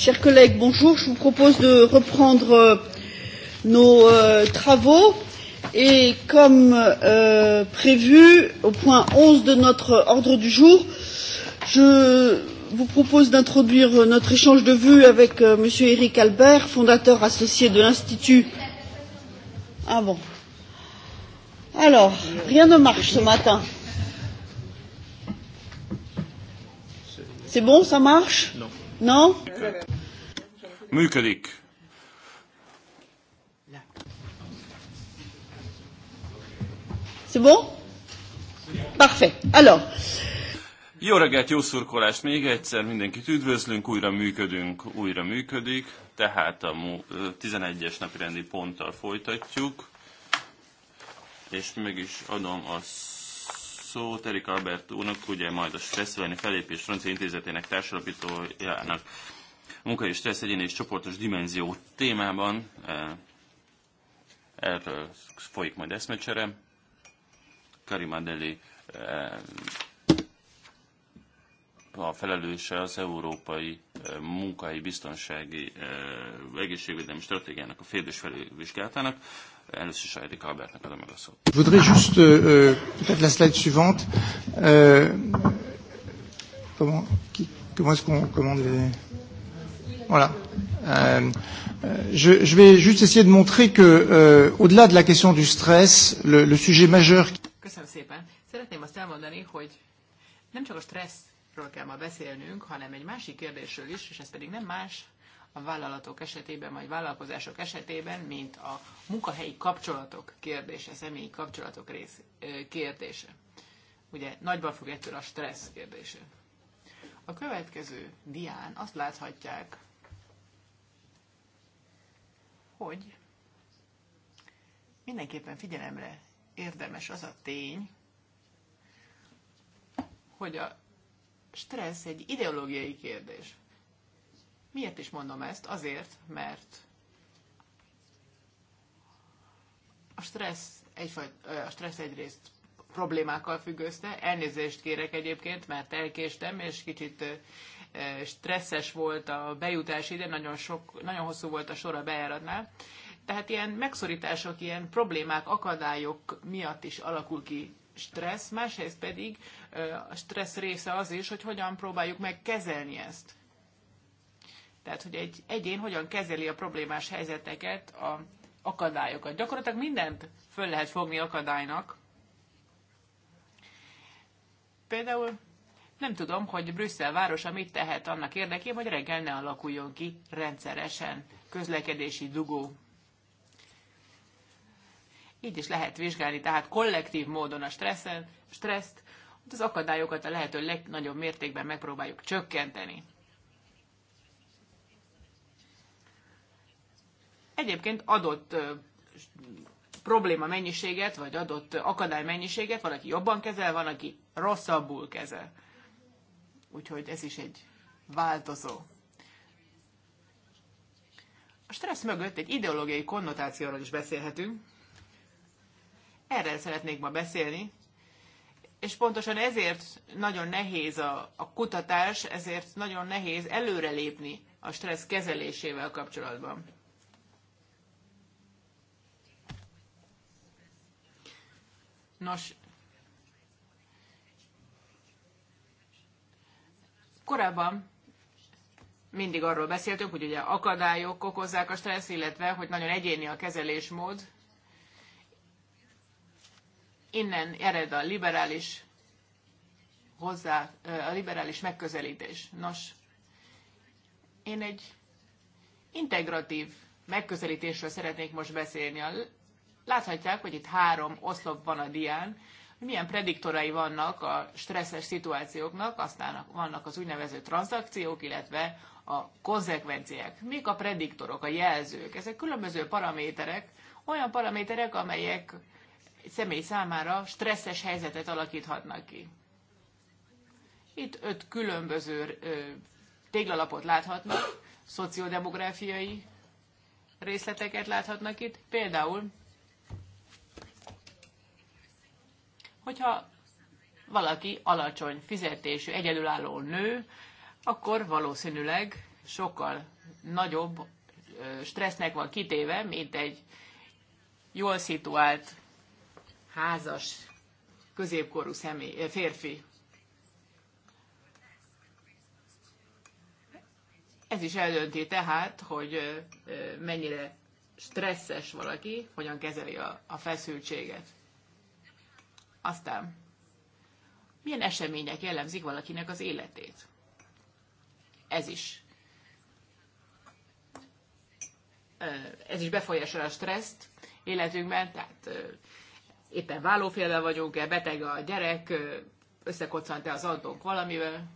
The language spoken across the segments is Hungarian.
Chers collègues, bonjour. Je vous propose de reprendre euh, nos euh, travaux et comme euh, prévu au point 11 de notre ordre du jour, je vous propose d'introduire notre échange de vues avec euh, M. éric Albert, fondateur associé de l'Institut. Ah bon. Alors, rien ne marche ce matin. C'est bon, ça marche Non. No? Működik. C'est bon? Parfait. Alors. Jó reggelt, jó szurkolást még egyszer, mindenkit üdvözlünk, újra működünk, újra működik, tehát a 11-es napi rendi ponttal folytatjuk, és meg is adom a szót Erik Albert úrnak, ugye majd a Stresszelni Felépés Francia Intézetének társalapítójának munkai stressz egyéni és csoportos dimenzió témában. E, erről folyik majd eszmecsere. Karim Adeli e, a felelőse az Európai e, Munkai Biztonsági Egészségvédelmi Stratégiának a félidős felvizsgálatának. Először is Erik Albertnek adom meg a szót. Je voudrais juste, euh, euh, peut-être la slide suivante, euh, comment, qui, comment est-ce qu'on commande les... Voilà. Euh, je, je vais juste essayer de montrer que, euh, au-delà de la question du stress, le, le sujet majeur... Köszönöm szépen. Szeretném azt elmondani, hogy nem csak a stresszről kell ma beszélnünk, hanem egy másik kérdésről is, és ez pedig nem más, a vállalatok esetében, vagy vállalkozások esetében, mint a munkahelyi kapcsolatok kérdése, személyi kapcsolatok rész, kérdése. Ugye nagyban függ ettől a stressz kérdése. A következő dián azt láthatják, hogy mindenképpen figyelemre érdemes az a tény, hogy a stressz egy ideológiai kérdés. Miért is mondom ezt? Azért, mert a stressz, egyfajta, a stressz egyrészt problémákkal függ össze. Elnézést kérek egyébként, mert elkéstem, és kicsit stresszes volt a bejutás ide, nagyon, sok, nagyon hosszú volt a sor a bejáratnál. Tehát ilyen megszorítások, ilyen problémák, akadályok miatt is alakul ki stressz, másrészt pedig a stressz része az is, hogy hogyan próbáljuk meg kezelni ezt. Tehát, hogy egy egyén hogyan kezeli a problémás helyzeteket, a akadályokat. Gyakorlatilag mindent föl lehet fogni akadálynak. Például nem tudom, hogy Brüsszel városa mit tehet annak érdekében, hogy reggel ne alakuljon ki rendszeresen közlekedési dugó. Így is lehet vizsgálni, tehát kollektív módon a stresszen, stresszt, az akadályokat a lehető legnagyobb mértékben megpróbáljuk csökkenteni. egyébként adott probléma mennyiséget, vagy adott akadály mennyiséget, valaki jobban kezel, van, aki rosszabbul kezel. Úgyhogy ez is egy változó. A stressz mögött egy ideológiai konnotációról is beszélhetünk. Erről szeretnék ma beszélni, és pontosan ezért nagyon nehéz a, a kutatás, ezért nagyon nehéz előrelépni a stressz kezelésével kapcsolatban. Nos, korábban mindig arról beszéltünk, hogy ugye akadályok okozzák a stressz, illetve hogy nagyon egyéni a kezelésmód. Innen ered a liberális hozzá, a liberális megközelítés. Nos, én egy integratív megközelítésről szeretnék most beszélni. A Láthatják, hogy itt három oszlop van a dián, milyen prediktorai vannak a stresszes szituációknak, aztán vannak az úgynevezett tranzakciók, illetve a konzekvenciák. Mik a prediktorok, a jelzők? Ezek különböző paraméterek, olyan paraméterek, amelyek egy személy számára stresszes helyzetet alakíthatnak ki. Itt öt különböző téglalapot láthatnak, szociodemográfiai részleteket láthatnak itt, például Hogyha valaki alacsony fizetésű, egyedülálló nő, akkor valószínűleg sokkal nagyobb stressznek van kitéve, mint egy jól szituált házas, középkorú személy, férfi. Ez is eldönti tehát, hogy mennyire stresszes valaki, hogyan kezeli a, a feszültséget. Aztán milyen események jellemzik valakinek az életét. Ez is. Ez is befolyásolja a stresszt életünkben, tehát éppen vállófélbe vagyunk-e, beteg a gyerek, összekocsant e az addónk valamivel.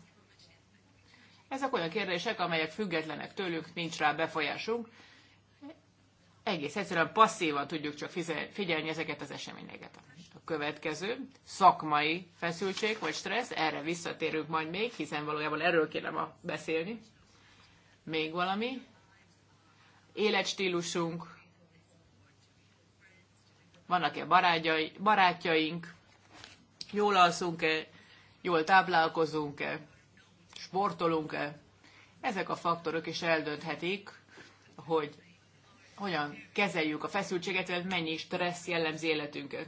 Ezek olyan kérdések, amelyek függetlenek tőlünk, nincs rá befolyásunk. Egész egyszerűen passzívan tudjuk csak figyelni ezeket az eseményeket következő, szakmai feszültség vagy stressz, erre visszatérünk majd még, hiszen valójában erről kéne ma beszélni. Még valami? Életstílusunk, vannak-e barátjai, barátjaink, jól alszunk-e, jól táplálkozunk-e, sportolunk-e. Ezek a faktorok is eldönthetik, hogy hogyan kezeljük a feszültséget, vagy mennyi stressz jellemzi életünket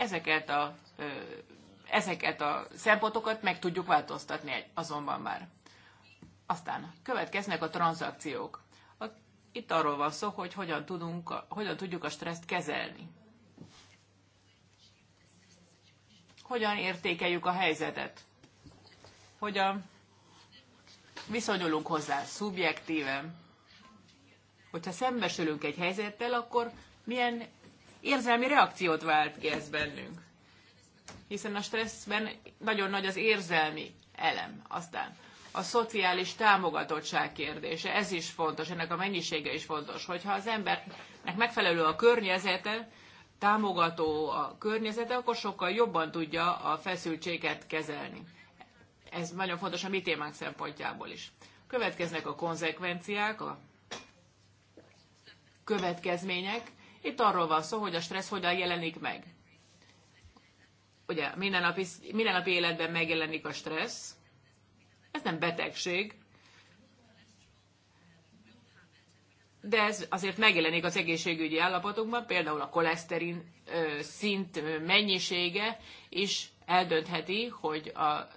ezeket a, ezeket a szempontokat meg tudjuk változtatni azonban már. Aztán következnek a tranzakciók. Itt arról van szó, hogy hogyan, tudunk, hogyan tudjuk a stresszt kezelni. Hogyan értékeljük a helyzetet. Hogyan viszonyulunk hozzá szubjektíven. Hogyha szembesülünk egy helyzettel, akkor milyen érzelmi reakciót vált ki ez bennünk. Hiszen a stresszben nagyon nagy az érzelmi elem. Aztán a szociális támogatottság kérdése, ez is fontos, ennek a mennyisége is fontos, hogyha az embernek megfelelő a környezete, támogató a környezete, akkor sokkal jobban tudja a feszültséget kezelni. Ez nagyon fontos a mi témánk szempontjából is. Következnek a konzekvenciák, a következmények. Itt arról van szó, hogy a stressz hogyan jelenik meg. Ugye minden minden napi életben megjelenik a stressz. Ez nem betegség, de ez azért megjelenik az egészségügyi állapotunkban, például a koleszterin szint mennyisége is eldöntheti, hogy a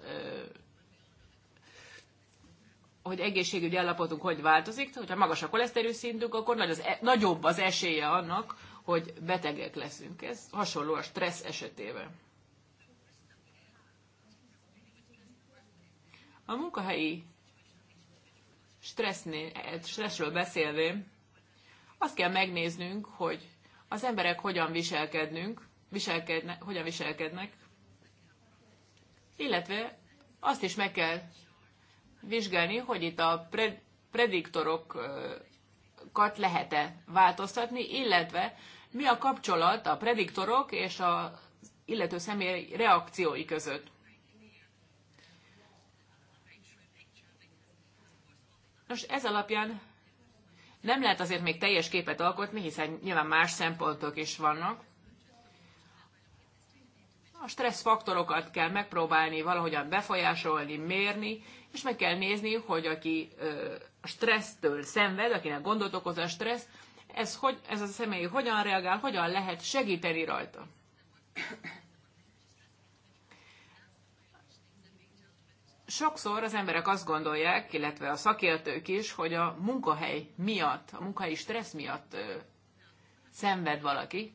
hogy egészségügyi állapotunk hogy változik, hogyha magas a koleszterül szintünk, akkor nagy az, e- nagyobb az esélye annak, hogy betegek leszünk. Ez hasonló a stressz esetében. A munkahelyi stressznél, stresszről beszélve, azt kell megnéznünk, hogy az emberek hogyan viselkednünk, viselkedne, hogyan viselkednek, illetve azt is meg kell vizsgálni, hogy itt a pre- prediktorokat lehet-e változtatni, illetve mi a kapcsolat a prediktorok és a illető személy reakciói között. Nos, ez alapján nem lehet azért még teljes képet alkotni, hiszen nyilván más szempontok is vannak a stresszfaktorokat kell megpróbálni valahogyan befolyásolni, mérni, és meg kell nézni, hogy aki a stressztől szenved, akinek gondot okoz a stressz, ez, hogy, ez a személy hogyan reagál, hogyan lehet segíteni rajta. Sokszor az emberek azt gondolják, illetve a szakértők is, hogy a munkahely miatt, a munkahelyi stressz miatt ö, szenved valaki,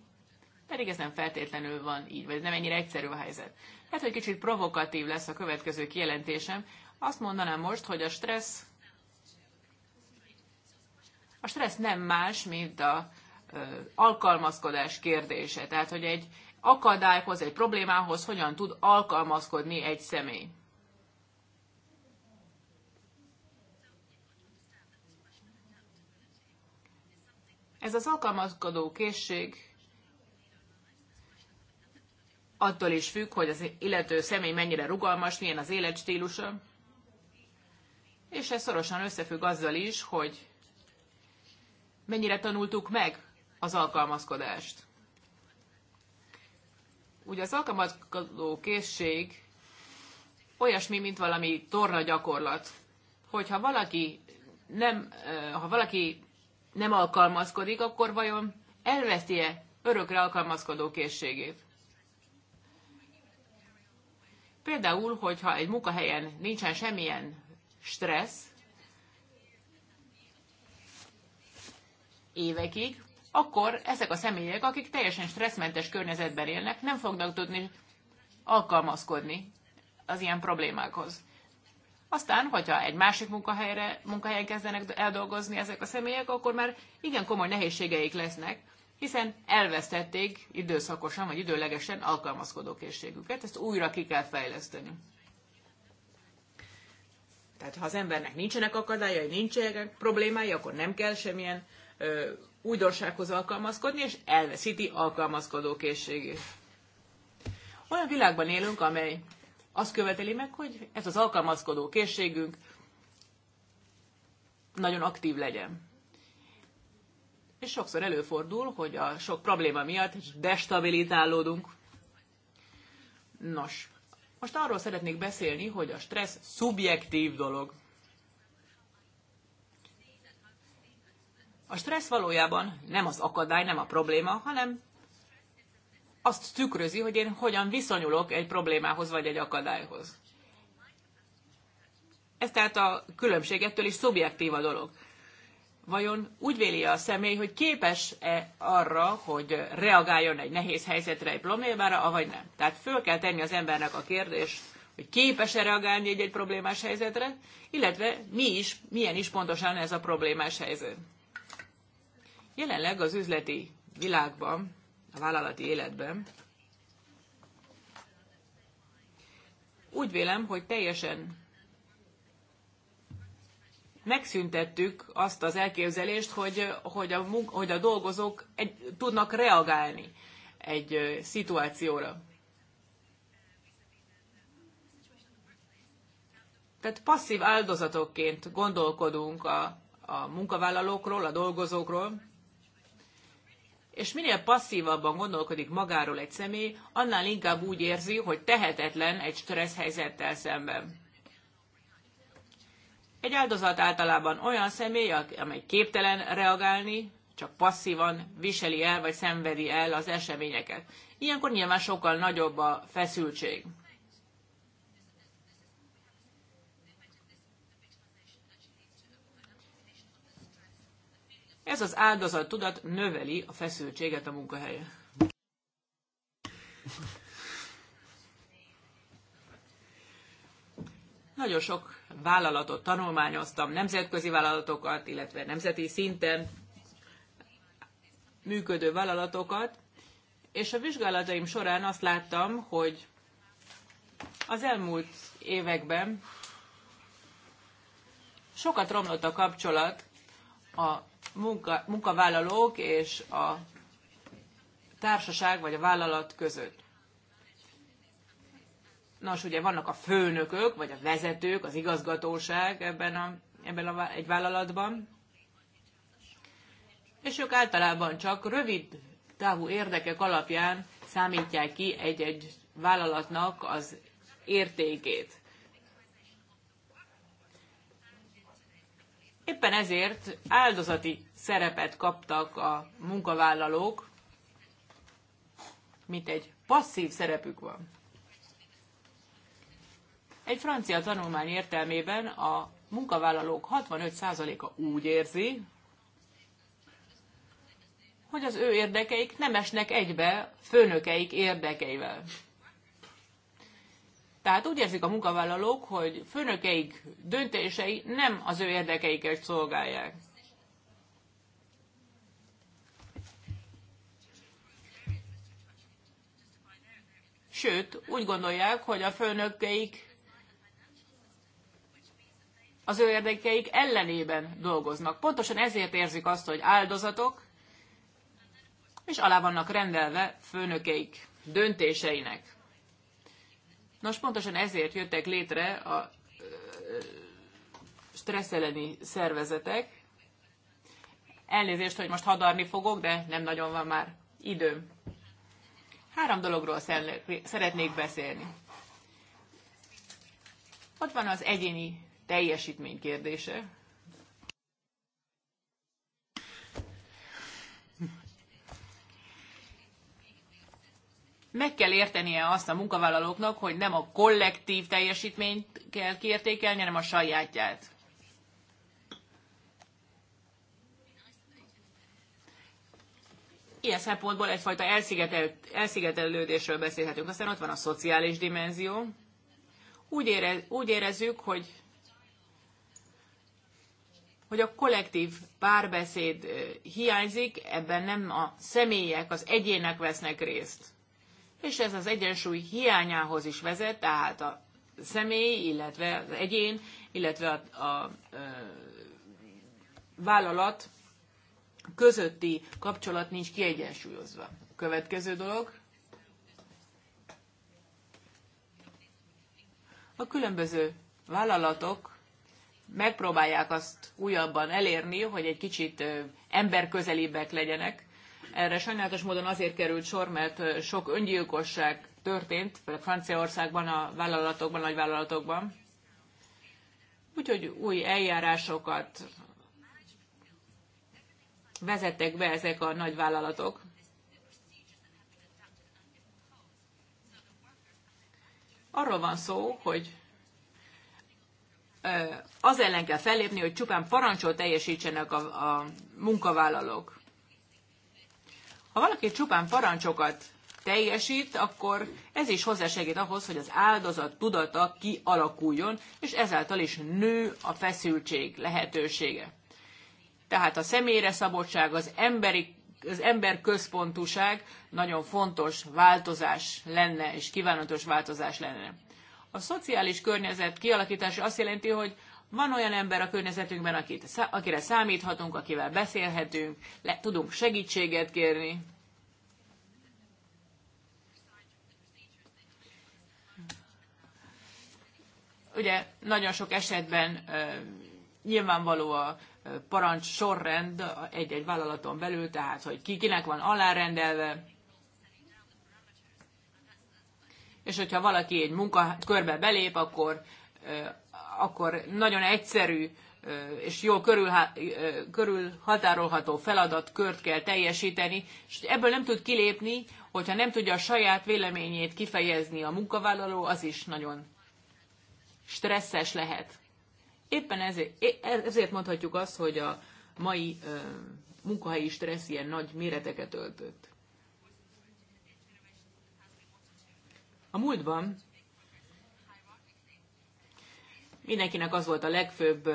pedig ez nem feltétlenül van így, vagy nem ennyire egyszerű a helyzet. Hát, hogy kicsit provokatív lesz a következő kijelentésem, azt mondanám most, hogy a stressz a stressz nem más, mint a ö, alkalmazkodás kérdése. Tehát, hogy egy akadályhoz, egy problémához hogyan tud alkalmazkodni egy személy. Ez az alkalmazkodó készség attól is függ, hogy az illető személy mennyire rugalmas, milyen az életstílusa, és ez szorosan összefügg azzal is, hogy mennyire tanultuk meg az alkalmazkodást. Ugye az alkalmazkodó készség olyasmi, mint valami torna gyakorlat. Hogyha valaki nem, eh, ha valaki nem alkalmazkodik, akkor vajon elveszti-e örökre alkalmazkodó készségét? Például, hogyha egy munkahelyen nincsen semmilyen stressz évekig, akkor ezek a személyek, akik teljesen stresszmentes környezetben élnek, nem fognak tudni alkalmazkodni az ilyen problémákhoz. Aztán, hogyha egy másik munkahelyre, munkahelyen kezdenek eldolgozni ezek a személyek, akkor már igen komoly nehézségeik lesznek, hiszen elvesztették időszakosan vagy időlegesen alkalmazkodó készségüket, ezt újra ki kell fejleszteni. Tehát ha az embernek nincsenek akadályai, nincsenek problémái, akkor nem kell semmilyen ö, újdonsághoz alkalmazkodni, és elveszíti alkalmazkodó készségét. Olyan világban élünk, amely azt követeli meg, hogy ez az alkalmazkodó készségünk nagyon aktív legyen. És sokszor előfordul, hogy a sok probléma miatt destabilizálódunk. Nos, most arról szeretnék beszélni, hogy a stressz szubjektív dolog. A stressz valójában nem az akadály, nem a probléma, hanem azt tükrözi, hogy én hogyan viszonyulok egy problémához vagy egy akadályhoz. Ez tehát a különbség, ettől is szubjektív a dolog vajon úgy véli a személy, hogy képes-e arra, hogy reagáljon egy nehéz helyzetre, egy problémára, avagy nem. Tehát föl kell tenni az embernek a kérdést, hogy képes-e reagálni egy-egy problémás helyzetre, illetve mi is, milyen is pontosan ez a problémás helyzet. Jelenleg az üzleti világban, a vállalati életben úgy vélem, hogy teljesen megszüntettük azt az elképzelést, hogy, hogy, a, munk, hogy a dolgozók egy, tudnak reagálni egy szituációra. Tehát passzív áldozatokként gondolkodunk a, a munkavállalókról, a dolgozókról, és minél passzívabban gondolkodik magáról egy személy, annál inkább úgy érzi, hogy tehetetlen egy stressz helyzettel szemben. Egy áldozat általában olyan személy, amely képtelen reagálni, csak passzívan viseli el, vagy szenvedi el az eseményeket. Ilyenkor nyilván sokkal nagyobb a feszültség. Ez az áldozat tudat növeli a feszültséget a munkahelyen. Nagyon sok vállalatot tanulmányoztam, nemzetközi vállalatokat, illetve nemzeti szinten működő vállalatokat, és a vizsgálataim során azt láttam, hogy az elmúlt években sokat romlott a kapcsolat a munka, munkavállalók és a társaság vagy a vállalat között. Nos, ugye vannak a főnökök, vagy a vezetők, az igazgatóság ebben, a, ebben a, egy vállalatban, és ők általában csak rövid távú érdekek alapján számítják ki egy-egy vállalatnak az értékét. Éppen ezért áldozati szerepet kaptak a munkavállalók, mint egy passzív szerepük van. Egy francia tanulmány értelmében a munkavállalók 65%-a úgy érzi, hogy az ő érdekeik nem esnek egybe főnökeik érdekeivel. Tehát úgy érzik a munkavállalók, hogy főnökeik döntései nem az ő érdekeiket szolgálják. Sőt, úgy gondolják, hogy a főnökeik az ő érdekeik ellenében dolgoznak. Pontosan ezért érzik azt, hogy áldozatok, és alá vannak rendelve főnökeik döntéseinek. Nos, pontosan ezért jöttek létre a stresszeleni szervezetek. Elnézést, hogy most hadarni fogok, de nem nagyon van már időm. Három dologról szeretnék beszélni. Ott van az egyéni teljesítmény kérdése. Meg kell értenie azt a munkavállalóknak, hogy nem a kollektív teljesítményt kell kiértékelni, hanem a sajátját. ilyen szempontból egyfajta elszigetelődésről beszélhetünk. Aztán ott van a szociális dimenzió. Úgy, érez, úgy érezzük, hogy hogy a kollektív párbeszéd hiányzik, ebben nem a személyek, az egyének vesznek részt. És ez az egyensúly hiányához is vezet, tehát a személy, illetve az egyén, illetve a, a, a vállalat közötti kapcsolat nincs kiegyensúlyozva. Következő dolog. A különböző vállalatok megpróbálják azt újabban elérni, hogy egy kicsit emberközelibbek legyenek. Erre sajnálatos módon azért került sor, mert sok öngyilkosság történt, főleg Franciaországban, a vállalatokban, nagyvállalatokban. Úgyhogy új eljárásokat vezettek be ezek a nagyvállalatok. Arról van szó, hogy az ellen kell fellépni, hogy csupán parancsot teljesítsenek a, a munkavállalók. Ha valaki csupán parancsokat teljesít, akkor ez is hozzásegít ahhoz, hogy az áldozat tudata kialakuljon, és ezáltal is nő a feszültség lehetősége. Tehát a személyre szabadság, az, emberi, az ember központúság nagyon fontos változás lenne, és kívánatos változás lenne. A szociális környezet kialakítása azt jelenti, hogy van olyan ember a környezetünkben, akit, akire számíthatunk, akivel beszélhetünk, le, tudunk segítséget kérni. Ugye nagyon sok esetben ö, nyilvánvaló a parancs sorrend egy-egy vállalaton belül, tehát hogy ki kinek van alárendelve, és hogyha valaki egy munkakörbe belép, akkor, akkor nagyon egyszerű és jól körül, körül határolható feladatkört kell teljesíteni, és ebből nem tud kilépni, hogyha nem tudja a saját véleményét kifejezni a munkavállaló, az is nagyon stresszes lehet. Éppen ezért, ezért mondhatjuk azt, hogy a mai munkahelyi stressz ilyen nagy méreteket öltött. A múltban mindenkinek az volt a legfőbb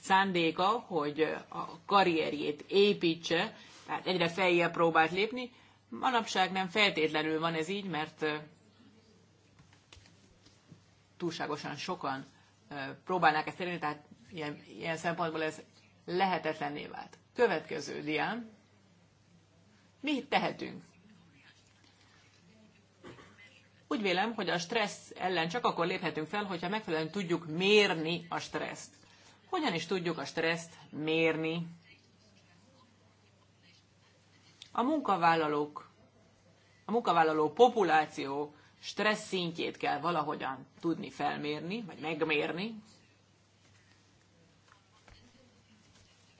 szándéka, hogy a karrierjét építse, tehát egyre feljebb próbált lépni. Manapság nem feltétlenül van ez így, mert túlságosan sokan próbálnák ezt elérni, tehát ilyen, ilyen szempontból ez lehetetlenné vált. Következő diám. Mi tehetünk? Úgy vélem, hogy a stressz ellen csak akkor léphetünk fel, hogyha megfelelően tudjuk mérni a stresszt. Hogyan is tudjuk a stresszt mérni? A munkavállalók, a munkavállaló populáció stressz szintjét kell valahogyan tudni felmérni, vagy megmérni,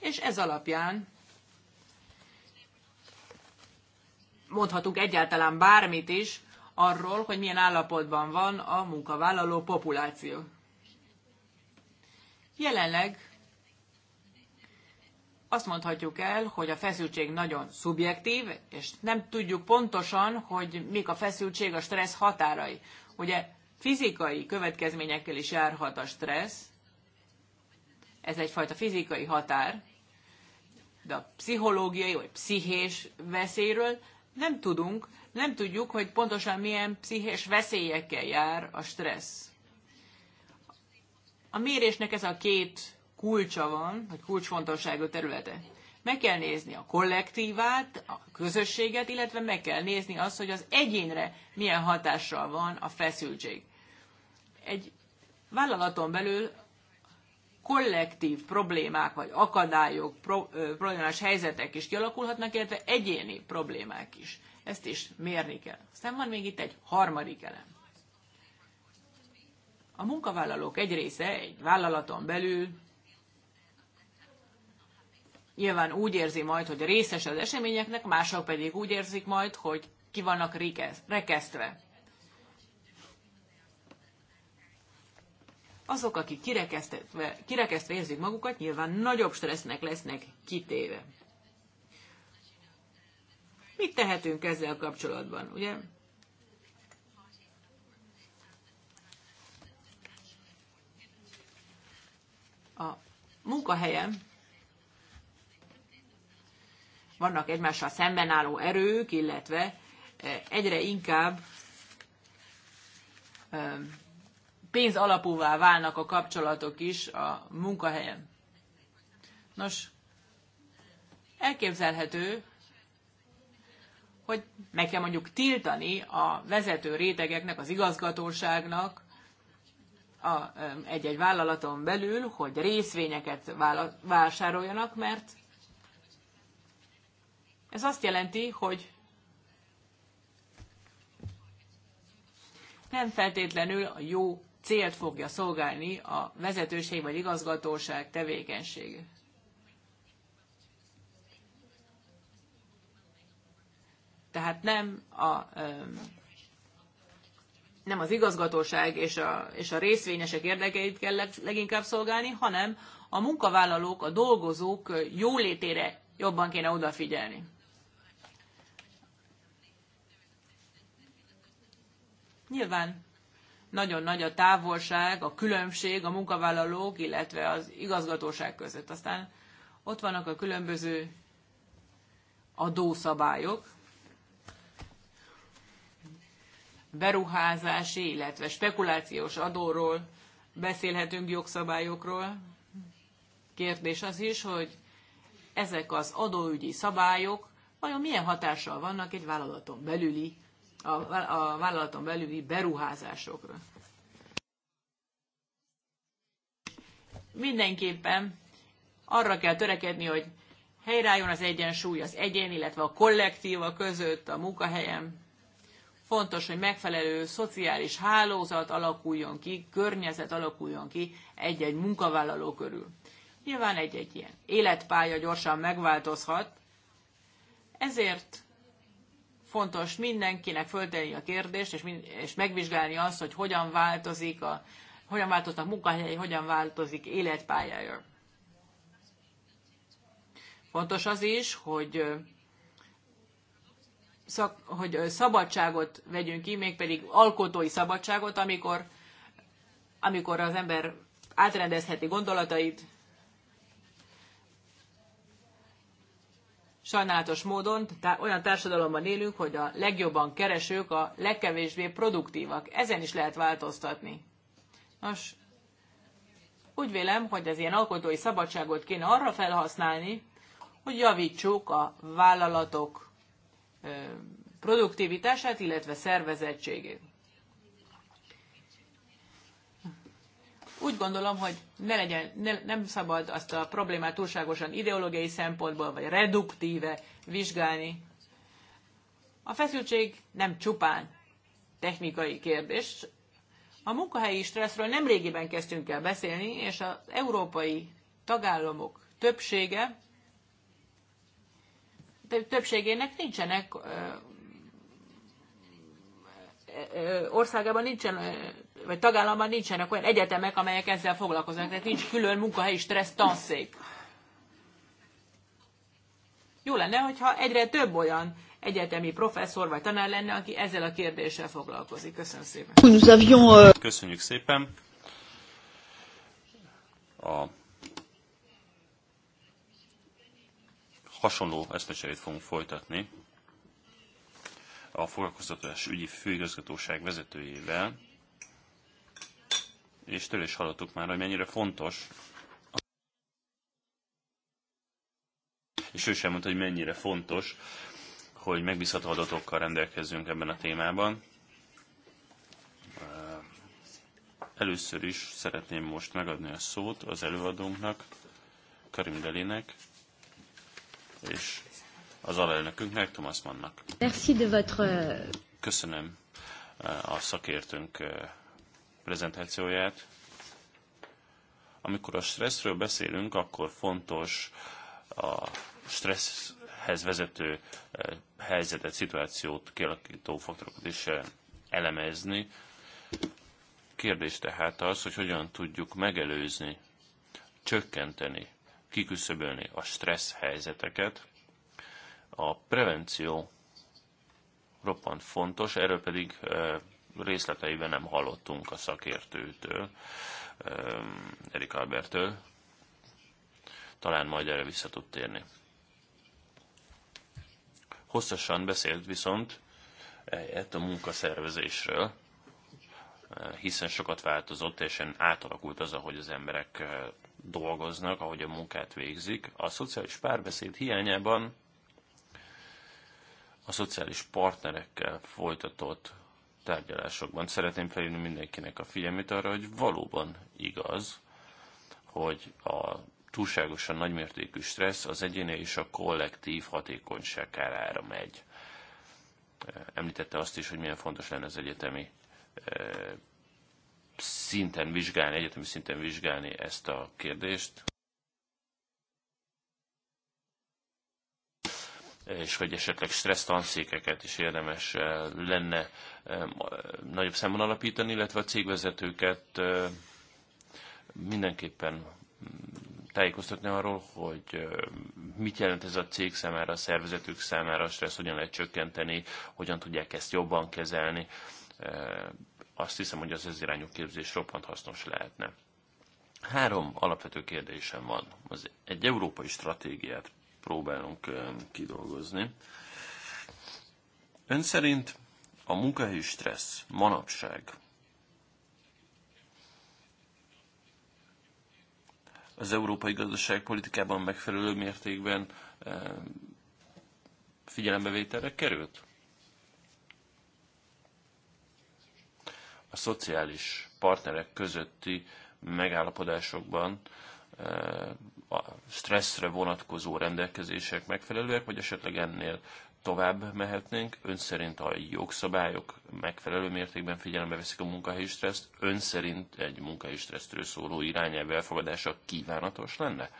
és ez alapján mondhatunk egyáltalán bármit is arról, hogy milyen állapotban van a munkavállaló populáció. Jelenleg azt mondhatjuk el, hogy a feszültség nagyon szubjektív, és nem tudjuk pontosan, hogy mik a feszültség, a stressz határai. Ugye fizikai következményekkel is járhat a stressz, ez egyfajta fizikai határ, de a pszichológiai vagy pszichés veszélyről nem tudunk, nem tudjuk, hogy pontosan milyen pszichés veszélyekkel jár a stressz. A mérésnek ez a két kulcsa van, vagy kulcsfontosságú területe. Meg kell nézni a kollektívát, a közösséget, illetve meg kell nézni azt, hogy az egyénre milyen hatással van a feszültség. Egy vállalaton belül kollektív problémák, vagy akadályok, problémás helyzetek is kialakulhatnak, illetve egyéni problémák is ezt is mérni kell. Aztán van még itt egy harmadik elem. A munkavállalók egy része egy vállalaton belül nyilván úgy érzi majd, hogy részes az eseményeknek, mások pedig úgy érzik majd, hogy ki vannak rekesztve. Azok, akik kirekesztve, kirekesztve érzik magukat, nyilván nagyobb stressznek lesznek kitéve. Mit tehetünk ezzel kapcsolatban, ugye? A munkahelyen vannak egymással szemben álló erők, illetve eh, egyre inkább eh, pénz alapúvá válnak a kapcsolatok is a munkahelyen. Nos, elképzelhető, hogy meg kell mondjuk tiltani a vezető rétegeknek, az igazgatóságnak a, egy-egy vállalaton belül, hogy részvényeket vála, vásároljanak, mert ez azt jelenti, hogy nem feltétlenül a jó célt fogja szolgálni a vezetőség vagy igazgatóság tevékenysége. Tehát nem a nem az igazgatóság és a, és a részvényesek érdekeit kell leginkább szolgálni, hanem a munkavállalók, a dolgozók jólétére jobban kéne odafigyelni. Nyilván nagyon nagy a távolság, a különbség a munkavállalók, illetve az igazgatóság között. Aztán ott vannak a különböző adószabályok, beruházási, illetve spekulációs adóról beszélhetünk jogszabályokról. Kérdés az is, hogy ezek az adóügyi szabályok vajon milyen hatással vannak egy vállalaton belüli, a, a vállalaton belüli beruházásokra. Mindenképpen arra kell törekedni, hogy helyreálljon az egyensúly az egyén, illetve a kollektíva között a munkahelyen. Fontos, hogy megfelelő szociális hálózat alakuljon ki, környezet alakuljon ki egy-egy munkavállaló körül. Nyilván egy-egy ilyen életpálya gyorsan megváltozhat, ezért fontos mindenkinek föltenni a kérdést, és, mind, és megvizsgálni azt, hogy hogyan változik a, hogyan változnak munkahelyei, hogyan változik életpályája. Fontos az is, hogy szak, hogy szabadságot vegyünk ki, mégpedig alkotói szabadságot, amikor, amikor az ember átrendezheti gondolatait. Sajnálatos módon tá- olyan társadalomban élünk, hogy a legjobban keresők a legkevésbé produktívak. Ezen is lehet változtatni. Nos, úgy vélem, hogy az ilyen alkotói szabadságot kéne arra felhasználni, hogy javítsuk a vállalatok produktivitását, illetve szervezettségét. Úgy gondolom, hogy ne legyen, ne, nem szabad azt a problémát túlságosan ideológiai szempontból, vagy reduktíve vizsgálni. A feszültség nem csupán technikai kérdés. A munkahelyi stresszről nem régiben kezdtünk el beszélni, és az európai tagállamok többsége többségének nincsenek országában nincsen, vagy tagállamban nincsenek olyan egyetemek, amelyek ezzel foglalkoznak, tehát nincs külön munkahelyi stressz tanszék. Jó lenne, hogyha egyre több olyan egyetemi professzor vagy tanár lenne, aki ezzel a kérdéssel foglalkozik. Köszönöm szépen. Euh, Köszönjük szépen. A hasonló eszmecserét fogunk folytatni a foglalkoztatás ügyi főigazgatóság vezetőjével, és tőle is hallottuk már, hogy mennyire fontos, és ő sem mondta, hogy mennyire fontos, hogy megbízható adatokkal rendelkezzünk ebben a témában. Először is szeretném most megadni a szót az előadónknak, Karim Delének, és az alelnökünknek, Thomas Mannnak. Merci de votre... Euh, Köszönöm euh, a szakértőnk euh, prezentációját. Amikor a stresszről beszélünk, akkor fontos a stresszhez vezető helyzetet, szituációt, kialakító faktorokat is elemezni. Kérdés tehát az, hogy hogyan tudjuk megelőzni, csökkenteni kiküszöbölni a stressz helyzeteket. A prevenció roppant fontos, erről pedig részleteiben nem hallottunk a szakértőtől, Erik Albertől. Talán majd erre vissza tud térni. Hosszasan beszélt viszont ezt a munkaszervezésről, hiszen sokat változott, és átalakult az, ahogy az emberek dolgoznak, ahogy a munkát végzik. A szociális párbeszéd hiányában a szociális partnerekkel folytatott tárgyalásokban szeretném felírni mindenkinek a figyelmét arra, hogy valóban igaz, hogy a túlságosan nagymértékű stressz az egyéni és a kollektív hatékonyság kárára megy. Említette azt is, hogy milyen fontos lenne az egyetemi szinten vizsgálni, egyetemi szinten vizsgálni ezt a kérdést. és hogy esetleg stressz tanszékeket is érdemes eh, lenne eh, nagyobb számon alapítani, illetve a cégvezetőket eh, mindenképpen mm, tájékoztatni arról, hogy mit jelent ez a cég számára, a szervezetük számára a stressz, hogyan lehet csökkenteni, hogyan tudják ezt jobban kezelni azt hiszem, hogy az ez irányú képzés roppant hasznos lehetne. Három alapvető kérdésem van. Az egy európai stratégiát próbálunk kidolgozni. Ön szerint a munkahelyi stressz manapság az európai gazdaságpolitikában megfelelő mértékben figyelembevételre került? szociális partnerek közötti megállapodásokban eh, a stresszre vonatkozó rendelkezések megfelelőek, vagy esetleg ennél tovább mehetnénk. Ön szerint a jogszabályok megfelelő mértékben figyelembe veszik a munkahelyi stresszt. Ön szerint egy munkahelyi stresszről szóló irányelv elfogadása kívánatos lenne?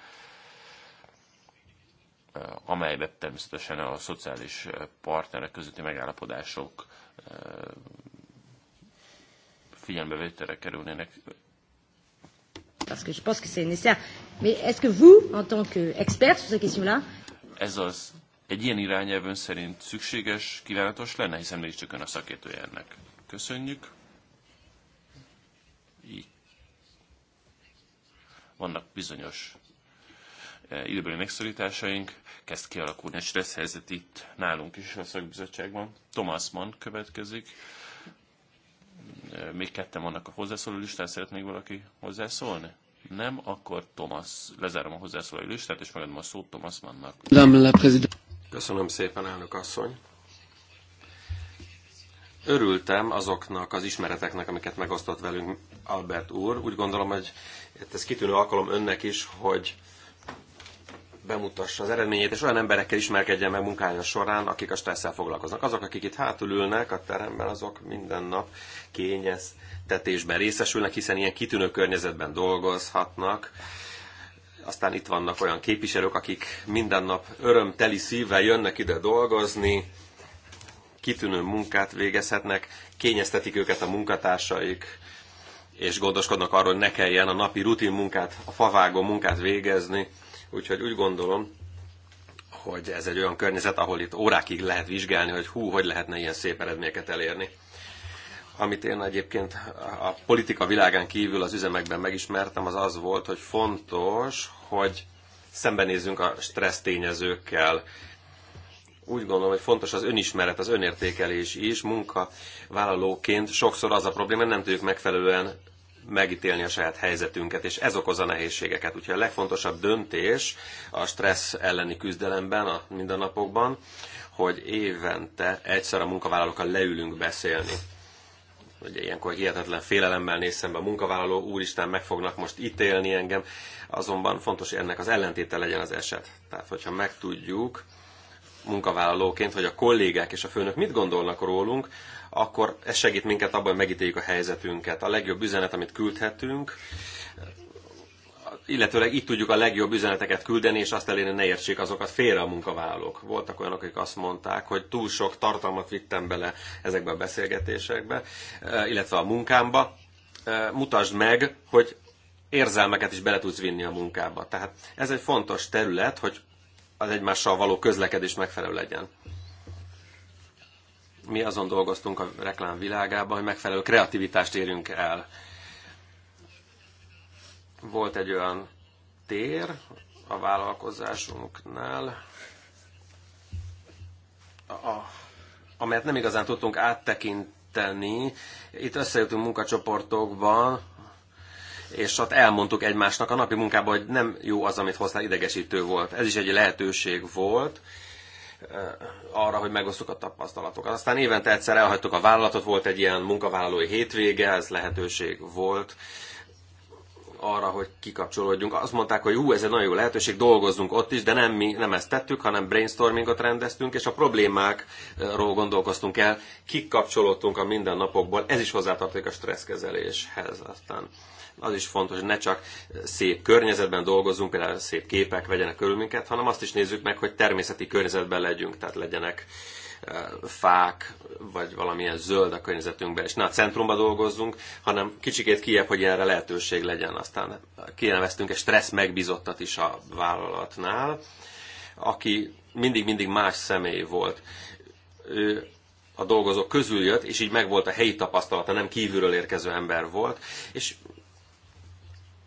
Eh, amelybe természetesen a szociális partnerek közötti megállapodások eh, figyelmevételre kerülnének. Parce que je pense que c'est nécessaire. Mais est-ce que vous, en tant qu'expert sur ces questions-là, ez az egy ilyen irányelv ön szerint szükséges, kívánatos lenne, hiszen csak ön a szakértője ennek. Köszönjük. Így. Vannak bizonyos e, időbeli megszorításaink, kezd kialakulni egy stressz helyzet itt nálunk is a szakbizottságban. Thomas Mann következik, még ketten vannak a hozzászóló listán, szeret még valaki hozzászólni? Nem, akkor Thomas, lezárom a hozzászólói listát, és megadom a szót Thomas Mannnak. Köszönöm szépen, elnök asszony. Örültem azoknak az ismereteknek, amiket megosztott velünk Albert úr. Úgy gondolom, hogy ez kitűnő alkalom önnek is, hogy bemutassa az eredményét, és olyan emberekkel ismerkedjen meg munkája során, akik a stresszel foglalkoznak. Azok, akik itt hátul ülnek a teremben, azok minden nap kényeztetésben részesülnek, hiszen ilyen kitűnő környezetben dolgozhatnak. Aztán itt vannak olyan képviselők, akik minden nap örömteli szívvel jönnek ide dolgozni, kitűnő munkát végezhetnek, kényeztetik őket a munkatársaik, és gondoskodnak arról, hogy ne kelljen a napi rutin munkát, a favágó munkát végezni Úgyhogy úgy gondolom, hogy ez egy olyan környezet, ahol itt órákig lehet vizsgálni, hogy hú, hogy lehetne ilyen szép eredményeket elérni. Amit én egyébként a politika világán kívül az üzemekben megismertem, az az volt, hogy fontos, hogy szembenézzünk a stressz tényezőkkel. Úgy gondolom, hogy fontos az önismeret, az önértékelés is. Munkavállalóként sokszor az a probléma, nem tudjuk megfelelően megítélni a saját helyzetünket, és ez a nehézségeket. Úgyhogy a legfontosabb döntés a stressz elleni küzdelemben, a mindennapokban, hogy évente egyszer a munkavállalókkal leülünk beszélni. Ugye ilyenkor hihetetlen félelemmel néz szembe a munkavállaló, úristen, meg fognak most ítélni engem, azonban fontos, hogy ennek az ellentéte legyen az eset. Tehát, hogyha megtudjuk munkavállalóként, hogy a kollégák és a főnök mit gondolnak rólunk, akkor ez segít minket abban, hogy megítéljük a helyzetünket. A legjobb üzenet, amit küldhetünk, illetőleg itt tudjuk a legjobb üzeneteket küldeni, és azt elérni ne értsék azokat félre a munkavállalók. Voltak olyanok, akik azt mondták, hogy túl sok tartalmat vittem bele ezekbe a beszélgetésekbe, eh, illetve a munkámba. Eh, mutasd meg, hogy érzelmeket is bele tudsz vinni a munkába. Tehát ez egy fontos terület, hogy az egymással való közlekedés megfelelő legyen mi azon dolgoztunk a reklám világában, hogy megfelelő kreativitást érünk el. Volt egy olyan tér a vállalkozásunknál, a, amelyet nem igazán tudtunk áttekinteni. Itt összejöttünk munkacsoportokban, és ott elmondtuk egymásnak a napi munkában, hogy nem jó az, amit hoztál, idegesítő volt. Ez is egy lehetőség volt, Eh, arra, hogy megosztuk a tapasztalatokat. Aztán évente egyszer elhagytuk a vállalatot, volt egy ilyen munkavállalói hétvége, ez lehetőség volt arra, hogy kikapcsolódjunk. Azt mondták, hogy jó, ez egy nagyon jó lehetőség, dolgozzunk ott is, de nem mi nem ezt tettük, hanem brainstormingot rendeztünk, és a problémákról gondolkoztunk el, kikapcsolódtunk a mindennapokból, ez is hozzátartozik a stresszkezeléshez. Aztán az is fontos, hogy ne csak szép környezetben dolgozunk, például szép képek vegyenek körül minket, hanem azt is nézzük meg, hogy természeti környezetben legyünk, tehát legyenek fák, vagy valamilyen zöld a környezetünkben, és ne a centrumban dolgozzunk, hanem kicsikét kiebb, hogy erre lehetőség legyen. Aztán kineveztünk egy stressz megbizottat is a vállalatnál, aki mindig-mindig más személy volt. Ő a dolgozók közül jött, és így megvolt a helyi tapasztalata, nem kívülről érkező ember volt, és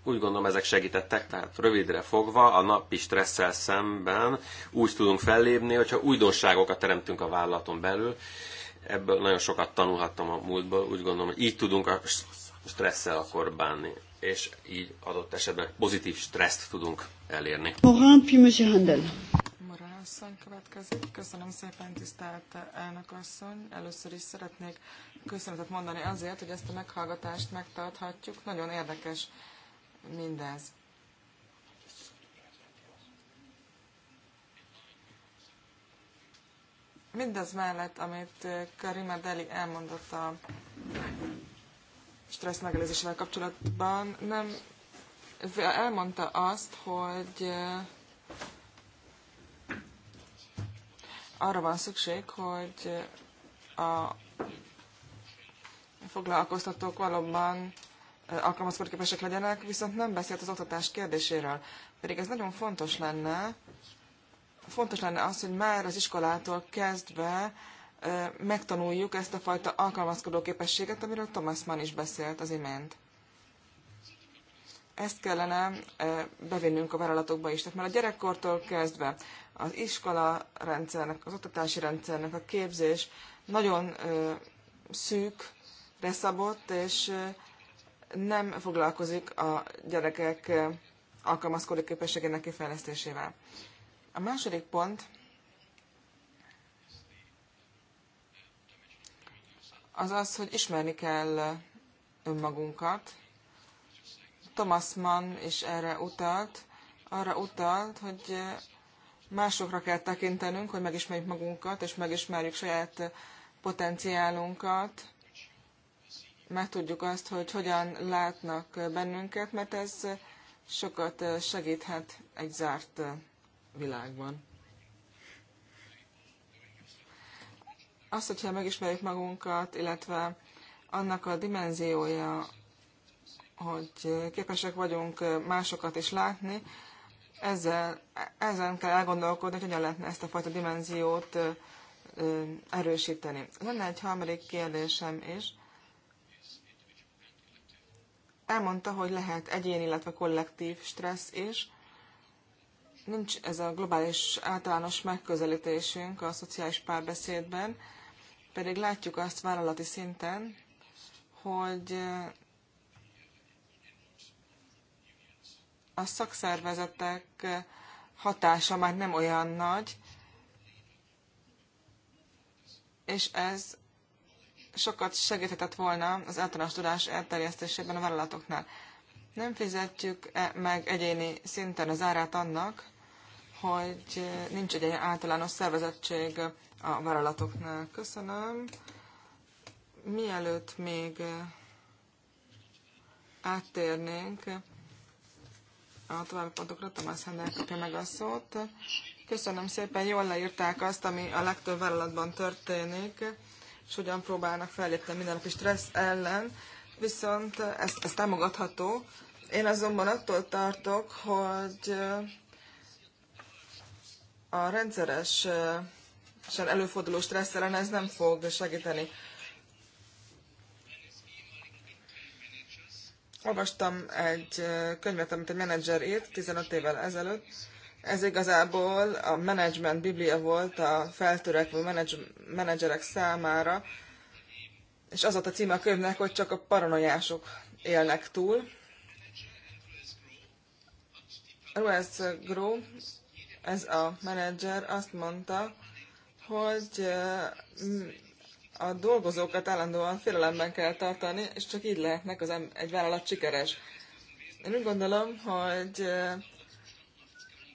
úgy gondolom ezek segítettek, tehát rövidre fogva a napi stresszel szemben úgy tudunk fellépni, hogyha újdonságokat teremtünk a vállalaton belül. Ebből nagyon sokat tanulhattam a múltból, úgy gondolom, hogy így tudunk a stresszel akkor bánni, és így adott esetben pozitív stresszt tudunk elérni. Morán, puis Handel. Morán asszony következik. Köszönöm szépen, tisztelt elnök asszony. Először is szeretnék köszönetet mondani azért, hogy ezt a meghallgatást megtarthatjuk. Nagyon érdekes mindez. Mindaz mellett, amit eh, Karima Deli elmondott a stressz megelőzésével kapcsolatban, nem elmondta azt, hogy eh, arra van szükség, hogy eh, a foglalkoztatók valóban képesek legyenek, viszont nem beszélt az oktatás kérdéséről. Pedig ez nagyon fontos lenne, fontos lenne az, hogy már az iskolától kezdve megtanuljuk ezt a fajta alkalmazkodó képességet, amiről Thomas Mann is beszélt az imént. Ezt kellene bevinnünk a vállalatokba is. Tehát már a gyerekkortól kezdve az iskola rendszernek, az oktatási rendszernek a képzés nagyon szűk, reszabott és nem foglalkozik a gyerekek alkalmazkodó képességének kifejlesztésével. A második pont az az, hogy ismerni kell önmagunkat. Thomas Mann is erre utalt, arra utalt, hogy másokra kell tekintenünk, hogy megismerjük magunkat, és megismerjük saját potenciálunkat, megtudjuk azt, hogy hogyan látnak bennünket, mert ez sokat segíthet egy zárt világban. Azt, hogyha megismerjük magunkat, illetve annak a dimenziója, hogy képesek vagyunk másokat is látni, ezzel, ezen kell elgondolkodni, hogy hogyan lehetne ezt a fajta dimenziót erősíteni. Lenne egy harmadik kérdésem is elmondta, hogy lehet egyén, illetve kollektív stressz is. Nincs ez a globális általános megközelítésünk a szociális párbeszédben, pedig látjuk azt vállalati szinten, hogy eh, a szakszervezetek eh, hatása már nem olyan nagy, és ez sokat segíthetett volna az általános tudás elterjesztésében a vállalatoknál. Nem fizetjük -e meg egyéni szinten az árát annak, hogy nincs egy általános szervezettség a vállalatoknál. Köszönöm. Mielőtt még áttérnénk a további pontokra, Tamás Hendel kapja meg a szót. Köszönöm szépen, jól leírták azt, ami a legtöbb vállalatban történik és hogyan próbálnak fellépni mindennapi stressz ellen, viszont ez, ez támogatható. Én azonban attól tartok, hogy a rendszeres előforduló stressz ellen ez nem fog segíteni. Olvastam egy könyvet, amit egy menedzser írt 15 évvel ezelőtt, ez igazából a menedzsment biblia volt a feltörekvő menedzs, menedzserek számára, és az volt a címe a könyvnek, hogy csak a paranoiások élnek túl. Ruiz Gró, ez a menedzser azt mondta, hogy eh, a dolgozókat állandóan félelemben kell tartani, és csak így lehetnek az egy vállalat sikeres. Én úgy gondolom, hogy eh,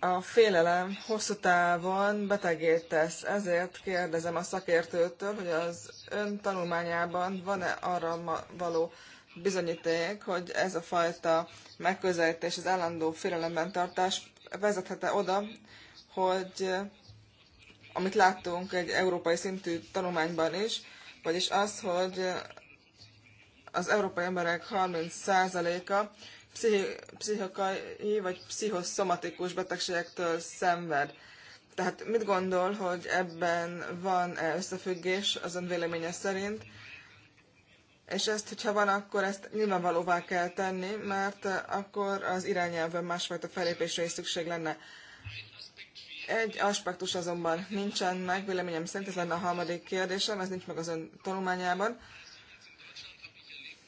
a félelem hosszú távon betegét tesz. Ezért kérdezem a szakértőtől, hogy az ön tanulmányában van-e arra való bizonyíték, hogy ez a fajta megközelítés, az állandó félelemben tartás vezethet-e oda, hogy amit láttunk egy európai szintű tanulmányban is, vagyis az, hogy az európai emberek 30%-a pszichikai vagy pszichoszomatikus betegségektől szenved. Tehát mit gondol, hogy ebben van-e összefüggés az ön véleménye szerint? És ezt, hogyha van, akkor ezt nyilvánvalóvá kell tenni, mert akkor az irányelven másfajta felépésre is szükség lenne. Egy aspektus azonban nincsen meg, véleményem szerint ez lenne a harmadik kérdésem, ez nincs meg az ön tanulmányában.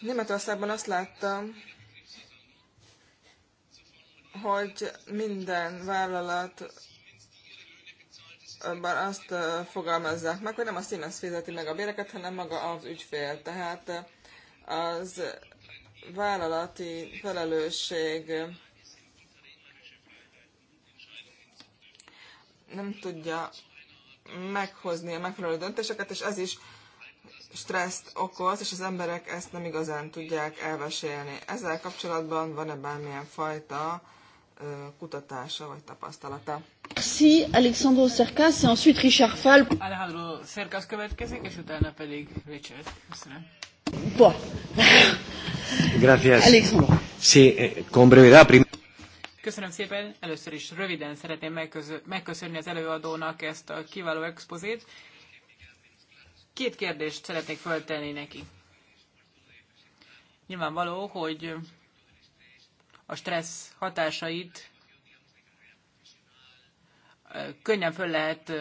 Németországban azt láttam, hogy minden vállalat azt fogalmazzák meg, hogy nem a Siemens fizeti meg a béreket, hanem maga az ügyfél. Tehát az vállalati felelősség nem tudja meghozni a megfelelő döntéseket, és ez is stresszt okoz, és az emberek ezt nem igazán tudják elvesélni. Ezzel kapcsolatban van-e bármilyen fajta kutatása vagy tapasztalata. Si Alexandro Szerkász, és ensuite Richard Fall. Alejandro Szerkász következik, és utána pedig Richard. Köszönöm. Bon. Gracias. Alexandro. Sí, eh, con brevedad. Prim- Köszönöm szépen. Először is röviden szeretném megköszönni az előadónak ezt a kiváló expozét. Két kérdést szeretnék föltenni neki. Nyilvánvaló, hogy a stressz hatásait könnyen föl lehet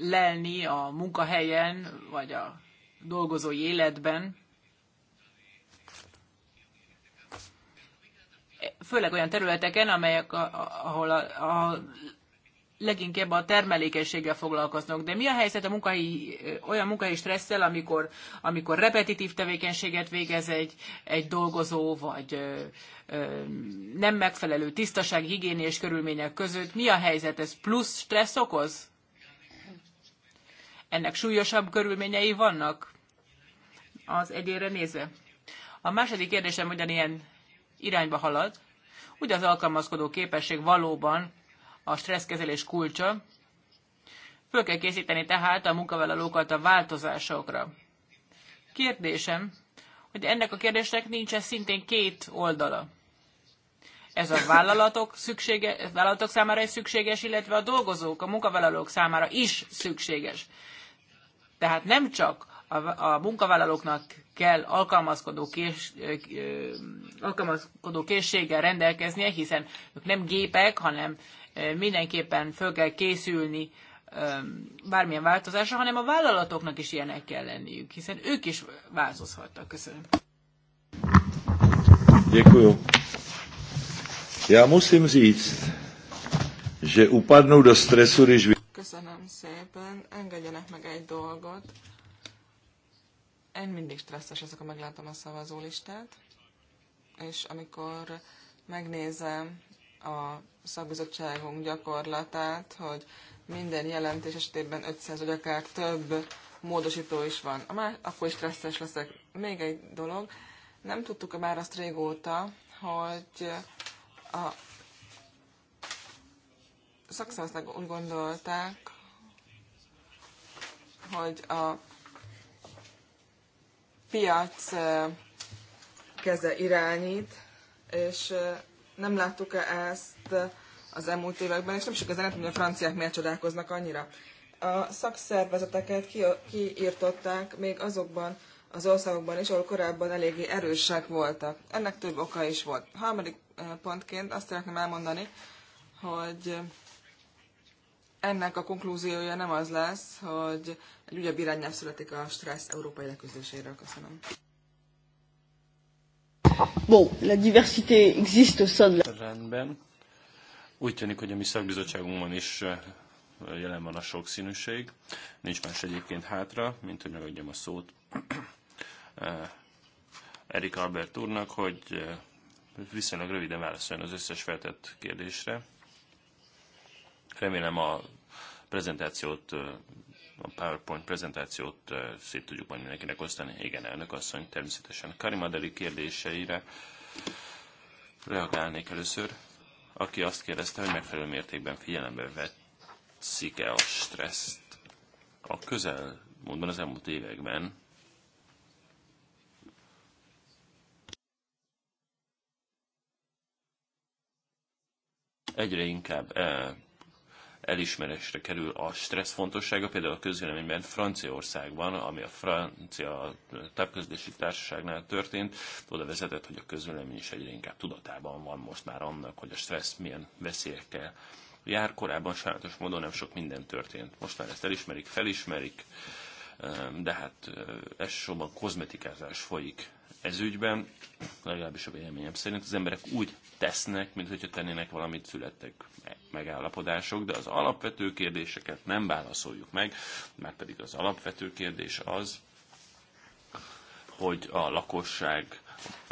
lelni a munkahelyen, vagy a dolgozói életben. Főleg olyan területeken, amelyek, ahol a, a leginkább a termelékenységgel foglalkoznak. De mi a helyzet a munkai, olyan munkai stresszel, amikor, amikor repetitív tevékenységet végez egy, egy dolgozó, vagy ö, ö, nem megfelelő tisztaság, higiéni és körülmények között? Mi a helyzet? Ez plusz stressz okoz? Ennek súlyosabb körülményei vannak az egyére nézve. A második kérdésem ugyanilyen irányba halad, Ugye az alkalmazkodó képesség valóban a stresszkezelés kulcsa. Föl kell készíteni tehát a munkavállalókat a változásokra. Kérdésem, hogy ennek a kérdésnek nincsen szintén két oldala. Ez a vállalatok, szüksége, vállalatok számára is szükséges, illetve a dolgozók, a munkavállalók számára is szükséges. Tehát nem csak a, a munkavállalóknak kell alkalmazkodó, kés, alkalmazkodó készséggel rendelkeznie, hiszen ők nem gépek, hanem Eh, mindenképpen föl kell készülni bármilyen változásra, hanem a vállalatoknak is ilyenek kell lenniük, hiszen ők is változhattak. Köszönöm. Děkuju. Já musím říct, že upadnou do stresu, když... Köszönöm szépen. Engedjenek meg egy dolgot. Én mindig stresszes ezek, amikor meglátom a szavazólistát, és amikor megnézem a szakbizottságunk gyakorlatát, hogy minden jelentés esetében 500 vagy akár több módosító is van. A Már akkor is stresszes leszek. Még egy dolog, nem tudtuk már azt régóta, hogy a szakszervezetek úgy gondolták, hogy a piac eh, keze irányít, és eh, nem láttuk-e ezt az elmúlt években, és nem is nem hogy a franciák miért csodálkoznak annyira. A szakszervezeteket kiírtották még azokban az országokban is, ahol korábban eléggé erősek voltak. Ennek több oka is volt. Harmadik eh, pontként azt szeretném elmondani, hogy ennek a konklúziója nem az lesz, hogy egy újabb irányelv születik a stressz európai leküzdésére. Köszönöm. Bon, la diversité existe au sein de la... Rendben. Úgy tűnik, hogy a mi szakbizottságunkban is eh, jelen van a sokszínűség. Nincs más egyébként hátra, mint hogy megadjam a szót eh, Erik Albert úrnak, hogy eh, viszonylag röviden válaszoljon az összes feltett kérdésre. Remélem a prezentációt a PowerPoint prezentációt szét tudjuk majd mindenkinek osztani. Igen, elnök asszony, természetesen. Karimadeli kérdéseire reagálnék először, aki azt kérdezte, hogy megfelelő mértékben figyelembe vetszik-e a stresszt. A közelmúltban, az elmúlt években egyre inkább elismerésre kerül a stressz fontossága, például a közvéleményben Franciaországban, ami a francia tápközlési társaságnál történt, oda vezetett, hogy a közvélemény is egyre inkább tudatában van most már annak, hogy a stressz milyen veszélyekkel jár. Korábban sajátos módon nem sok minden történt. Most már ezt elismerik, felismerik, de hát elsősorban kozmetikázás folyik ez ügyben, legalábbis a véleményem szerint, az emberek úgy tesznek, mint hogyha tennének valamit, születtek megállapodások, de az alapvető kérdéseket nem válaszoljuk meg, mert pedig az alapvető kérdés az, hogy a lakosság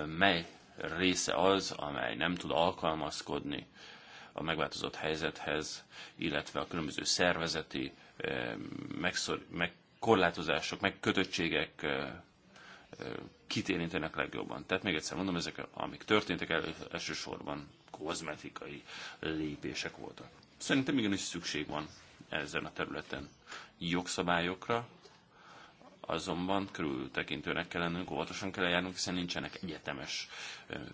mely része az, amely nem tud alkalmazkodni a megváltozott helyzethez, illetve a különböző szervezeti eh, megszor, meg korlátozások, kit érintenek legjobban. Tehát még egyszer mondom, ezek, amik történtek, elő, elsősorban kozmetikai lépések voltak. Szerintem igenis szükség van ezen a területen jogszabályokra, azonban körültekintőnek kell lennünk, óvatosan kell eljárnunk, hiszen nincsenek egyetemes,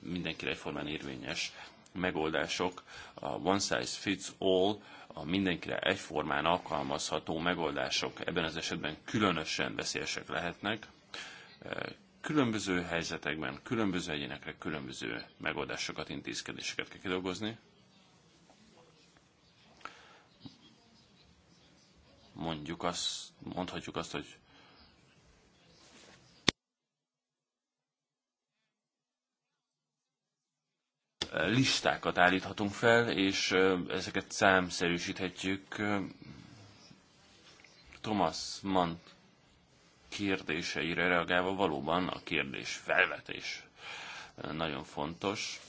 mindenkire egyformán érvényes megoldások. A one size fits all, a mindenkire egyformán alkalmazható megoldások ebben az esetben különösen veszélyesek lehetnek, Különböző helyzetekben, különböző egyénekre különböző megoldásokat, intézkedéseket kell kidolgozni. Mondjuk azt, mondhatjuk azt, hogy listákat állíthatunk fel, és ezeket számszerűsíthetjük. Thomas Mann kérdéseire reagálva valóban a kérdés felvetés eh, nagyon fontos.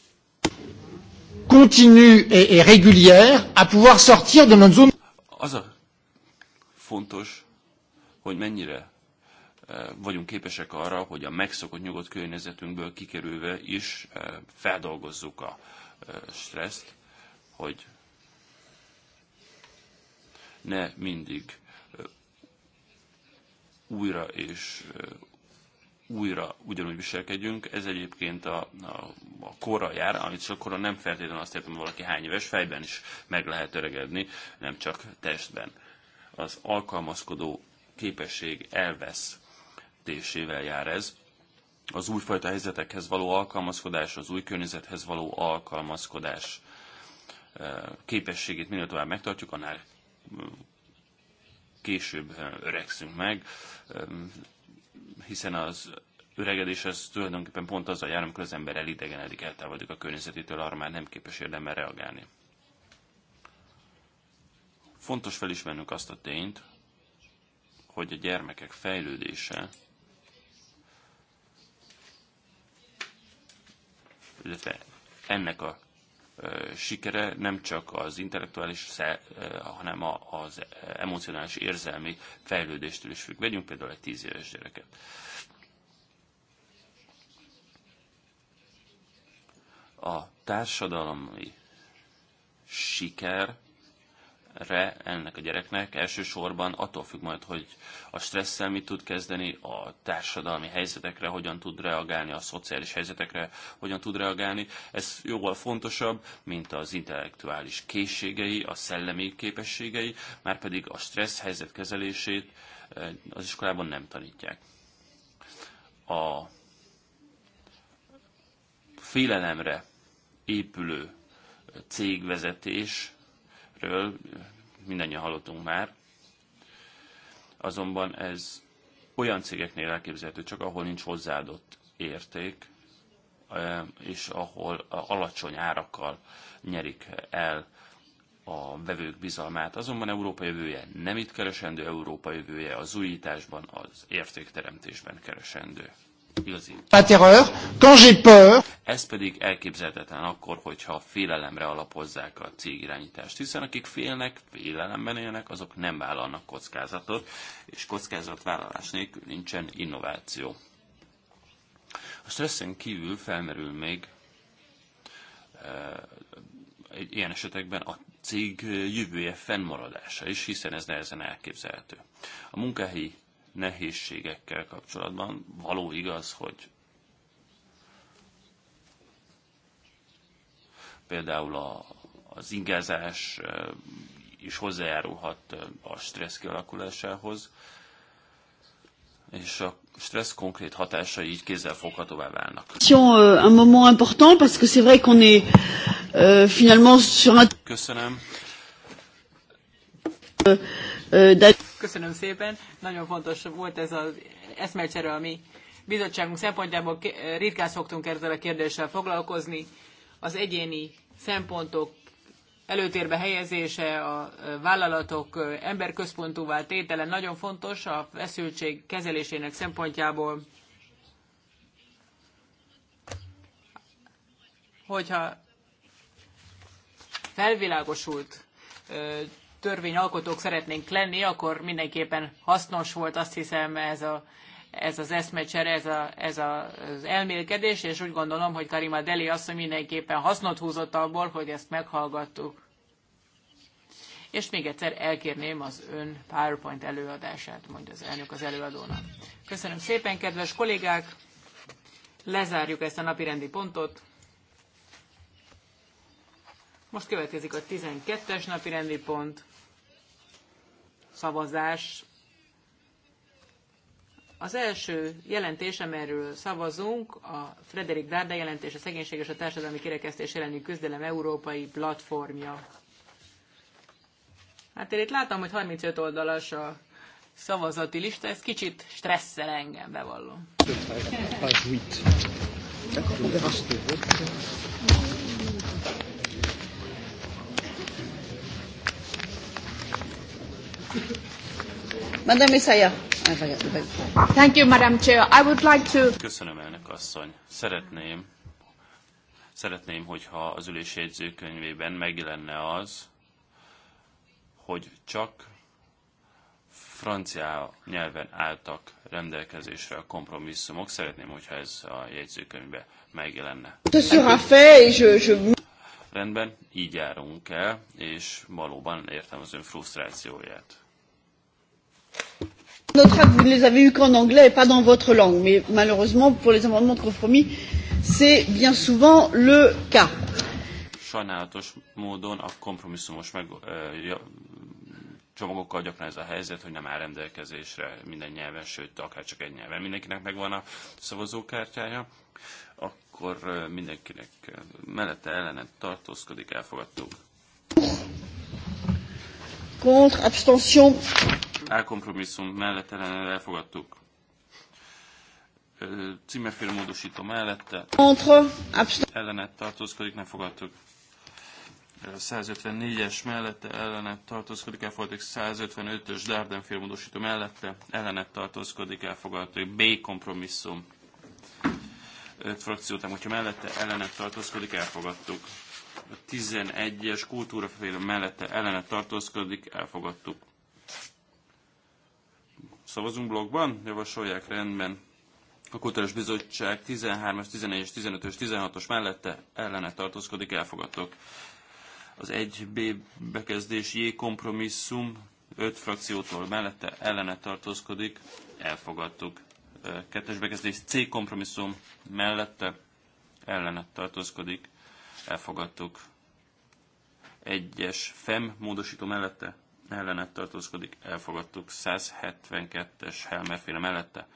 Continue et, et régulière à pouvoir sortir de notre zone. Az a fontos, hogy mennyire eh, vagyunk képesek arra, hogy a megszokott nyugodt környezetünkből kikerülve is eh, feldolgozzuk a stresszt, hogy ne mindig újra és újra ugyanúgy viselkedjünk. Ez egyébként a, a, a korra jár, amit csak korra nem feltétlenül azt értem, hogy valaki hány éves, fejben is meg lehet öregedni, nem csak testben. Az alkalmazkodó képesség elvesztésével jár ez. Az újfajta helyzetekhez való alkalmazkodás, az új környezethez való alkalmazkodás képességét minél tovább megtartjuk, annál később öregszünk meg, hiszen az öregedés az tulajdonképpen pont az a jár, amikor az ember elidegenedik, eltávolodik a környezetétől, arra már nem képes érdemben reagálni. Fontos felismernünk azt a tényt, hogy a gyermekek fejlődése, illetve ennek a sikere nem csak az intellektuális, eh, hanem az emocionális érzelmi fejlődéstől is függ. Vegyünk például egy tíz éves gyereket. A társadalmi siker re ennek a gyereknek elsősorban attól függ majd, hogy a stresszel mit tud kezdeni, a társadalmi helyzetekre hogyan tud reagálni, a szociális helyzetekre hogyan tud reagálni. Ez jóval fontosabb, mint az intellektuális készségei, a szellemi képességei, már pedig a stressz helyzet kezelését eh, az iskolában nem tanítják. A félelemre épülő cégvezetés ről mindannyian hallottunk már, azonban ez olyan cégeknél elképzelhető csak, ahol nincs hozzáadott érték, és ahol alacsony árakkal nyerik el a vevők bizalmát. Azonban Európa jövője nem itt keresendő, Európa jövője az újításban, az értékteremtésben keresendő terreur, quand j'ai peur. Ez pedig elképzelhetetlen akkor, hogyha félelemre alapozzák a irányítást, hiszen akik félnek, félelemben élnek, azok nem vállalnak kockázatot, és kockázatvállalás nélkül nincsen innováció. A stresszen kívül felmerül még eh, egy ilyen esetekben a cég jövője fennmaradása is, hiszen ez nehezen elképzelhető. A munkahelyi nehézségekkel kapcsolatban. Való igaz, hogy például a, az ingázás is hozzájárulhat a stressz kialakulásához, és a stressz konkrét hatásai így foghatóvá válnak. Euh, un moment important parce euh, Köszönöm. Euh, Köszönöm szépen, nagyon fontos volt ez az eszmecsere, ami bizottságunk szempontjából ritkán szoktunk ezzel a kérdéssel foglalkozni. Az egyéni szempontok előtérbe helyezése, a vállalatok emberközpontúvá tétele nagyon fontos a feszültség kezelésének szempontjából. Hogyha felvilágosult törvényalkotók szeretnénk lenni, akkor mindenképpen hasznos volt, azt hiszem, ez, a, ez az eszmecsere, ez, a, ez a, az elmélkedés, és úgy gondolom, hogy Karima Deli hogy mindenképpen hasznot húzott abból, hogy ezt meghallgattuk. És még egyszer elkérném az ön PowerPoint előadását, mondja az elnök az előadónak. Köszönöm szépen, kedves kollégák! Lezárjuk ezt a napirendi pontot. Most következik a 12-es napi rendi pont szavazás. Az első jelentés, amelyről szavazunk, a Frederik Dárda jelentés, a szegénység és a társadalmi kirekesztés elleni küzdelem európai platformja. Hát én itt látom, hogy 35 oldalas a szavazati lista, ez kicsit stresszel engem, bevallom. Madame Isaiah. Thank you, Madam Chair. I would like to... Köszönöm, elnök asszony. Szeretném, szeretném, hogyha az ülés jegyzőkönyvében megjelenne az, hogy csak francia nyelven álltak rendelkezésre a kompromisszumok. Szeretném, hogyha ez a jegyzőkönyvben megjelenne. Rendben, így járunk el, és valóban értem az ön frusztrációját. Notre vous ne les avez eu qu'en anglais et pas dans votre langue, mais malheureusement pour les amendements de compromis, c'est bien souvent le cas. Sajnálatos módon a kompromisszumos meg, ö, csomagokkal gyakran ez a helyzet, hogy nem áll rendelkezésre minden nyelven, sőt, akár csak egy nyelven. Mindenkinek megvan a szavazókártyája akkor mindenkinek mellette ellene tartózkodik, elfogadtuk. Contre, abstention. Elkompromisszum mellett ellene elfogadtuk. Címerféle módosító mellette. Contre, abstention. Ellene tartózkodik, nem fogadtuk. 154-es mellette ellene tartózkodik, elfogadtuk 155-ös Darden félmódosító mellette ellene tartózkodik, elfogadtuk B kompromisszum frakciót, után, hogyha mellette ellenet tartózkodik, elfogadtuk. A 11-es kultúraféle mellette ellenet tartózkodik, elfogadtuk. Szavazunk blogban? Javasolják rendben. A Kultúrás Bizottság 13-as, 14-es, 15-ös, 16-os mellette ellenet tartózkodik, elfogadtuk. Az 1B bekezdés J kompromisszum 5 frakciótól mellette ellenet tartózkodik, elfogadtuk kettes bekezdés C kompromisszum mellette ellene tartózkodik, elfogadtuk. Egyes FEM módosító mellette ellene tartózkodik, elfogadtuk. 172-es Helmerféle mellette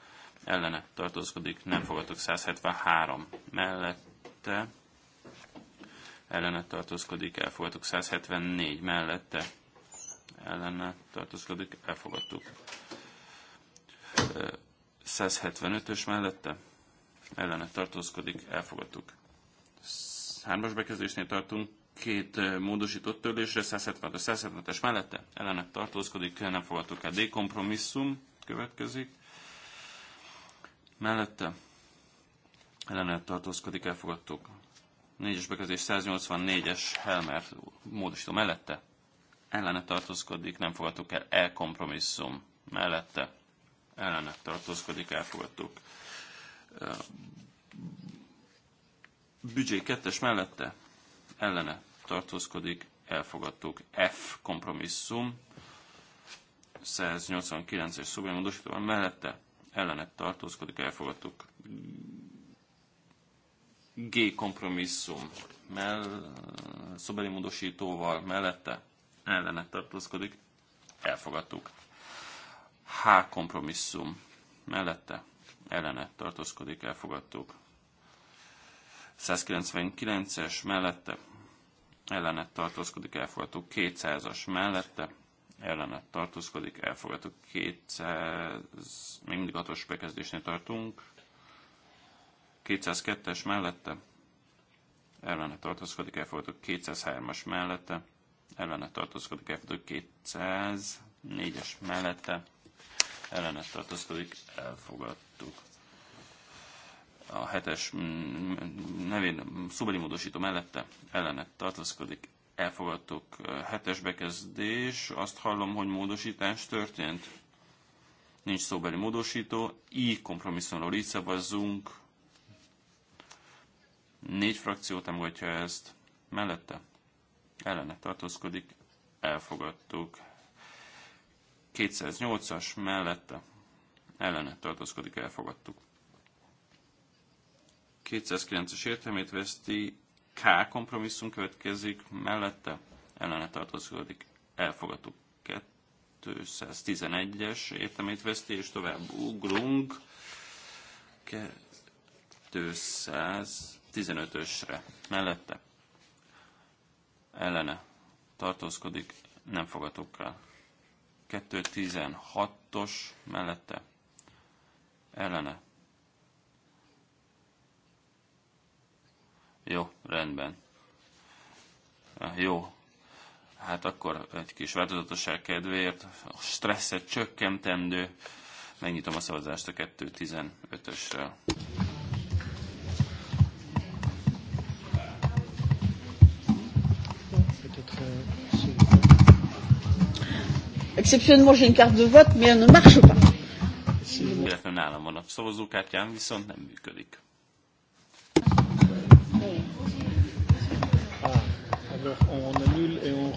ellene tartózkodik, nem fogadtuk. 173 mellette ellene tartózkodik, elfogadtuk. 174 mellette ellene tartózkodik, elfogadtuk. 175-ös mellette ellene tartózkodik, elfogadtuk. Hármas bekezdésnél tartunk, két eh, módosított törlésre, 175-es mellette ellene tartózkodik, nem fogadtuk el. D kompromisszum következik. Mellette ellene tartózkodik, elfogadtuk. 4-es bekezdés 184-es Helmer módosító mellette ellene tartózkodik, nem fogadtuk el. E kompromisszum mellette ellenek tartózkodik, elfogadtuk. Büdzsé kettes mellette ellene tartózkodik, elfogadtuk. F kompromisszum 189-es szobai módosítóval mellette ellene tartózkodik, elfogadtuk. G kompromisszum mell, szobeli módosítóval mellette ellene tartózkodik, elfogadtuk. H kompromisszum mellette ellene tartózkodik, elfogadtuk. 199-es mellette ellenet tartózkodik, elfogadtuk. 200-as mellette ellenet tartózkodik, elfogadtuk. 200, még mindig hatos bekezdésnél tartunk. 202-es mellette ellene tartózkodik, elfogadtuk. 203-as mellette ellene tartózkodik, elfogadtuk. 204-es mellette ellene tartozkodik, elfogadtuk. A hetes mm, nevén szubeli módosító mellette ellene tartozkodik, elfogadtuk. Hetes bekezdés, azt hallom, hogy módosítás történt. Nincs szóbeli módosító, így kompromisszumról így szavazzunk. Négy frakció támogatja ezt, mellette ellene tartózkodik, elfogadtuk 208-as mellette ellene tartózkodik, elfogadtuk. 209-es értelmét veszti, K kompromisszum következik, mellette ellene tartózkodik, elfogadtuk. 211-es értelmét veszti, és tovább ugrunk 215-ösre, mellette ellene tartózkodik, nem fogadtuk el. 2.16-os mellette ellene. Jó, rendben. Eh, jó. Hát akkor egy kis változatosság kedvéért a stresszet csökkentendő. Megnyitom a szavazást a 2.15-ösről. Exceptionnellement, j'ai une carte de vote, mais elle ne marche pas. nálam van a szavazókártyám, viszont nem működik. Ah, on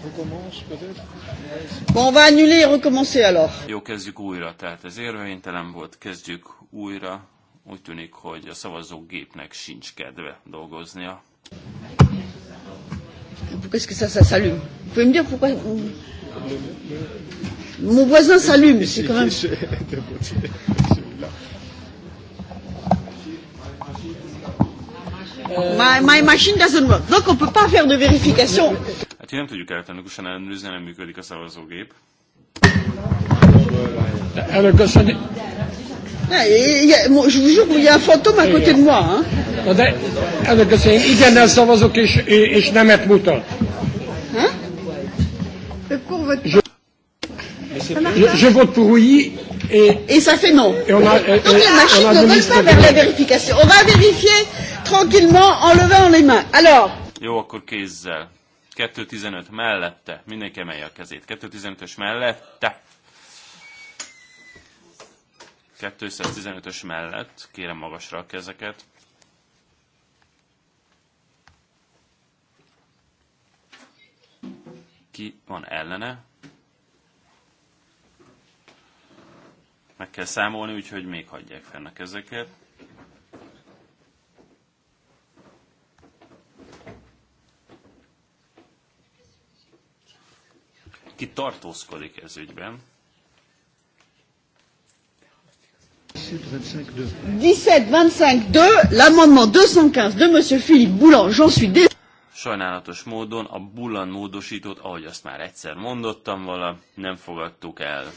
Bon, on va annuler et recommencer alors. Jó, kezdjük újra, tehát ez érvénytelen volt, kezdjük újra. Úgy tűnik, hogy a szavazógépnek sincs kedve dolgoznia. Qu'est-ce que ça, ça s'allume Vous pouvez me dire pourquoi Mon voisin s'allume, c'est quand même. My, my machine doesn't work. Donc on peut pas faire de vérification. Hát nem tudjuk elektronikusan ellenőrizni, nem működik a szavazógép. Elnök asszony. Eh, je vous jure, il y a un fantôme à côté de moi. Hein. Na de, ennek az én igennel szavazok, és, és nemet mutat. Je, vote pour oui. Et, et ça fait non. Et on a, et, Donc la machine ne veulent pas vers la vérification. On va vérifier tranquillement en levant les mains. Alors. Jó, akkor kézzel. 2.15 mellette. Mindenki emelje a kezét. 2.15-ös mellette. 215-ös mellett, kérem magasra a kezeket. ki van ellene. Meg kell számolni, úgyhogy még hagyják fennek ezeket. Ki tartózkodik ez ügyben? 17-25-2, l'amendement 215 de M. Philippe Boulan, j'en suis désolé. Sajnálatos módon a bullan módosítót, ahogy azt már egyszer mondottam vala, nem fogadtuk el.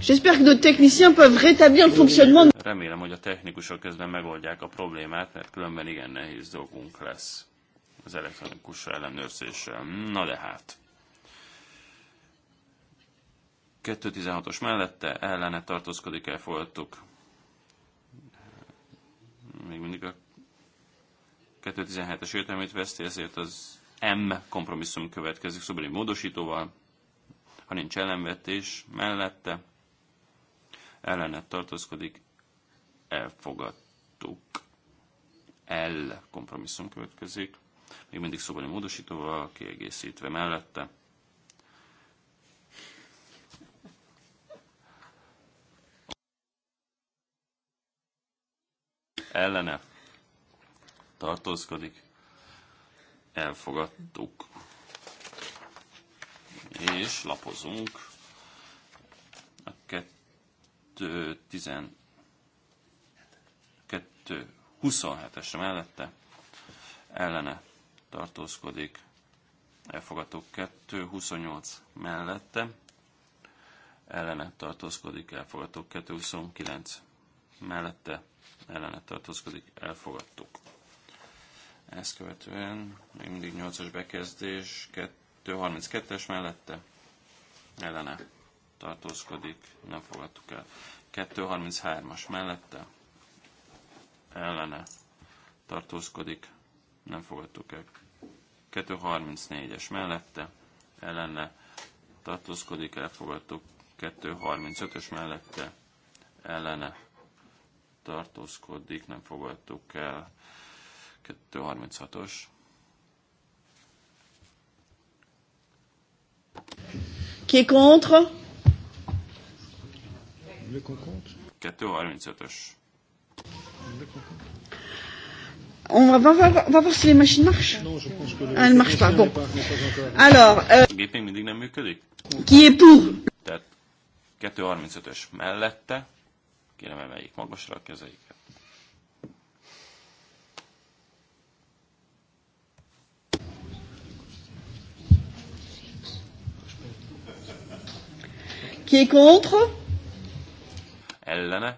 J'espère que nos techniciens peuvent rétablir le fonctionnement. Remélem, hogy a technikusok közben megoldják a problémát, mert különben igen nehéz dolgunk lesz az elektronikus ellenőrzéssel. Na de hát. 2.16-os mellette ellene tartózkodik, elfogadtuk. Még mindig a 2017 es értelmét veszti, ezért az M kompromisszum következik szobeli módosítóval, ha nincs ellenvetés mellette, ellenet tartózkodik, elfogadtuk. L kompromisszum következik, még mindig szobeli módosítóval, kiegészítve mellette. Ellene tartózkodik, elfogadtuk. És lapozunk a 2, 10, 2, 27 mellette ellene tartózkodik, elfogadtuk 2, 28 mellette, ellene tartózkodik, elfogadtuk kettő huszonkilenc mellette, ellene tartózkodik, elfogadtuk ezt követően még mindig 8-as bekezdés, 2 32 es mellette ellene tartózkodik, nem fogadtuk el. 2 33 as mellette ellene tartózkodik, nem fogadtuk el. 2 34 es mellette ellene tartózkodik, elfogadtuk. 2 35 ös mellette ellene tartózkodik, nem fogadtuk el. 236-os. Ki est contre? 235 os On va, va, va, va voir si les machines marchent. Non, je pense que ah, elles ne marchent pas. Bon. Alors. Euh, gépünk mindig nem működik? Ki est pour? Tehát 235-ös mellette. Kérem emeljék magasra a kezeiket. Qui est contre Ellene.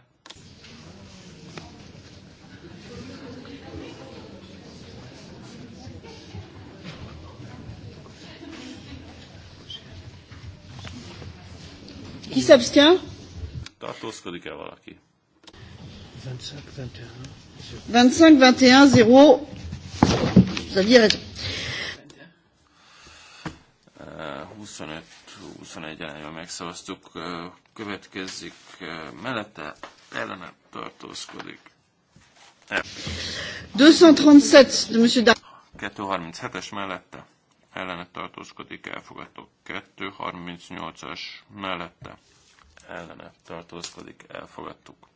Ki s'abstient Tartózkodik-e valaki? 25-21, 0. Vous aviez raison. 25-21 arányban megszavaztuk. Következik mellette ellene tartózkodik. 237 e. de Monsieur 237-es mellette ellene tartózkodik, elfogadtuk. 238-as mellette ellene tartózkodik, elfogadtuk.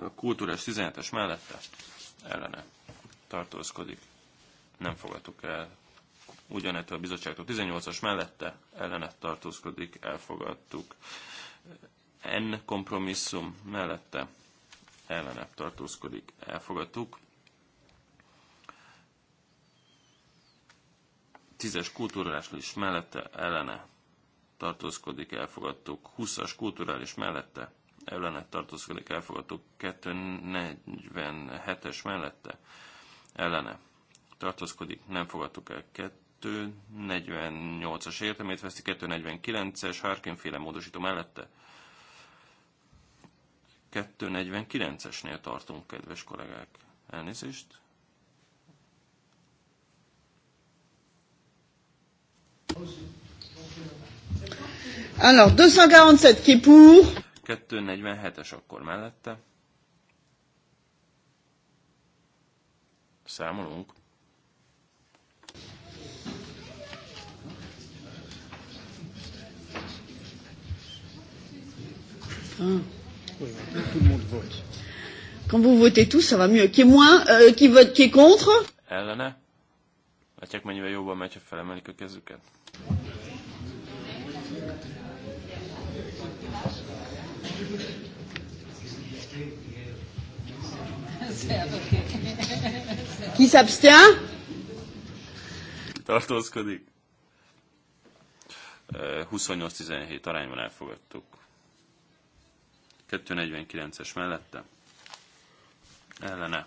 A kultúrás 17-es mellette ellene tartózkodik, nem fogadtuk el. Ugyanettől a bizottságtól 18-as mellette ellenet tartózkodik, elfogadtuk. N kompromisszum mellette ellenet tartózkodik, elfogadtuk. Tízes kulturális is mellette ellene tartózkodik, elfogadtuk. 20-as kulturális mellette ellene tartózkodik, elfogadtuk. 247-es mellette ellene tartózkodik, nem fogadtuk el 248-as értelmét veszti, 249-es Harkin-féle módosító mellette. 249-esnél tartunk, kedves kollégák. Elnézést. Alors, 247 qui est pour 247-es akkor mellette számolunk. Quand vous votez tous, ça va mieux. Qui est moins, euh, qui vote, qui est contre Ellene. Látják, mennyivel jobban megy, ha felemelik a kezüket. Qui s'abstient? Tartózkodik. 28-17 arányban elfogadtuk. 249-es mellette. Ellene.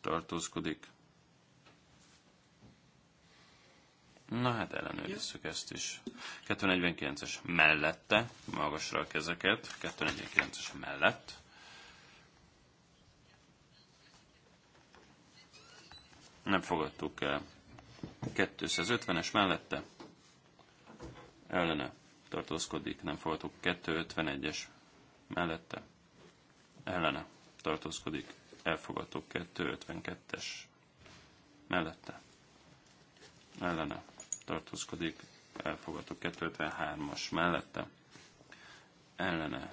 Tartózkodik. Na hát ellenőrizzük ezt is. 249-es mellette, magasra a kezeket, 249-es mellett. Nem fogadtuk el. 250-es mellette, ellene tartózkodik, nem fogadtuk. 251-es mellette, ellene tartózkodik, elfogadtuk. 252-es mellette, ellene tartózkodik, elfogadtuk 253-as mellette, ellene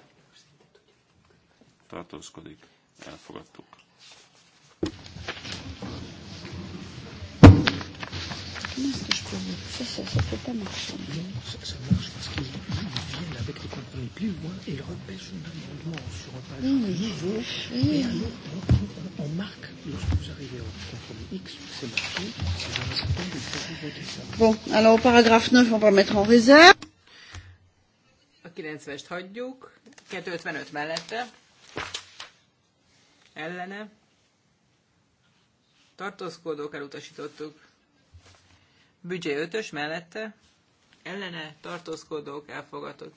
tartózkodik, elfogadtuk. Guillaume. Ça, ça, ça peut pas marcher. Non, ça, ça marche parce qu'ils viennent avec des compromis plus loin et ils repêchent un amendement sur un page oui. nouveau. Oui. Et alors, on, on, on marque, lorsque vous arrivez au compromis X, c'est marqué, c'est un certain de ça. Bon, alors au paragraphe 9, on va mettre en réserve. A 90-est hagyjuk, 255 mellette, ellene, tartózkodók elutasítottuk, Büdzsé ötös mellette ellene tartózkodók elfogadott.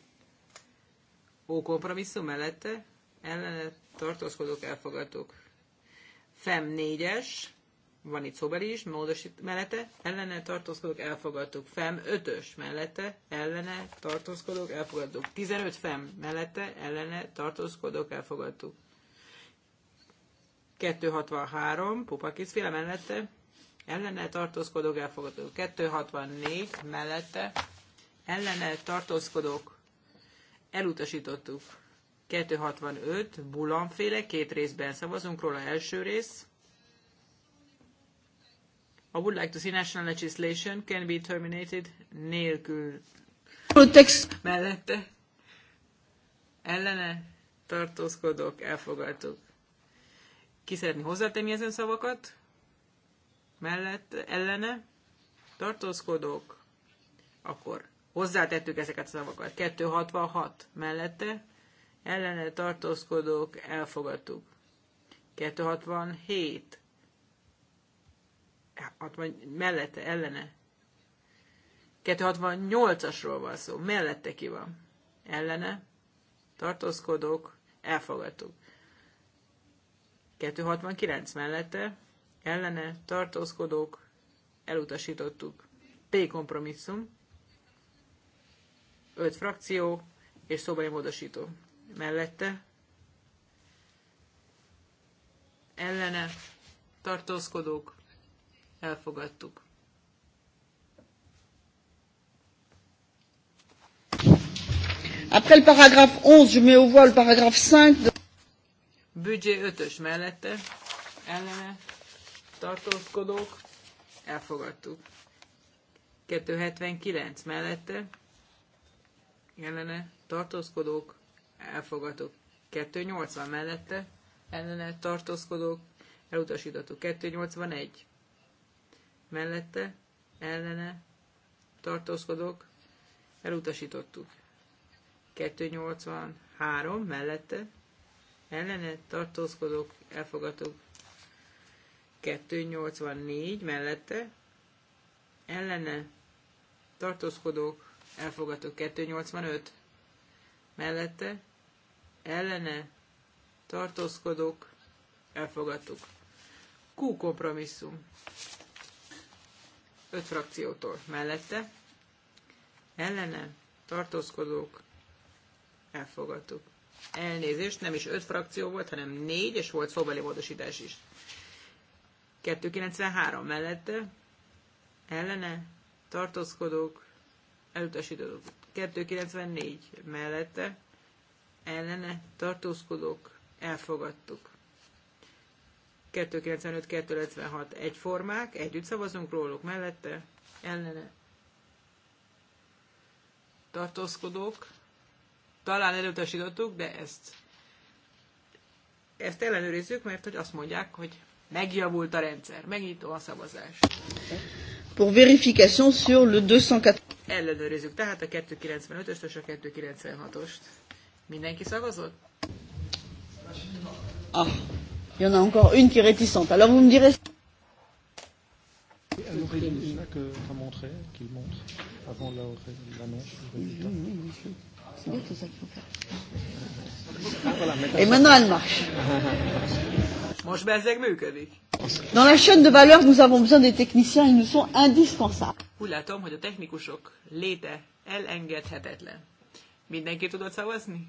Ó kompromisszum mellette ellene tartózkodók elfogadók. FEM négyes, van itt szobeli is, módosít mellette, ellene tartózkodók elfogadtuk. FEM 5-ös mellette, ellene tartózkodók elfogadtuk. 15 FEM mellette, ellene tartózkodók elfogadtuk. 263, Pupakis mellette, ellene tartózkodók elfogadó 264 mellette ellene tartózkodók elutasítottuk 265 bulanféle, két részben szavazunk róla első rész. I would like to see national legislation can be terminated nélkül. Protect. Mellette. Ellene tartózkodók, elfogadtuk. Ki szeretné hozzátenni ezen szavakat? mellett ellene tartózkodók, akkor hozzátettük ezeket a szavakat. 266 mellette ellene tartózkodók elfogadtuk. 267 60, hát, mellette, ellene. 268-asról van szó, mellette ki van. Ellene, tartózkodók, elfogadtuk. 269 mellette, ellene tartózkodók elutasítottuk. P kompromisszum, öt frakció és szobai módosító. Mellette ellene tartózkodók elfogadtuk. Après le paragraphe 11, je mets au voie le paragraphe 5. De... Budget 5-ös mellette ellene tartózkodók, elfogadtuk. 279 mellette, ellene tartózkodók, elfogadtuk. 280 mellette, ellene tartózkodók, elutasítottuk. 281 mellette, ellene tartózkodók, elutasítottuk. 283 mellette, ellene tartózkodók, elfogadtuk. 284 mellette ellene tartózkodók elfogadó 285 mellette ellene tartózkodók elfogadtuk. Q kompromisszum. 5 frakciótól mellette ellene tartózkodók elfogadtuk. Elnézést, nem is öt frakció volt, hanem négy, és volt szóbeli módosítás is. 293 mellette ellene tartózkodók elutasítottuk. 294 mellette ellene tartózkodók elfogadtuk. 295-256 egyformák, együtt szavazunk róluk mellette, ellene tartózkodók. Talán elutasítottuk, de ezt, ezt ellenőrizzük, mert hogy azt mondják, hogy megjavult a rendszer. Megnyitom a szavazást. Pour vérification sur le 204. Ellenőrizzük tehát a 295-öst és a 296-ost. Mindenki szavazott? Ah, il y en a encore une qui est réticente. Alors vous me direz... C'est ça que tu as montré, qu'il montre avant l'annonce du résultat. C'est bien tout ça qu'il faut faire. Et maintenant elle marche. Most bezzeg működik. Dans la chaîne de valeur, nous avons besoin des techniciens, ils nous sont indispensables. Úgy látom, hogy a technikusok léte elengedhetetlen. Mindenki tudott szavazni?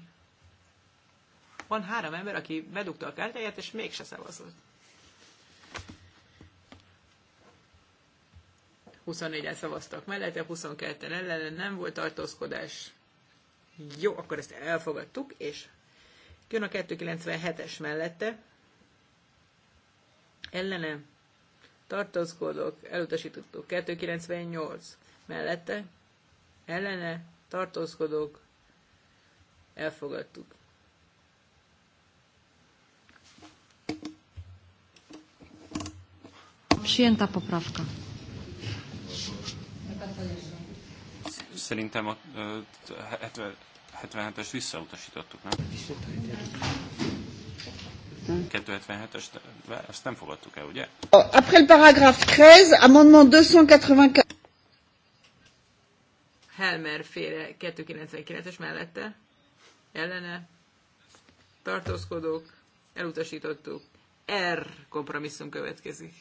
Van három ember, aki bedugta a kártyáját, és mégse szavazott. 24 el szavaztak mellette, 22-en ellen nem volt tartózkodás. Jó, akkor ezt elfogadtuk, és jön a 297-es mellette, ellene tartózkodok, elutasítottuk 298 mellette ellene tartózkodok, elfogadtuk. Przyjęta poprawka. Szerintem a 77-es visszautasítottuk, nem? Hm. Après le paragraphe 13, amendement 284. Helmer féle 299-es mellette, ellene, tartózkodók, elutasítottuk. R kompromisszum következik.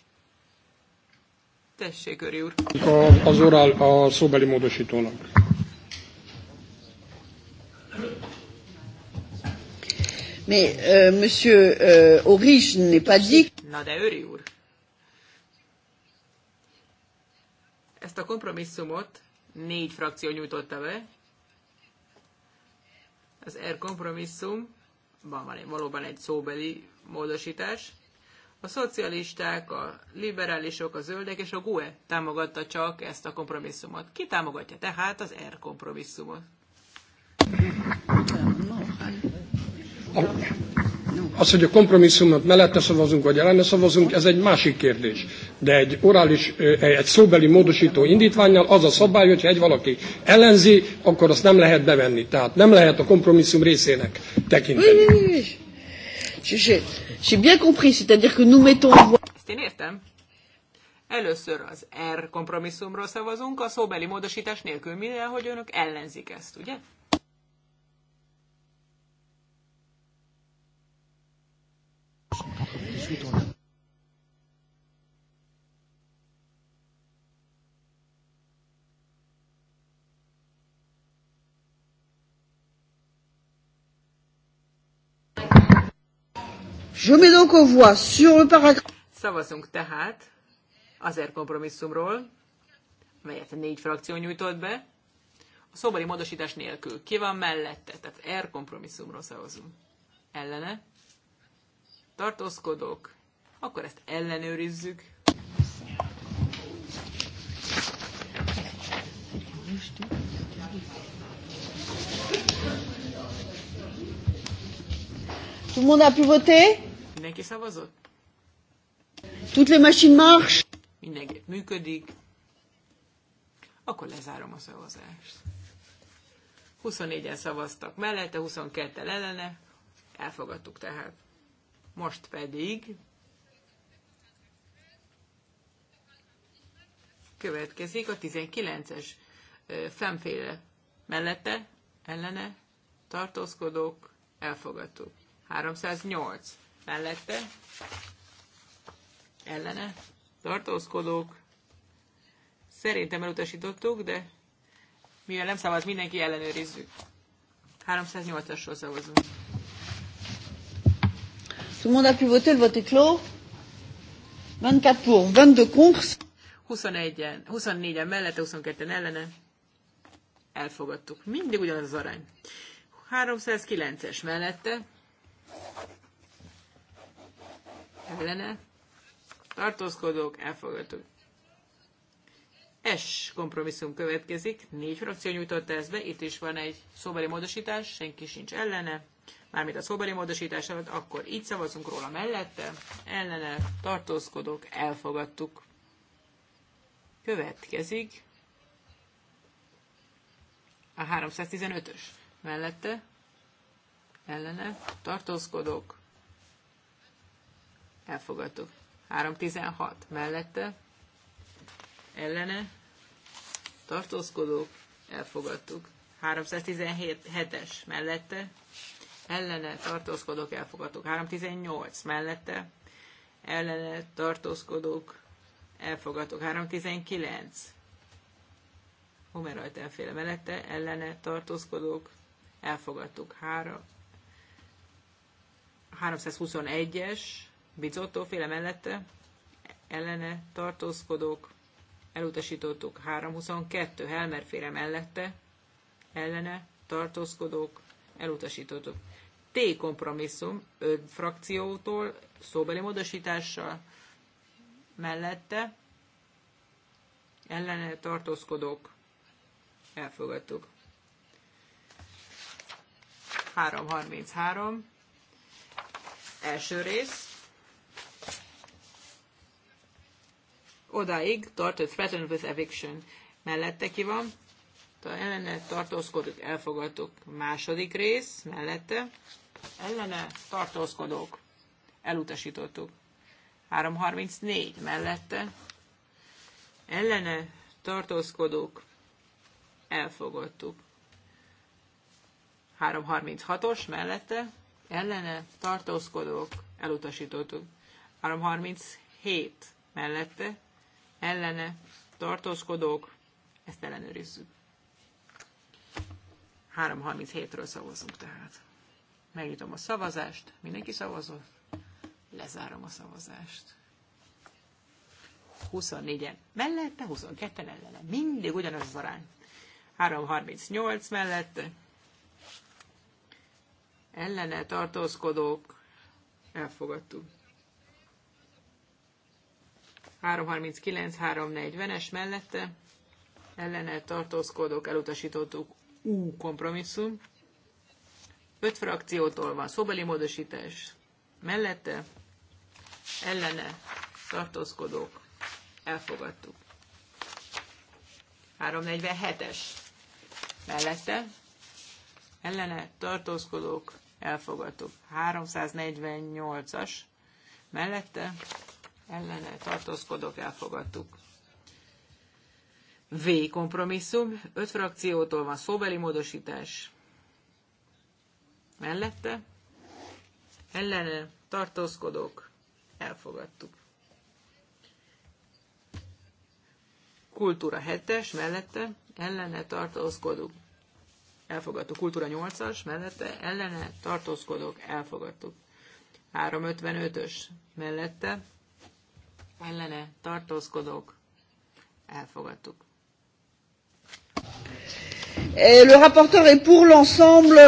Tessék, Öri úr! A, az orál a szóbeli módosítónak. Mais euh, Monsieur euh, Horry, je n'ai pas dit. Na de Öri úr. Ezt a kompromisszumot négy frakció nyújtotta be. Az R kompromisszum, van, van valóban egy szóbeli módosítás. A szocialisták, a liberálisok, a zöldek és a GUE támogatta csak ezt a kompromisszumot. Ki támogatja tehát az R kompromisszumot? az, hogy a kompromisszumot mellette szavazunk, vagy ellene szavazunk, ez egy másik kérdés. De egy orális, egy szóbeli módosító indítványjal az a szabály, hogyha egy valaki ellenzi, akkor azt nem lehet bevenni. Tehát nem lehet a kompromisszum részének tekinteni. bien compris, c'est-à-dire que nous mettons Ezt én értem. Először az R kompromisszumról szavazunk, a szóbeli módosítás nélkül, mivel hogy önök ellenzik ezt, ugye? discutons Je mets donc aux voix sur le paragraphe. Szavazunk tehát azért kompromisszumról, melyet a négy frakció nyújtott be, a szóbeli módosítás nélkül. Ki van mellette? Tehát R kompromisszumról szavazunk. Ellene? tartózkodok, akkor ezt ellenőrizzük. Tout le monde a pu voter? Mindenki szavazott? Toutes les machines marchent? Mindenki működik. Akkor lezárom a szavazást. 24-en szavaztak mellette, 22-en ellene. Elfogadtuk tehát. Most pedig következik a 19-es femféle mellette, ellene, tartózkodók, elfogadtuk. 308 mellette, ellene, tartózkodók, szerintem elutasítottuk, de mivel nem szavaz mindenki, ellenőrizzük. 308-asról szavazunk. Tout le monde a pu voter, le vote est clos. 24 pour, 22 contre. 21-en, 24-en mellette, 22-en ellene. Elfogadtuk. Mindig ugyanaz az arány. 309-es mellette. Ellene. Tartózkodók, elfogadtuk. S kompromisszum következik. Négy frakció nyújtotta ezt be. Itt is van egy szóbeli módosítás, senki sincs ellene mármint a szóbeli módosításomat, akkor így szavazunk róla mellette, ellene tartózkodok, elfogadtuk. Következik a 315-ös mellette, ellene tartózkodok, elfogadtuk. 316 mellette, ellene tartózkodok, elfogadtuk. 317-es mellette, ellene tartózkodok, elfogadok. 318 mellette ellene tartózkodok, elfogadok. 319 homerajt elféle mellette ellene tartózkodok, elfogadtuk. 321-es Bizotto féle mellette ellene tartózkodok, elutasítottuk. 322 Helmer féle mellette ellene tartózkodok, elutasítottuk. T kompromisszum, öt frakciótól, szóbeli módosítással mellette, ellene tartózkodók, elfogadtuk. 333, első rész, odáig tartott threatened with eviction mellette ki van, mellette ellene tartózkodik, elfogadtuk. Második rész mellette ellene tartózkodók, elutasítottuk. 334 mellette ellene tartózkodók, elfogadtuk. 336-os mellette ellene tartózkodók, elutasítottuk. 337 mellette ellene tartózkodók, ezt ellenőrizzük. 3.37-ről szavazunk tehát. Megnyitom a szavazást, mindenki szavazott, lezárom a szavazást. 24-en mellette, 22-en ellene. Mindig ugyanaz az arány. 3.38 mellette. Ellene tartózkodók. Elfogadtuk. 3.39, 3.40-es mellette. Ellene tartózkodók elutasítottuk U kompromisszum. Öt frakciótól van szobeli módosítás mellette, ellene tartózkodók elfogadtuk. 347-es mellette, ellene tartózkodók elfogadtuk. 348-as mellette, ellene tartózkodók elfogadtuk. V kompromisszum, öt frakciótól van szóbeli módosítás. Mellette, ellene, tartózkodók, elfogadtuk. Kultúra 7-es, mellette, ellene, tartózkodók, elfogadtuk. Kultúra 8-as, mellette, ellene, tartózkodók, elfogadtuk. 355-ös, mellette, ellene, tartózkodók, elfogadtuk. Le rapporteur est pour l'ensemble.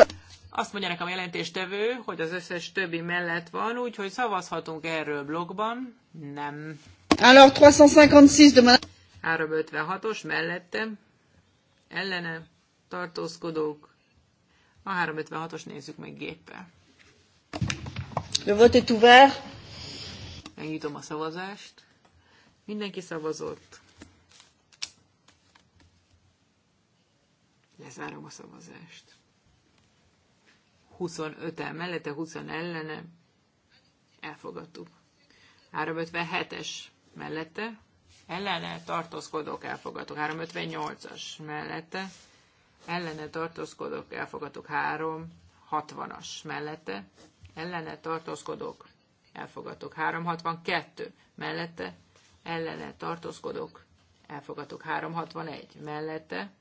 Azt mondja nekem a jelentéstevő, hogy az összes többi mellett van, úgyhogy szavazhatunk erről blogban. Nem. Alors 356 de madame. 356-os mellette. Ellene tartózkodók. A 356-os nézzük meg géppel. Le vote est ouvert. Megnyitom a szavazást. Mindenki szavazott. Lezárom a szavazást. 25 el mellette, 20 ellene. Elfogadtuk. 357-es mellette. Ellene tartózkodok, elfogadok. 358-as mellette. Ellene tartózkodok, elfogadok. 360-as mellette. Ellene tartózkodok, elfogadok. 362 mellette. Ellene tartózkodok, elfogadok. 361 mellette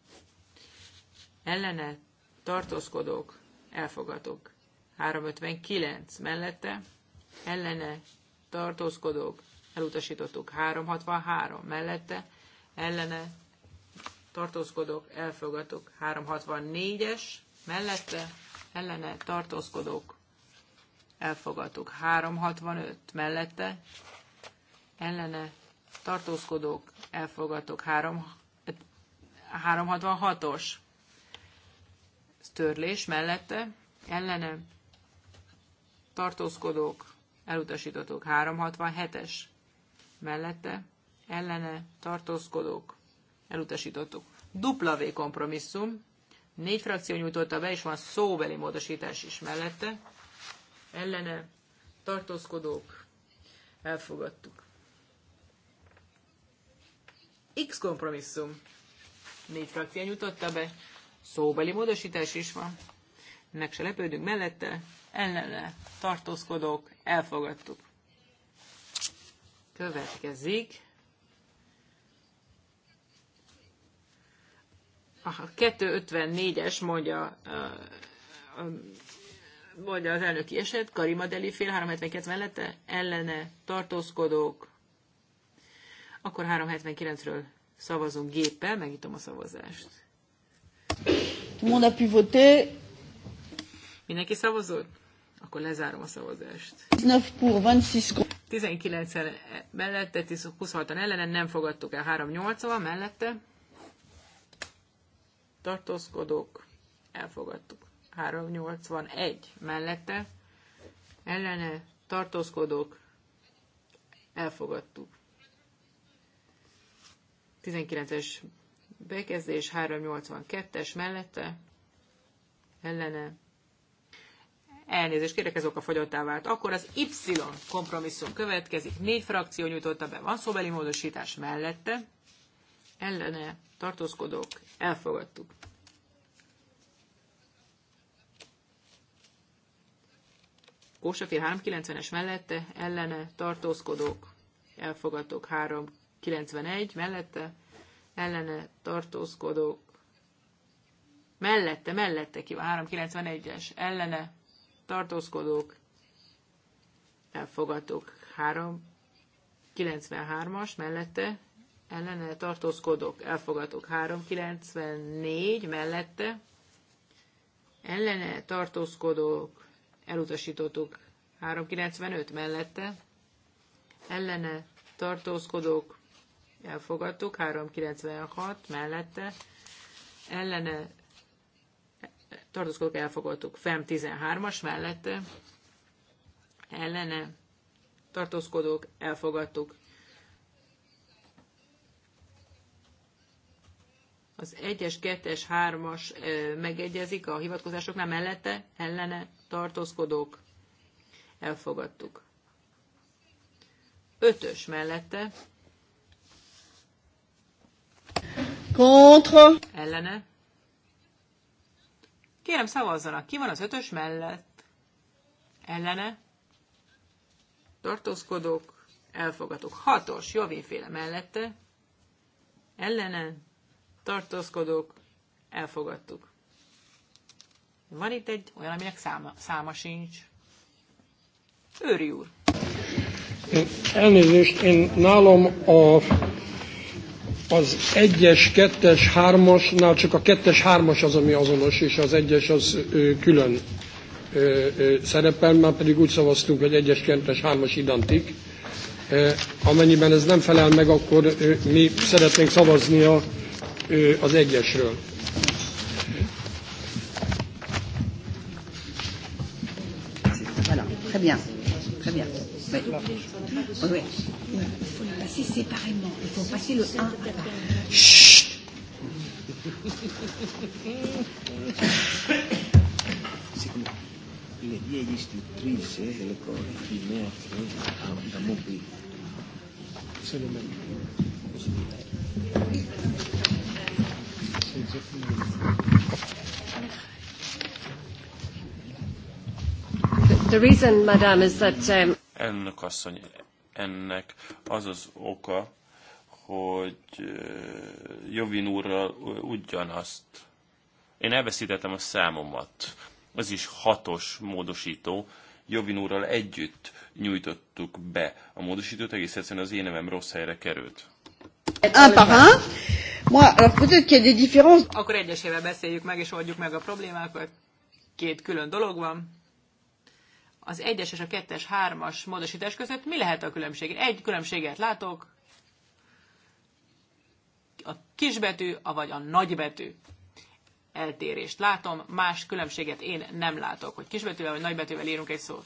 ellene tartózkodók elfogadók. 359 mellette ellene tartózkodók elutasítottuk. 363 mellette ellene tartózkodók elfogadók. 364-es mellette ellene tartózkodók elfogadtuk. 365 mellette ellene tartózkodók elfogadtuk. 366-os törlés mellette, ellene tartózkodók, elutasítottuk 367-es mellette, ellene tartózkodók, elutasítottuk. Dupla V kompromisszum, négy frakció nyújtotta be, és van szóbeli módosítás is mellette, ellene tartózkodók, elfogadtuk. X kompromisszum, négy frakció nyújtotta be, szóbeli módosítás is van. Meg se lepődünk mellette, ellenle tartózkodók, elfogadtuk. Következik. A 254-es mondja mondja az elnöki eset, Karima Deli fél 372 mellette, ellene tartózkodók. Akkor 379-ről szavazunk géppel, megítom a szavazást monde a pu voter. Mindenki szavazott? Akkor lezárom a szavazást. 19 pour 26 19 mellette, 26-an ellenen nem fogadtuk el 3-8-val mellette. Tartózkodók, elfogadtuk. 381 mellette, ellene tartózkodók, elfogadtuk. 19-es bekezdés 382-es mellette ellene elnézést kérek, ez a fagyottá vált. Akkor az Y kompromisszum következik. Négy frakció nyújtotta be. Van szóbeli módosítás mellette. Ellene tartózkodók elfogadtuk. Kósafér 390-es mellette, ellene tartózkodók elfogadtuk 391 mellette, ellene tartózkodók, mellette, mellette ki van, 391-es, ellene tartózkodók, elfogadók, 393-as, mellette, ellene tartózkodók, elfogadók, 394 mellette, ellene tartózkodók, elutasítottuk, 395 mellette, ellene tartózkodók, elfogadtuk, 396 mellette, ellene tartózkodók elfogadtuk, FEM 13-as mellette, ellene tartózkodók elfogadtuk. Az 1-es, 2-es, 3-as megegyezik a hivatkozásoknál mellette, ellene tartózkodók elfogadtuk. 5-ös mellette, Contre. Ellene. Kérem szavazzanak, ki van az ötös mellett? Ellene. Tartózkodok. Elfogadok. Hatos, jovéféle mellette. Ellene. Tartózkodok. elfogadtuk. Van itt egy olyan, aminek száma, száma sincs. Őri úr. Elnézést, én nálam a az egyes kettes hármasnál csak a kettes hármas az, ami azonos, és az egyes az ö, külön ö, ö, szerepel, már pedig úgy szavaztunk, hogy egyes kettes hármas identik. E, amennyiben ez nem felel meg, akkor ö, mi szeretnénk szavazni a, ö, az egyesről. très bien, très bien. Oui. Oui passer séparément. Il faut passer le 1 à 1. Chut C'est le vieille istruttrice, eh, l'école primaire, eh, dans mon pays. C'est le même. The reason, madame, is that... Um... Elnök asszony, ennek az az oka, hogy Jovin úrral ugyanazt. Én elveszítettem a számomat. Az is hatos módosító. Jovin úrral együtt nyújtottuk be a módosítót, egész egyszerűen az én nevem rossz helyre került. Akkor egyesével beszéljük meg és oldjuk meg a problémákat. Két külön dolog van az 1-es és a 2-es, 3-as módosítás között mi lehet a különbség? Egy különbséget látok, a kisbetű, vagy a nagybetű eltérést látom, más különbséget én nem látok, hogy kisbetűvel vagy nagybetűvel írunk egy szót.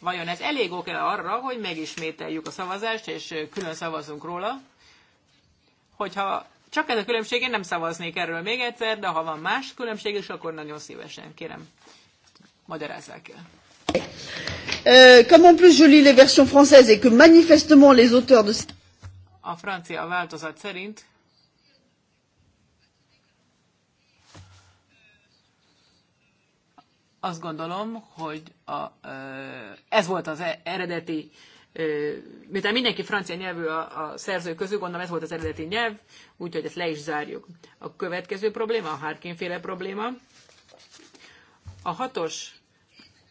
Vajon ez elég ok -e arra, hogy megismételjük a szavazást, és külön szavazunk róla? Hogyha csak ez a különbség, én nem szavaznék erről még egyszer, de ha van más különbség is, akkor nagyon szívesen, kérem, magyarázzák el. Euh, comme en plus je lis les versions françaises et que manifestement les auteurs de a francia változat szerint azt gondolom, hogy a, ez volt az e- eredeti, miután mindenki francia nyelvű a, a szerző közül, gondolom ez volt az eredeti nyelv, úgyhogy ezt le is zárjuk. A következő probléma, a Harkin féle probléma. A hatos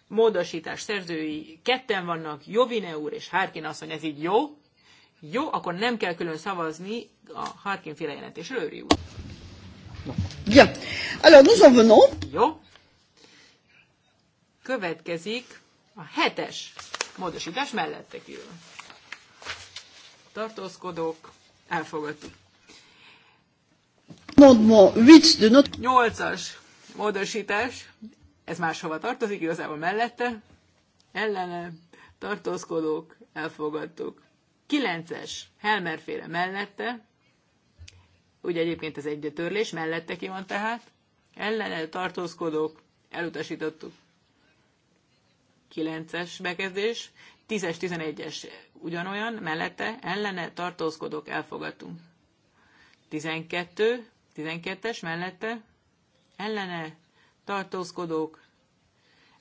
módosítás szerzői ketten vannak, Jovine úr és Harkin asszony, ez így jó? Jó, akkor nem kell külön szavazni a Harkin féle jelentés Lőri úr. Ja. Alors, nous en venons. Jó. Következik a hetes módosítás mellette kívül. Tartózkodók, elfogadtuk. de Nyolcas módosítás ez máshova tartozik, igazából mellette, ellene, tartózkodók, elfogadtuk. 9-es Helmerféle mellette, ugye egyébként ez egy törlés, mellette ki van tehát, ellene tartózkodók, elutasítottuk. 9-es bekezdés, 10-es, 11-es ugyanolyan, mellette, ellene tartózkodók, elfogadtunk. 12, 12-es mellette, ellene tartózkodók,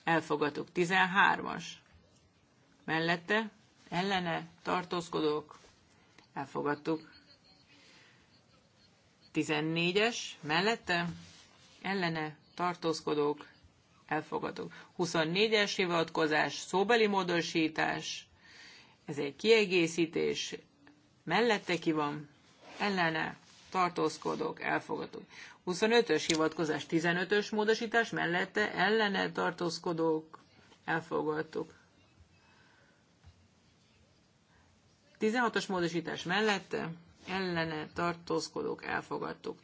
elfogadtuk. 13-as mellette, ellene, tartózkodók, elfogadtuk. 14-es mellette, ellene, tartózkodók, elfogadtuk. 24-es hivatkozás, szóbeli módosítás, ez egy kiegészítés, mellette ki van, ellene, tartózkodók, elfogadók. 25-ös hivatkozás, 15-ös módosítás mellette ellene tartózkodók, elfogadók. 16-os módosítás mellette ellene tartózkodók, elfogadók.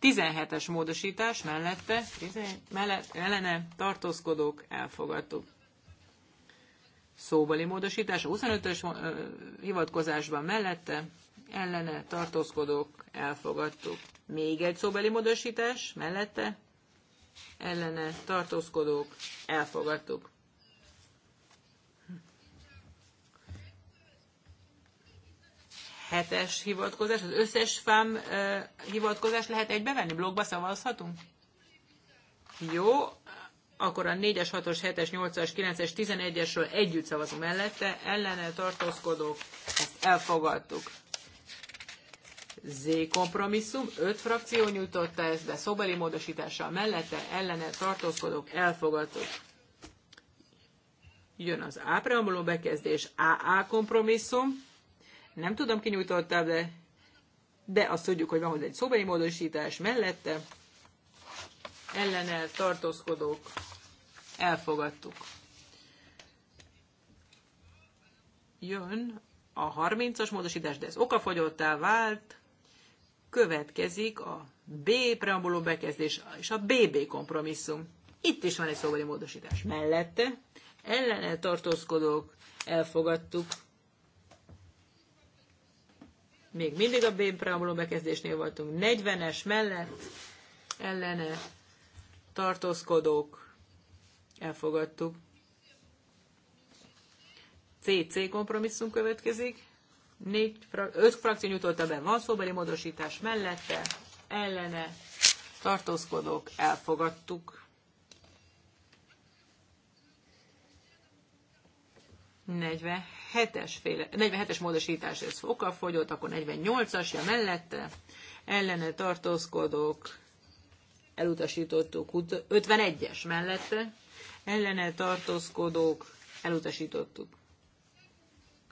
17-es módosítás mellette, mellett, ellene tartózkodók elfogadók szóbeli módosítás, a 25-ös hivatkozásban mellette, ellene tartózkodók, elfogadtuk. Még egy szóbeli módosítás, mellette, ellene tartózkodók, elfogadtuk. Hetes hivatkozás, az összes fám uh, hivatkozás lehet egybevenni, blogba szavazhatunk? Jó, akkor a 4-es, 6-os, 7-es, 8-as, 9-es, 11-esről együtt szavazunk mellette, ellene tartózkodók, ezt elfogadtuk. Z kompromisszum, 5 frakció nyújtotta ezt be szobeli módosítással mellette, ellene tartózkodók, elfogadtuk. Jön az A preambuló bekezdés, AA kompromisszum, nem tudom ki nyújtotta be, de azt tudjuk, hogy van hozzá egy szobeli módosítás mellette, ellenel tartózkodók elfogadtuk. Jön a 30-as módosítás, de ez okafogyottá vált, következik a B preambuló bekezdés és a BB kompromisszum. Itt is van egy szóbeli módosítás mellette. ellenel tartózkodók elfogadtuk. Még mindig a B preambuló bekezdésnél voltunk. 40-es mellett ellene tartózkodók, elfogadtuk. CC kompromisszum következik. Négy, öt frakció nyújtotta be, van szóbeli módosítás mellette, ellene, tartózkodók, elfogadtuk. 47-es, féle, 47-es módosítás, ez fokkal fogyott, akkor 48 asja mellette, ellene tartózkodók, elutasítottuk. 51-es mellette ellene tartózkodók elutasítottuk.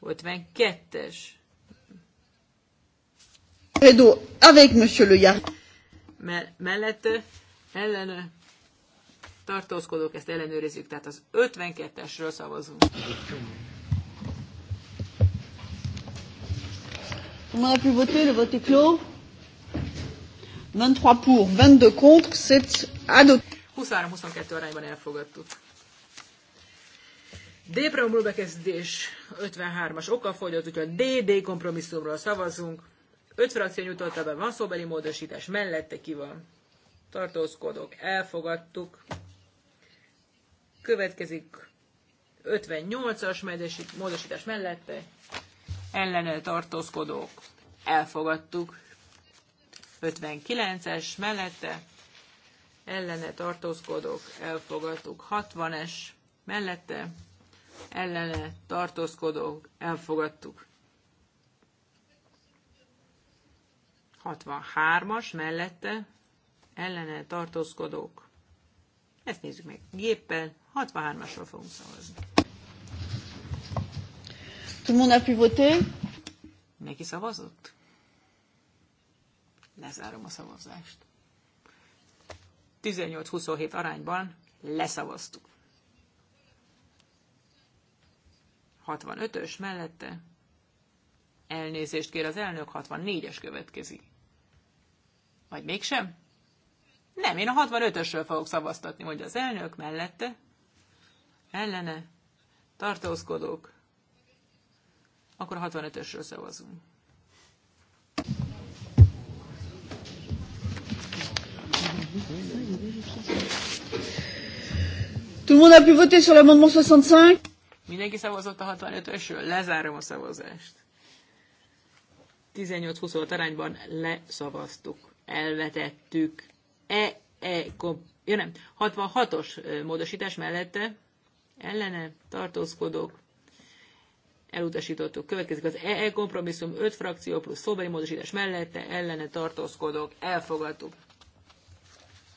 52-es. Credo avec Monsieur Le Yard. Mellette ellene tartózkodók, ezt ellenőrizzük, tehát az 52-esről szavazunk. Ma a pu voter le vote est clos. 23 pour, 22 contre, c'est adopté. 23-22 arányban elfogadtuk. D preambul bekezdés 53-as oka fogyott, úgyhogy a DD kompromisszumról szavazunk. 5 frakció nyújtotta be, van szóbeli módosítás, mellette ki van. Tartózkodok, elfogadtuk. Következik 58-as módosítás mellette, ellene tartózkodók, elfogadtuk. 59-es mellette ellene tartózkodók elfogadtuk. 60-es mellette ellene tartózkodók elfogadtuk. 63-as mellette ellene tartózkodók. Ezt nézzük meg. Géppel 63-asról fogunk szavazni. Tout le monde a pu voter? Mindenki szavazott? Lezárom a szavazást. 18-27 arányban leszavaztuk. 65-ös mellette elnézést kér az elnök, 64-es következik. Vagy mégsem? Nem, én a 65-ösről fogok szavaztatni, hogy az elnök mellette, ellene, tartózkodók, akkor a 65-ösről szavazunk. Tout le monde a pu voter sur l'amendement 65 Mindenki szavazott a 65-ösről, lezárom a szavazást. 18 arányban leszavaztuk, elvetettük. E, e, kom, ja nem, 66-os módosítás mellette, ellene, tartózkodok, elutasítottuk. Következik az EE e kompromisszum, 5 frakció plusz szóbeli módosítás mellette, ellene tartózkodok, elfogadtuk.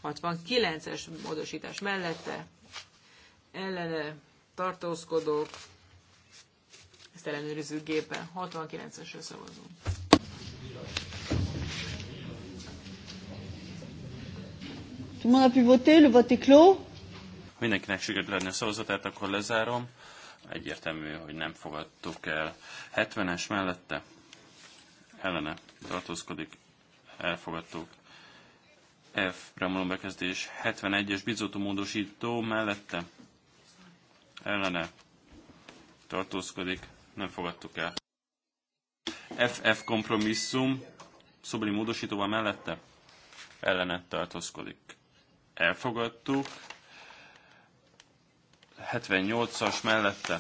69-es módosítás mellette ellene tartózkodók, ezt ellenőrző gépen, 69-esre szavazunk. Tout le monde a pu voter, le vote est clos. Mindenkinek sikerült lenni a szavazatát, akkor lezárom. Egyértelmű, hogy nem fogadtuk el. 70-es mellette ellene tartózkodik, elfogadtuk. F. remolom bekezdés 71-es bizotó módosító mellette ellene tartózkodik, nem fogadtuk el. FF kompromisszum szobeli módosítóval mellette ellene tartózkodik. Elfogadtuk. 78-as mellette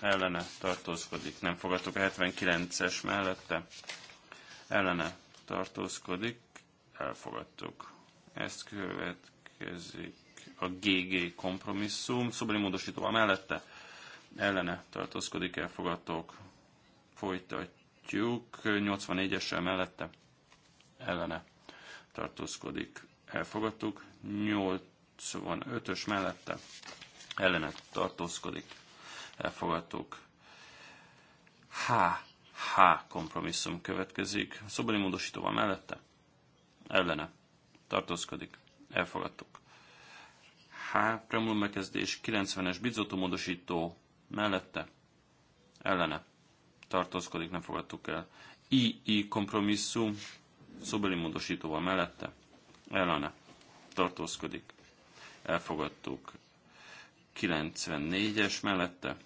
ellene tartózkodik. Nem fogadtuk a 79-es mellette ellene tartózkodik elfogadtuk. Ezt következik a GG kompromisszum, szobori módosítóval mellette ellene tartózkodik, elfogadtok. Folytatjuk, 84-essel mellette ellene tartózkodik, elfogadtuk. 85-ös mellette ellene tartózkodik, elfogadtuk. H, H kompromisszum következik, szobori módosítóval mellette ellene tartózkodik, elfogadtuk. H. Premium megkezdés 90-es bizoto módosító mellette ellene tartózkodik, nem fogadtuk el. I. I. kompromisszum szobeli módosítóval mellette ellene tartózkodik, elfogadtuk. 94-es mellette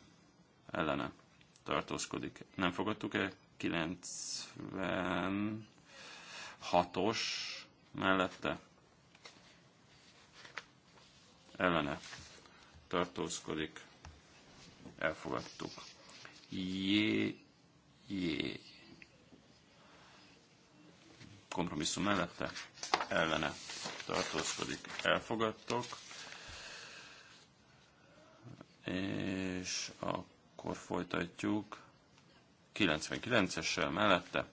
ellene tartózkodik. Nem fogadtuk el 90 hatos mellette ellene tartózkodik. Elfogadtuk. Jé, jé. Kompromisszum mellette ellene tartózkodik. Elfogadtok. És akkor folytatjuk 99-essel mellette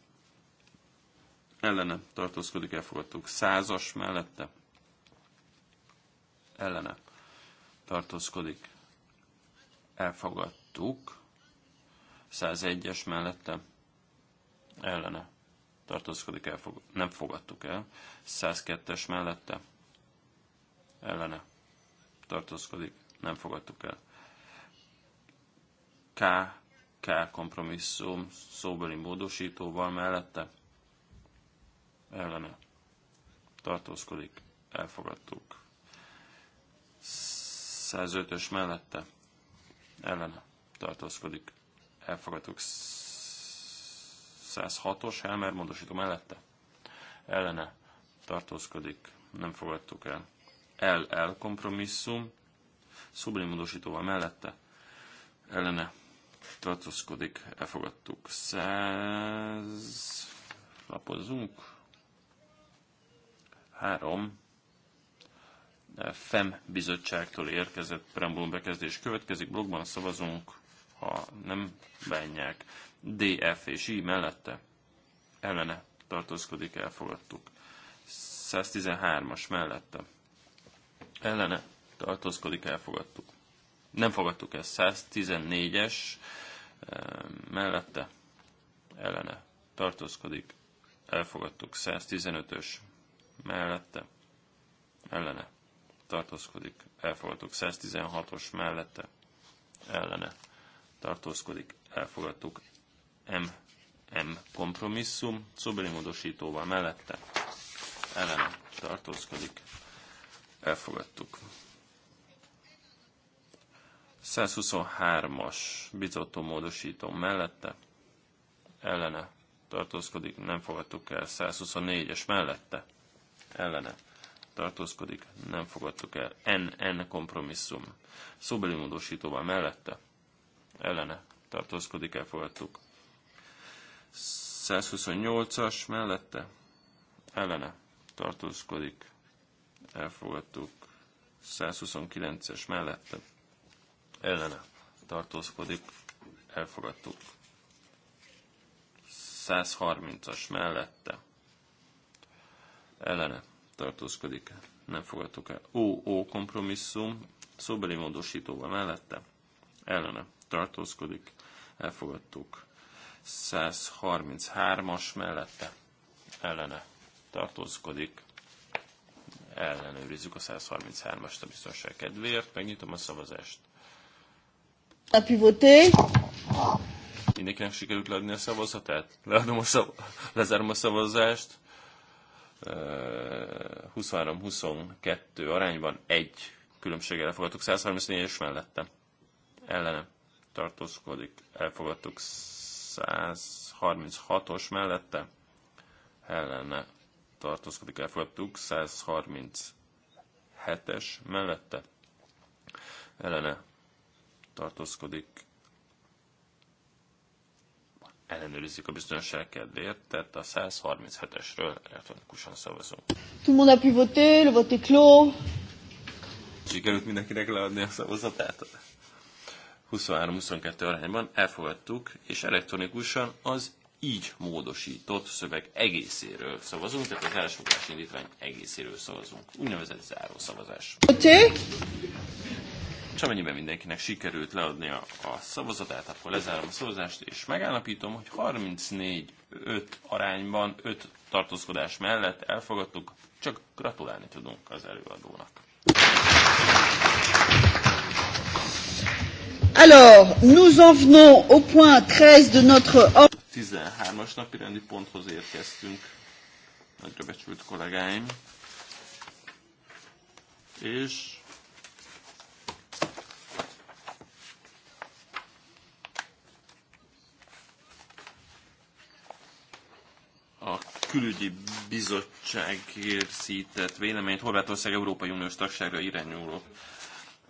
ellene tartózkodik, elfogadtuk. Százas mellette ellene tartózkodik, elfogadtuk. 101-es mellette ellene tartózkodik, elfog... nem fogadtuk el. 102-es mellette ellene tartózkodik, nem fogadtuk el. K, K kompromisszum szóbeli módosítóval mellette ellene tartózkodik, elfogadtuk. 105-ös mellette ellene tartózkodik, elfogadtuk. 106-os Helmer módosító mellette ellene tartózkodik, nem fogadtuk el. LL kompromisszum, módosítóval mellette ellene tartózkodik, elfogadtuk. 100 lapozunk, Három e, FEM bizottságtól érkezett preambulum bekezdés következik. Blogban szavazunk, ha nem bánják. DF és I mellette ellene tartózkodik, elfogadtuk. 113-as mellette ellene tartózkodik, elfogadtuk. Nem fogadtuk ezt. 114-es e, mellette ellene tartózkodik, elfogadtuk. 115-ös mellette, ellene tartózkodik, elfogadtuk. 116-os mellette, ellene tartózkodik, elfogadtuk. M, M kompromisszum, szobeli módosítóval mellette, ellene tartózkodik, elfogadtuk. 123-as bizottó módosító mellette, ellene tartózkodik, nem fogadtuk el 124-es mellette, ellene tartózkodik, nem fogadtuk el. N-N kompromisszum. Szóbeli módosítóval mellette ellene tartózkodik, elfogadtuk. 128-as mellette ellene tartózkodik, elfogadtuk. 129-es mellette ellene tartózkodik, elfogadtuk. 130-as mellette ellene tartózkodik, nem fogadtuk el. OO kompromisszum, szóbeli módosítóval mellette, ellene tartózkodik, elfogadtuk. 133-as mellette, ellene tartózkodik, ellenőrizzük a 133-ast a biztonság kedvéért, megnyitom a szavazást. A pivoté. Mindenkinek sikerült leadni a szavazatát? Leadom a szav... Lezárom a szavazást. 23-22 arányban egy különbséggel elfogadtuk 134 és mellette. Ellene tartózkodik, elfogadtuk 136-os mellette. Ellene tartózkodik, elfogadtuk 137-es mellette. Ellene tartózkodik, ellenőrizzük a biztonság kedvéért, tehát a 137-esről elektronikusan szavazunk. Tout le monde a pu voter, le vote est clos. Sikerült mindenkinek leadni a szavazatát? 23-22 arányban elfogadtuk, és elektronikusan az így módosított szöveg egészéről szavazunk, tehát az elsőfogás indítvány egészéről szavazunk. Úgynevezett záró szavazás. Okay. És amennyiben mindenkinek sikerült leadnia a szavazatát, akkor lezárom a szavazást, és megállapítom, hogy 34-5 arányban 5 tartózkodás mellett elfogadtuk, csak gratulálni tudunk az előadónak. Alors, nous en venons au point 13 de notre... 13-as napi rendi ponthoz érkeztünk, nagyra becsült kollégáim. És külügyi bizottság készített véleményt Horvátország Európai Uniós tagságra irányuló.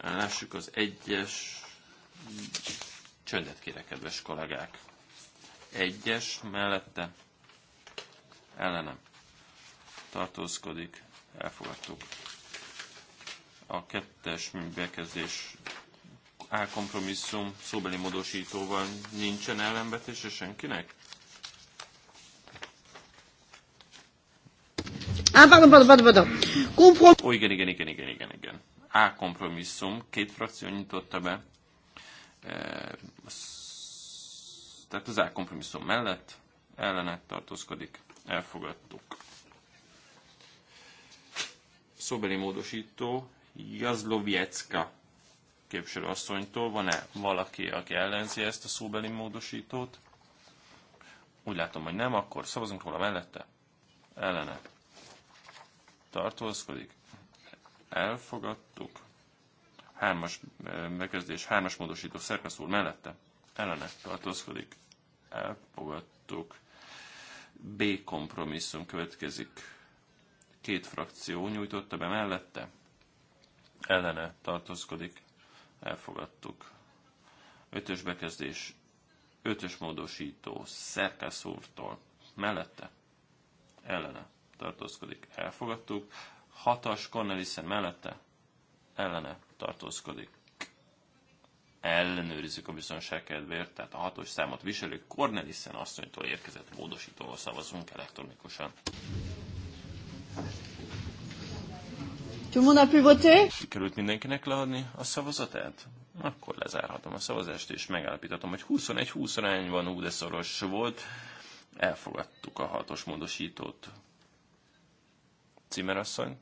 Lássuk az egyes... Csöndet kérek, kedves kollégák. Egyes mellette ellenem tartózkodik, elfogadtuk. A kettes bekezdés A kompromisszum szóbeli módosítóval nincsen ellenvetése senkinek? Á, pardon, pardon, pardon, pardon. Komprom... Ó, igen, igen, igen, igen, igen, igen. A kompromisszum, két frakció nyitotta be. E, tehát az A kompromisszum mellett ellenet tartózkodik. Elfogadtuk. Szóbeli módosító Jazlovjecka képviselő asszonytól. Van-e valaki, aki ellenzi ezt a szóbeli módosítót? Úgy látom, hogy nem, akkor szavazunk róla mellette. Ellene tartózkodik, elfogadtuk. Hármas bekezdés, eh, hármas módosító szerkesz úr mellette, ellene tartózkodik, elfogadtuk. B kompromisszum következik. Két frakció nyújtotta be mellette, ellene tartózkodik, elfogadtuk. Ötös bekezdés, ötös módosító szerkesz úrtól mellette, ellene tartózkodik, elfogadtuk. Hatas Cornelissen mellette, ellene tartózkodik. Ellenőrizzük a biztonság kedvéért, tehát a hatos számot viselő Cornelissen asszonytól érkezett módosítóval szavazunk elektronikusan. Sikerült mindenkinek leadni a szavazatát? Akkor lezárhatom a szavazást, és megállapítatom, hogy 21-20 van úgy de szoros volt. Elfogadtuk a hatos módosítót. Cimerasszony.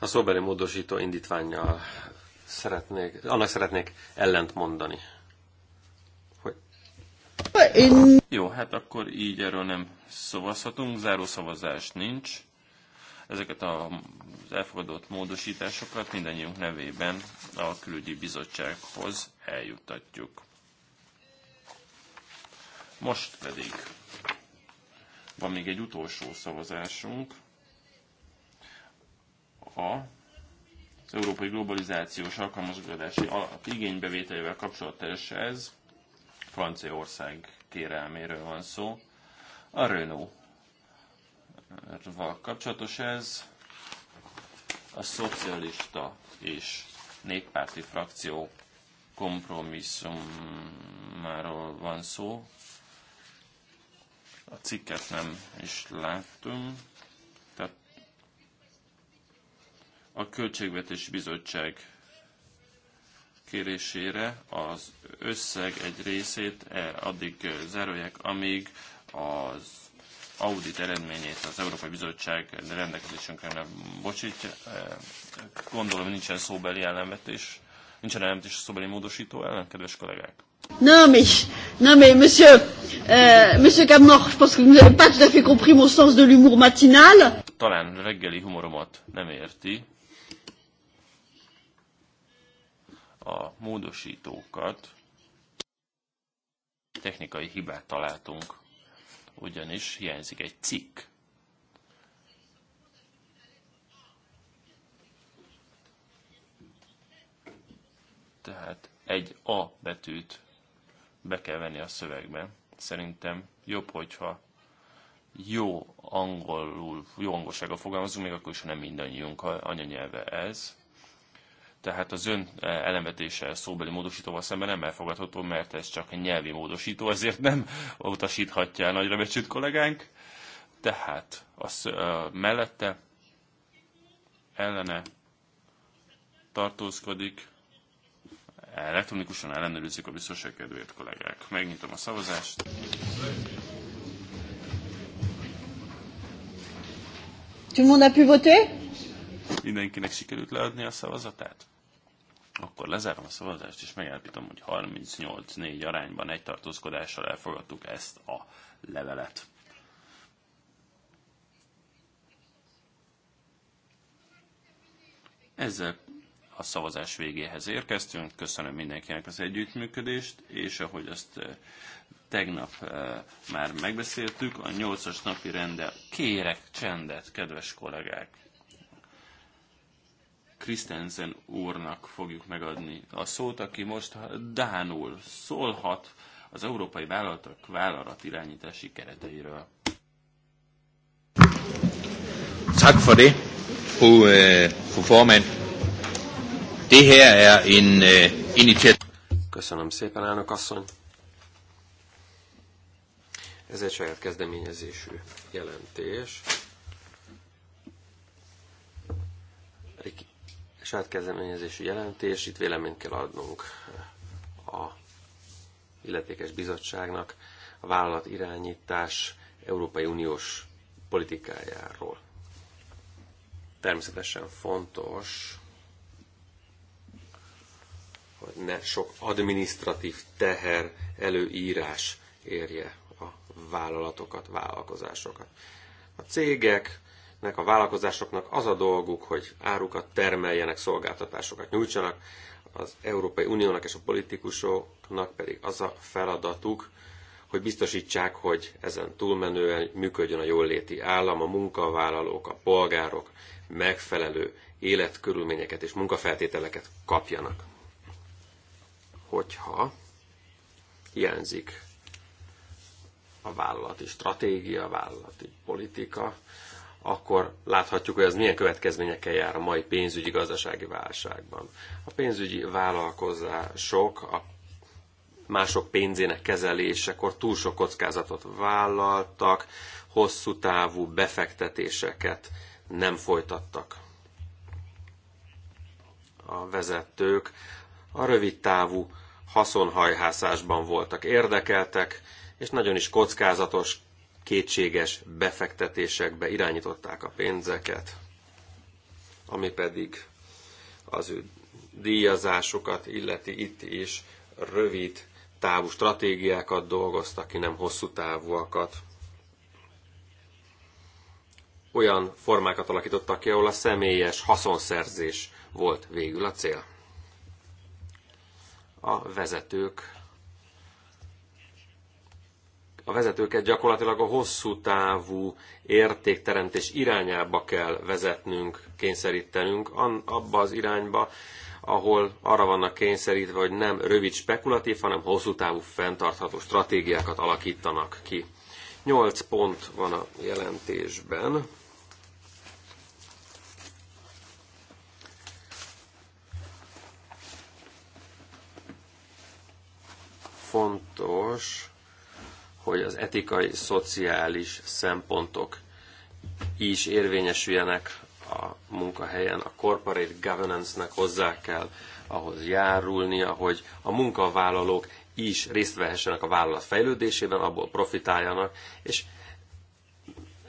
A szóbeli módosító indítványjal szeretnék, annak szeretnék ellent mondani. Hogy... Jó, hát akkor így erről nem szavazhatunk, záró szavazás nincs. Ezeket az elfogadott módosításokat mindannyiunk nevében a külügyi bizottsághoz eljuttatjuk. Most pedig van még egy utolsó szavazásunk. A az európai globalizációs alkalmazkodási alap igénybevételével kapcsolatos ez. Franciaország kérelméről van szó. A Renault val kapcsolatos ez. A szocialista és néppárti frakció kompromisszumáról van szó. A cikket nem is láttam. Tehát a Költségvetési Bizottság kérésére az összeg egy részét e, addig zárolják, amíg az audit eredményét az Európai Bizottság rendelkezésünkre nem bocsítja. E, gondolom nincsen szóbeli ellenvetés, nincsen ellenvetés a szóbeli módosító ellen, kedves kollégák. Non, mais, non, mais monsieur, euh, monsieur Kamnor, je pense que vous n'avez pas tout à fait compris mon sens de l'humour matinal. Talán reggeli humoromat nem érti. A módosítókat technikai hibát találtunk, ugyanis hiányzik egy cikk. Tehát egy A betűt be kell venni a szövegbe. Szerintem jobb, hogyha jó angolul, jó angolsággal fogalmazunk, még akkor is, ha nem mindannyiunk anyanyelve ez. Tehát az ön eh, elemvetése szóbeli módosítóval szemben nem elfogadható, mert ez csak egy nyelvi módosító, ezért nem utasíthatja a nagyra becsült kollégánk. Tehát az uh, mellette ellene tartózkodik, Elektronikusan ellenőrizzük a biztonság kedvéért, kollégák. Megnyitom a szavazást. Tout le monde a pu voter? Mindenkinek sikerült leadni a szavazatát? Akkor lezárom a szavazást, és megállapítom, hogy 38-4 arányban egy tartózkodással elfogadtuk ezt a levelet. Ezzel a szavazás végéhez érkeztünk. Köszönöm mindenkinek az együttműködést, és ahogy azt eh, tegnap eh, már megbeszéltük, a nyolcas napi rendel kérek csendet, kedves kollégák! Krisztensen úrnak fogjuk megadni a szót, aki most Dánul szólhat az európai vállalatok vállalat irányítási kereteiről. Tak for det, fru, fru eh, formand. Det her er en øh, initiativ... Köszönöm szépen, elnök asszony. Ez egy saját kezdeményezésű jelentés. Egy saját kezdeményezésű jelentés, itt véleményt kell adnunk a illetékes bizottságnak a vállalat irányítás Európai Uniós politikájáról. Természetesen fontos, hogy ne sok administratív teher, előírás érje a vállalatokat, vállalkozásokat. A cégeknek, a vállalkozásoknak az a dolguk, hogy árukat termeljenek, szolgáltatásokat nyújtsanak, az Európai Uniónak és a politikusoknak pedig az a feladatuk, hogy biztosítsák, hogy ezen túlmenően működjön a jóléti állam, a munkavállalók, a polgárok megfelelő életkörülményeket és munkafeltételeket kapjanak hogyha hiányzik a vállalati stratégia, a vállalati politika, akkor láthatjuk, hogy ez milyen következményekkel jár a mai pénzügyi gazdasági válságban. A pénzügyi vállalkozások a mások pénzének kezelésekor túl sok kockázatot vállaltak, hosszú távú befektetéseket nem folytattak. A vezetők a rövid távú haszonhajhászásban voltak érdekeltek, és nagyon is kockázatos, kétséges befektetésekbe irányították a pénzeket, ami pedig az ő díjazásokat illeti itt is rövid távú stratégiákat dolgoztak ki, nem hosszú távúakat. Olyan formákat alakítottak ki, ahol a személyes haszonszerzés volt végül a cél a vezetők a vezetőket gyakorlatilag a hosszú távú értékteremtés irányába kell vezetnünk, kényszerítenünk, abba az irányba, ahol arra vannak kényszerítve, hogy nem rövid spekulatív, hanem hosszú távú fenntartható stratégiákat alakítanak ki. Nyolc pont van a jelentésben. fontos, hogy az etikai, szociális szempontok is érvényesüljenek a munkahelyen. A corporate governance-nek hozzá kell ahhoz járulnia, hogy a munkavállalók is részt vehessenek a vállalat fejlődésében, abból profitáljanak, és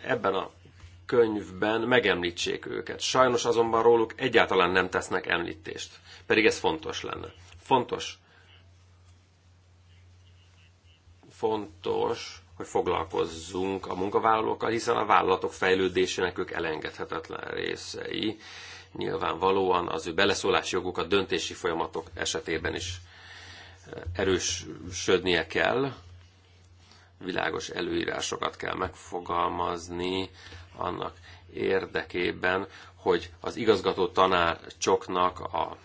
ebben a könyvben megemlítsék őket. Sajnos azonban róluk egyáltalán nem tesznek említést, pedig ez fontos lenne. Fontos fontos, hogy foglalkozzunk a munkavállalókkal, hiszen a vállalatok fejlődésének ők elengedhetetlen részei. Nyilvánvalóan az ő beleszólási joguk a döntési folyamatok esetében is eh, erősödnie kell, világos előírásokat kell megfogalmazni annak érdekében, hogy az igazgató tanácsoknak a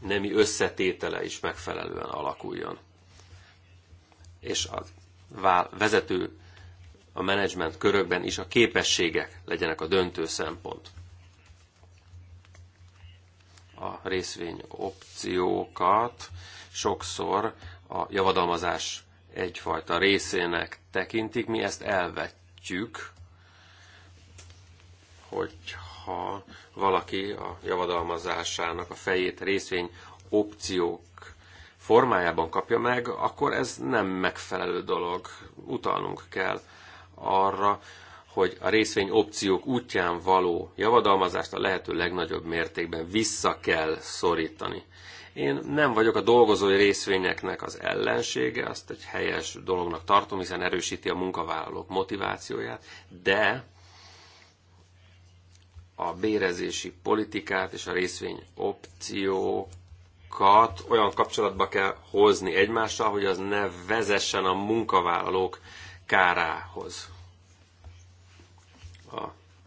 nemi összetétele is megfelelően alakuljon és a vezető a menedzsment körökben is a képességek legyenek a döntő szempont. A részvény opciókat sokszor a javadalmazás egyfajta részének tekintik, mi ezt elvetjük, hogyha valaki a javadalmazásának a fejét részvény opciók formájában kapja meg, akkor ez nem megfelelő dolog. Utalnunk kell arra, hogy a részvény opciók útján való javadalmazást a lehető legnagyobb mértékben vissza kell szorítani. Én nem vagyok a dolgozói részvényeknek az ellensége, azt egy helyes dolognak tartom, hiszen erősíti a munkavállalók motivációját, de a bérezési politikát és a részvény opciók munkavállalókat olyan kapcsolatba kell hozni egymással, hogy az ne vezessen a munkavállalók kárához. A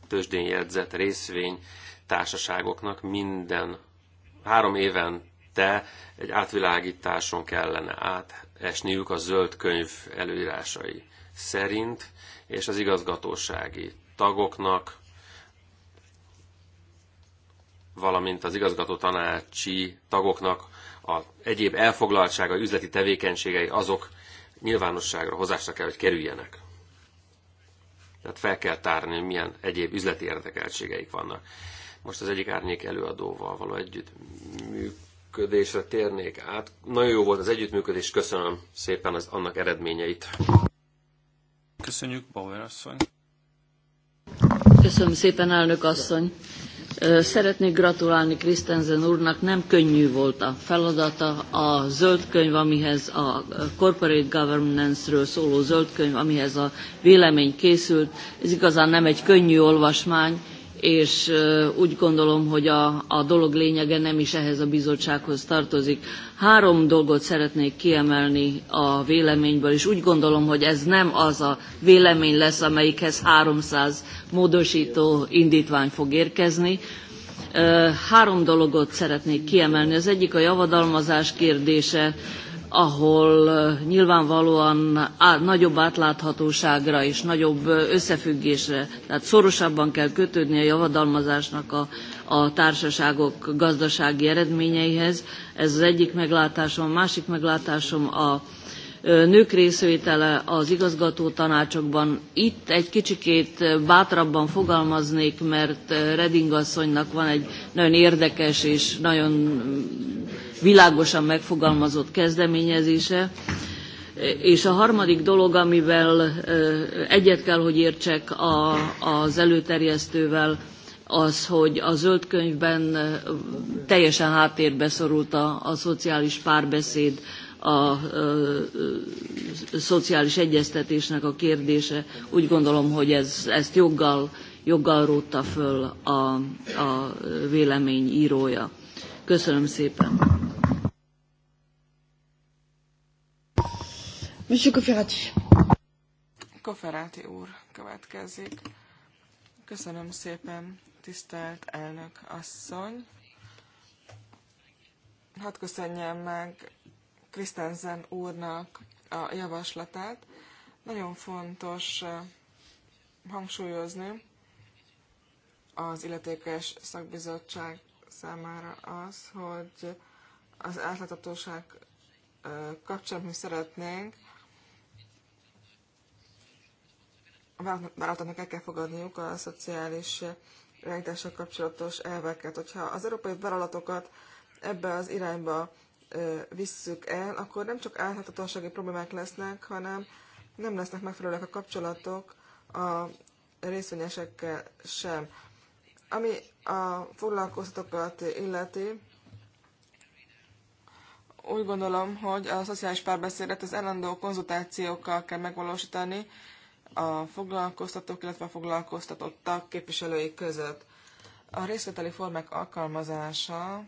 tőzsdén jegyzett részvény társaságoknak minden három éven te egy átvilágításon kellene átesniük a zöld könyv előírásai szerint, és az igazgatósági tagoknak valamint az igazgató tanácsi tagoknak a egyéb elfoglaltsága, üzleti tevékenységei azok nyilvánosságra, hozásra kell, hogy kerüljenek. Tehát fel kell tárni, hogy milyen egyéb üzleti érdekeltségeik vannak. Most az egyik árnyék előadóval való együttműködésre térnék át. Nagyon jó volt az együttműködés, köszönöm szépen az, annak eredményeit. Köszönjük, Bauer asszony. Köszönöm szépen, elnök asszony. Szeretnék gratulálni Krisztenzen úrnak, nem könnyű volt a feladata. A zöld könyv, amihez a corporate governance-ről szóló zöld könyv, amihez a vélemény készült, ez igazán nem egy könnyű olvasmány, és úgy gondolom, hogy a, a dolog lényege nem is ehhez a bizottsághoz tartozik. Három dolgot szeretnék kiemelni a véleményből, és úgy gondolom, hogy ez nem az a vélemény lesz, amelyikhez 300 módosító indítvány fog érkezni. Három dologot szeretnék kiemelni. Az egyik a javadalmazás kérdése, ahol nyilvánvalóan á, nagyobb átláthatóságra és nagyobb összefüggésre, tehát szorosabban kell kötődni a javadalmazásnak a, a társaságok gazdasági eredményeihez. Ez az egyik meglátásom. A másik meglátásom a nők részvétele az igazgató tanácsokban. Itt egy kicsikét bátrabban fogalmaznék, mert Reding asszonynak van egy nagyon érdekes és nagyon világosan megfogalmazott kezdeményezése. És a harmadik dolog, amivel egyet kell, hogy értsek a, az előterjesztővel, az, hogy a zöld könyvben teljesen háttérbe szorult a, a szociális párbeszéd, a, a, a, a szociális egyeztetésnek a kérdése. Úgy gondolom, hogy ez, ezt joggal, joggal rótta föl a, a vélemény írója. Köszönöm szépen. Monsieur Koferati. Koferati úr következik. Köszönöm szépen, tisztelt elnök asszony. Hadd köszönjem meg Krisztensen úrnak a javaslatát. Nagyon fontos eh, hangsúlyozni az illetékes szakbizottság számára az, hogy az átláthatóság kapcsán mi szeretnénk, a vállalatoknak el kell fogadniuk a szociális irányítással kapcsolatos elveket. Hogyha az európai vállalatokat ebbe az irányba visszük el, akkor nem csak állhatatlansági problémák lesznek, hanem nem lesznek megfelelőek a kapcsolatok a részvényesekkel sem. Ami a foglalkoztatókat illeti, úgy gondolom, hogy a szociális párbeszédet az állandó konzultációkkal kell megvalósítani a foglalkoztatók, illetve a foglalkoztatottak képviselői között. A részvételi formák alkalmazása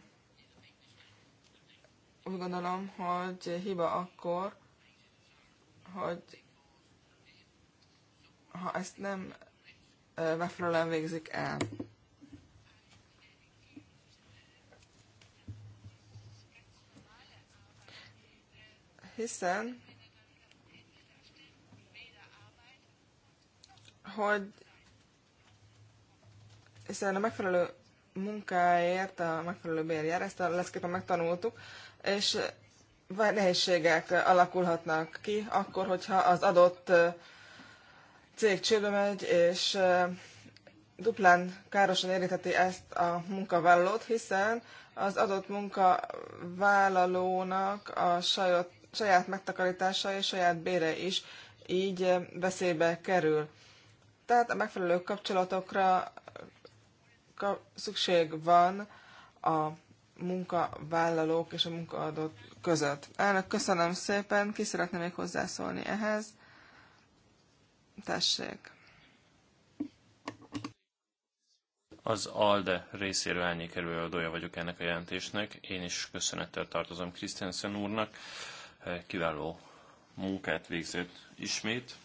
úgy gondolom, hogy hiba akkor, hogy ha ezt nem megfelelően végzik el. hiszen hogy hiszen a megfelelő munkáért a megfelelő bérjár, ezt a leszképpen megtanultuk, és nehézségek alakulhatnak ki akkor, hogyha az adott cég csőbe megy, és duplán károsan érinteti ezt a munkavállalót, hiszen az adott munkavállalónak a saját saját megtakarítása és saját bére is így eh, veszélybe kerül. Tehát a megfelelő kapcsolatokra eh, szükség van a munkavállalók és a munkaadók között. Elnök, köszönöm szépen, ki szeretne még hozzászólni ehhez? Tessék. Az ALDE részéről elnyékelő a vagyok ennek a jelentésnek. Én is köszönettel tartozom Krisztensen úrnak. Eh, kiváló munkát végzett ismét,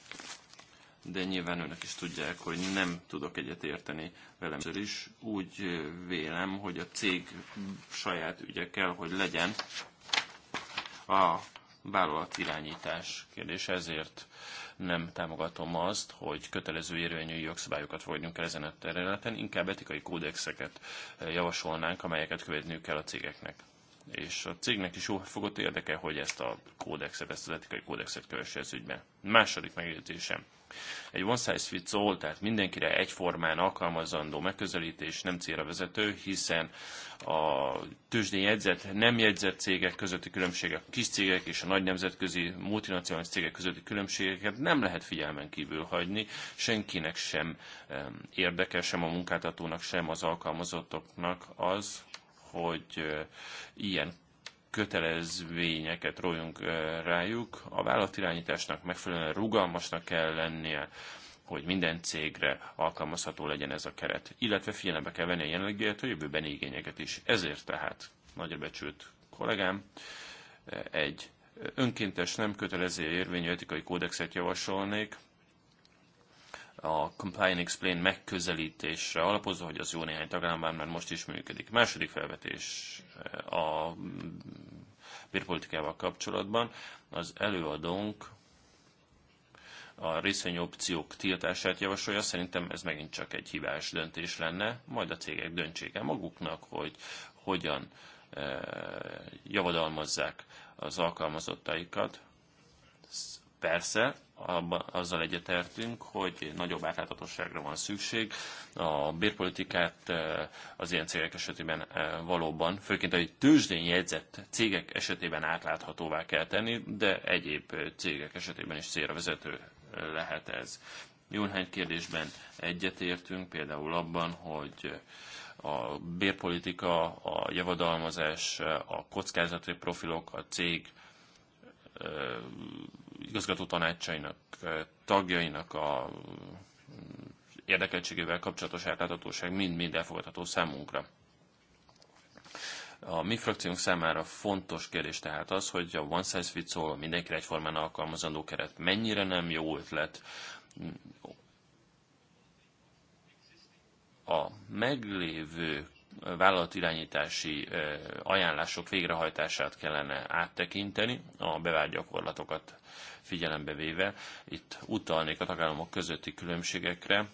de nyilván önök is tudják, hogy nem tudok egyet érteni velem is. Úgy eh, vélem, hogy a cég saját ügye kell, hogy legyen a vállalat irányítás kérdés, ezért nem támogatom azt, hogy kötelező érvényű jogszabályokat fogadjunk el ezen a területen, inkább etikai kódexeket eh, javasolnánk, amelyeket követniük kell a cégeknek és a cégnek is fogott érdeke, hogy ezt a kódexet, ezt az etikai kódexet kövesse ez ügyben. Második megjegyzésem. Egy one size fits all, tehát mindenkire egyformán alkalmazandó megközelítés nem célra vezető, hiszen a tőzsdén jegyzett, nem jegyzett cégek közötti különbségek, a kis cégek és a nagy nemzetközi multinacionális cégek közötti különbségeket nem lehet figyelmen kívül hagyni, senkinek sem érdekes, sem a munkáltatónak, sem az alkalmazottoknak az, hogy ilyen kötelezvényeket rójunk rájuk. A vállalatirányításnak megfelelően rugalmasnak kell lennie, hogy minden cégre alkalmazható legyen ez a keret, illetve figyelembe kell venni a jelenlegi, a jövőbeni igényeket is. Ezért tehát nagyra becsült kollégám egy önkéntes, nem kötelező érvényű etikai kódexet javasolnék, a Comply and Explain megközelítésre alapozva, hogy az jó néhány tagállamban már most is működik. Második felvetés eh, a bírpolitikával kapcsolatban. Az előadónk a részvényopciók tiltását javasolja, szerintem ez megint csak egy hibás döntés lenne, majd a cégek döntsék el maguknak, hogy hogyan eh, javadalmazzák az alkalmazottaikat. Persze, azzal egyetértünk, hogy nagyobb átláthatóságra van szükség. A bérpolitikát az ilyen cégek esetében valóban, főként egy tőzsdén jegyzett cégek esetében átláthatóvá kell tenni, de egyéb cégek esetében is célra vezető lehet ez. Jó néhány kérdésben egyetértünk, például abban, hogy a bérpolitika, a javadalmazás, a kockázati profilok, a cég igazgató tanácsainak, tagjainak a érdekeltségével kapcsolatos átláthatóság mind-mind elfogadható számunkra. A mi frakciónk számára fontos kérdés tehát az, hogy a one size fits all mindenkire egyformán alkalmazandó keret mennyire nem jó ötlet. A meglévő vállalatirányítási ajánlások végrehajtását kellene áttekinteni, a bevált gyakorlatokat figyelembe véve. Itt utalnék a tagállamok közötti különbségekre,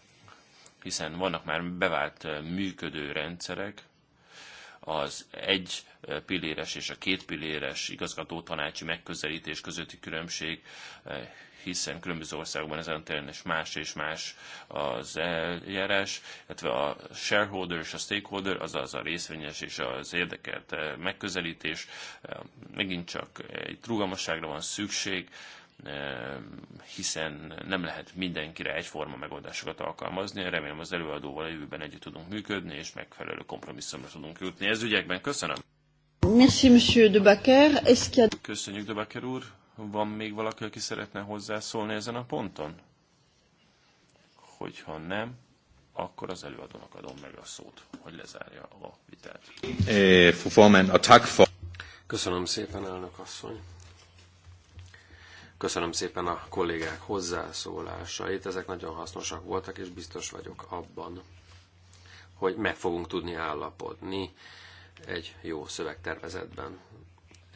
hiszen vannak már bevált működő rendszerek, az egy pilléres és a két pilléres igazgató tanácsi megközelítés közötti különbség, hiszen különböző országokban ezen téren is más és más az eljárás, illetve a shareholder és a stakeholder, azaz a részvényes és az érdekelt megközelítés, megint csak egy rugalmasságra van szükség, Ehm, hiszen nem lehet mindenkire egyforma megoldásokat alkalmazni. Remélem az előadóval jövőben együtt tudunk működni, és megfelelő kompromisszumra tudunk jutni ez ügyekben. Köszönöm. Merci, monsieur de Baker. Köszönjük, de Baker úr. Van még valaki, aki szeretne hozzászólni ezen a ponton? Hogyha nem, akkor az előadónak adom meg a szót, hogy lezárja a vitát. Eh, Köszönöm szépen, elnök asszony. Köszönöm szépen a kollégák hozzászólásait, ezek nagyon hasznosak voltak, és biztos vagyok abban, hogy meg fogunk tudni állapodni egy jó szövegtervezetben.